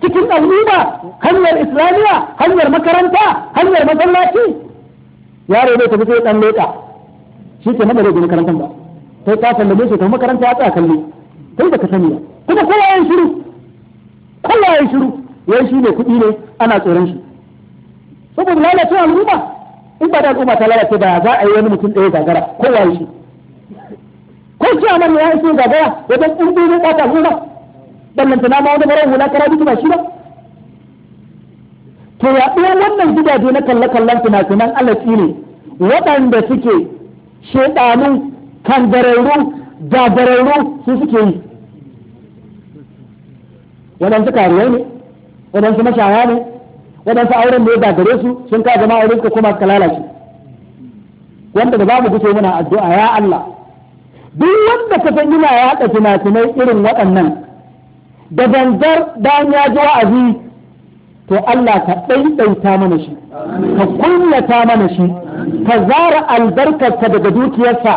cikin al'umma hanyar islamiyya hanyar makaranta hanyar masallaci yaro bai tafi sai dan leka shi ke nan bai makarantar ba sai ka da shi shekaru makaranta ya tsaya kalli kai da ka sani kuma kowa ya shiru kowa ya shiru wai shi ne kuɗi ne ana tsoron shi saboda lalace al'umma in ba da al'umma ta lalace ba za a yi wani mutum ɗaya gagara ko yi shi ko shi a mani ya yi sun gagara wajen ɗumbi ne ɓata al'umma ballanta tana ma wani mara hula kara biki ba shi ba to ɗaya wannan gidaje na kalle-kallen fina-finan alaƙi ne waɗanda suke shaiɗanu kangararru gagararru su suke yi waɗansu kariyar ne waɗansu mashaya ne waɗansu auren da ya gagare su sun ka zama auren ka kuma ka lalace wanda da za mu gushe muna addu'a ya Allah duk wanda ka san yana yaɗa fina-finai irin waɗannan da gangar bayan ya ji wa'azi to Allah ka ɗaiɗaita mana shi ka kunyata mana shi ka zara albarkarsa daga dukiyarsa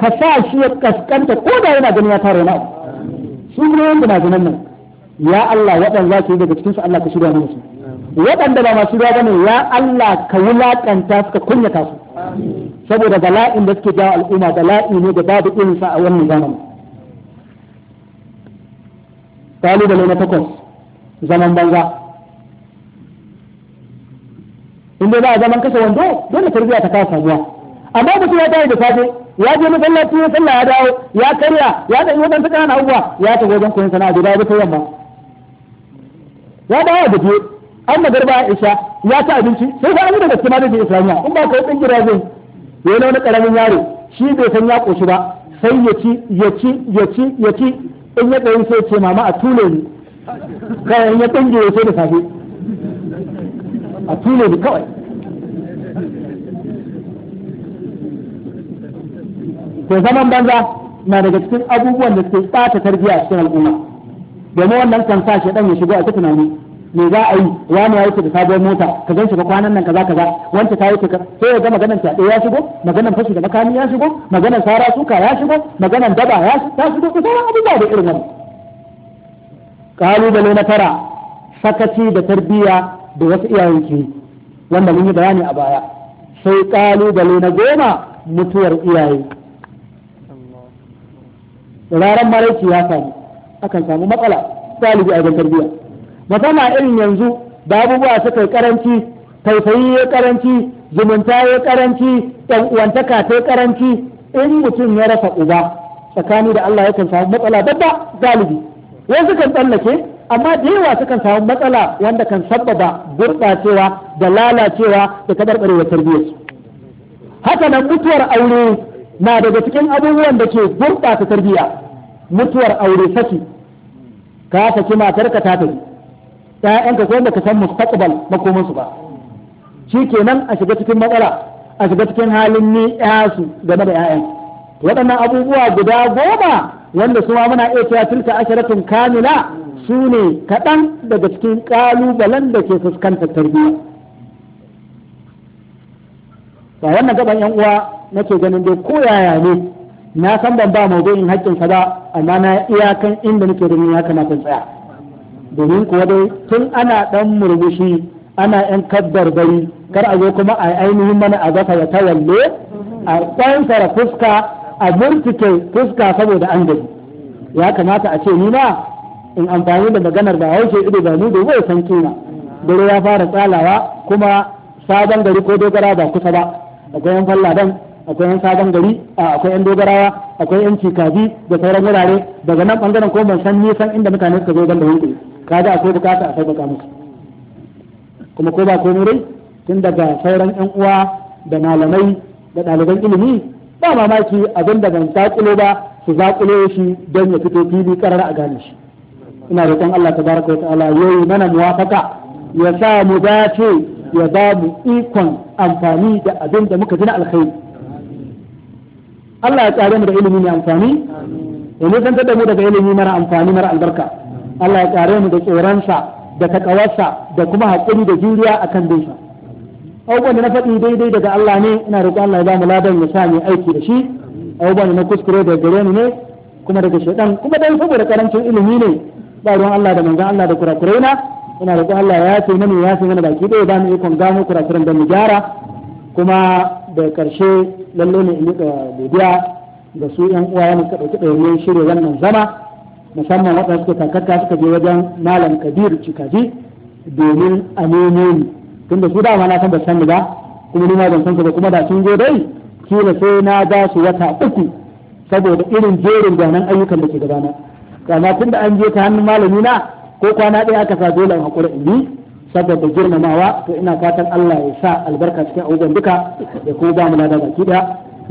ka sa shi ya kaskanta ko da yana ganin ya tara na su ne wanda na nan ya Allah waɗanda za su yi daga cikinsu Allah ka shirya mana su waɗanda ba masu ruwa bane ya Allah ka wulaƙanta suka kunyata su saboda bala'in da suke jawo al'umma bala'i ne da babu irinsa a wannan zamani kalubale na takwas zaman banza In inda za a zaman kasa wando dole tarbiyya ta kawo samuwa amma mutum ya tayi da safe ya je masallaci ya sallah ya dawo ya karya ya da wadan ta kana abubuwa ya tafi wajen koyon sana'a da dawo ta yamma ya dawo da biyu an magarba isa ya ta abinci sai ka an daga da malamin islamiya in ba ka yi tsingira zai ya na wani karamin yaro shi bai san ya koshi ba sai ya ci ya ci ya ci ya ci in ya ɗari sai ce mama a tule ni kayan ya tsingira sai da safe a tule ni kawai ko zaman banza na daga cikin abubuwan da suke ɓata tarbiyya cikin al'umma domin wannan kan sa shi ya shigo a ta tunani me za a yi wani ya wuce da sabuwar mota ka gan shi kwanan nan kaza kaza wanda ta yi wuce sai ya ga maganar fyaɗe ya shigo maganar fashi da makami ya shigo maganar sara suka ya shigo maganar daba ya shigo ko sauran abin da irin wannan kalubale na tara sakaci da tarbiyya da wasu iyayen ke wanda mun yi bayani a baya sai kalubale na goma mutuwar iyaye Da raran maraici ya samu akan samu matsala ɗalibi a tarbiyya musamman irin yanzu da abubuwa suka yi karanci taifayi ya karanci zumunta ya karanci ɗan uwantaka ta karanci in mutum ya rasa uba tsakani da Allah yakan samu matsala babba galibi wasu kan tsallake amma da yawa sukan samu matsala wanda kan sabbaba gurɓacewa da lalacewa da tabarbarewar tarbiyyar. haka nan mutuwar aure na daga cikin abubuwan da ke gurɓata tarbiyya mutuwar aure saki ka saki matarka ta tafi ƴaƴanka ko ka san mustaqbal makomin su ba nan a shiga cikin matsala a shiga cikin halin ni su game da ƴaƴan waɗannan abubuwa guda goma wanda su ma muna iya cewa tilka asharatun kamila su ne kaɗan daga cikin ƙalubalen da ke fuskantar tarbiyya ba wannan gaban yan uwa nake ganin dai ko yaya ne na san ban ba maudu'in haƙƙinsa ba amma na iyakan inda nake ganin ya kamata tsaya domin kuwa dai tun ana ɗan murmushi ana ‘yan kabbar gari kar a zo kuma a ainihin mana a gafa ya tawalle a kwansara fuska a murtuke fuska saboda an gaji ya kamata a ce ni in amfani da maganar ba haushe ido ba ni dogo ya san kina dare ya fara tsalawa kuma sabon gari ko dogara ba kusa ba akwai yan falladan akwai yan sabon gari akwai yan dogarawa akwai yan cikabi da sauran wurare daga nan bangaren ko ban san nisan inda mutane suka zo don da hankali kaga akwai bukata a sauƙaƙa musu kuma ko ba komai dai tun daga sauran yan uwa da malamai da ɗaliban ilimi ba mamaki abin da ban zaƙulo ba su zaƙulo shi don ya fito fili karar a gane shi ina roƙon Allah baraka wa ta'ala yayi mana muwafaka ya sa mu dace ya ba mu ikon amfani da abin da muka ji na alkhairi Allah ya tsare mu da ilimi mai amfani ya nisantar da mu daga ilimi mara amfani mara albarka Allah ya ƙare mu da tsoronsa da takawarsa da kuma haƙuri da juriya a kan dinsa abubuwan da na faɗi daidai daga Allah ne ina roƙo Allah ya ba mu ladan ya sa aiki da shi abubuwan da na kuskure da gare ni ne kuma daga shaidan kuma dan saboda karancin ilimi ne ba ruwan Allah da manzon Allah da kurakurai na ina roƙo Allah ya yafe mana ya yafe mana baki ɗaya ba mu ikon gano kurakuran da mu gyara kuma da ƙarshe lalle ne in yi godiya da su 'yan uwa ne suka ɗauki ɗaya shirya wannan zama musamman waɗanda suka karkata suka je wajen malam kabir cikaji domin a nemo ni tunda su dama na san da san ba kuma ni ma ban san ba kuma da sun je dai kila sai na ba su wata uku saboda irin jerin gwanan ayyukan da ke gabana tun da an je ta hannun malami na ko kwana ɗaya aka sa dole a haƙura in saboda girmamawa to ina fatan Allah ya sa albarka cikin abubuwan duka da kuma ba mu lada baki ɗaya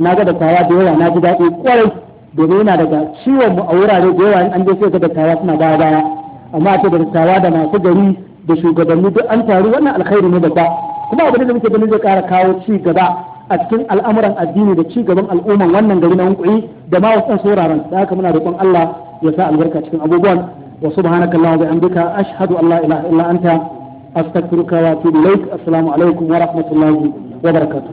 na ga da kwaya da yawa na ji daɗi kwarai domin yana daga ciwon mu a wurare da yawa an je sai ga dattawa suna baya baya amma a da dattawa da masu gari da shugabanni duk an taru wannan alkhairi ne babba kuma abin da muke ganin zai kara kawo ci gaba a cikin al'amuran addini da ci gaban al'umman wannan gari na hunkuri da ma wasu sauraron da haka muna roƙon Allah ya sa albarka cikin abubuwan wa subhanaka Allah wa bihamdika ashhadu an la ilaha illa anta astaghfiruka wa atubu ilaik assalamu alaikum wa rahmatullahi wa barakatuh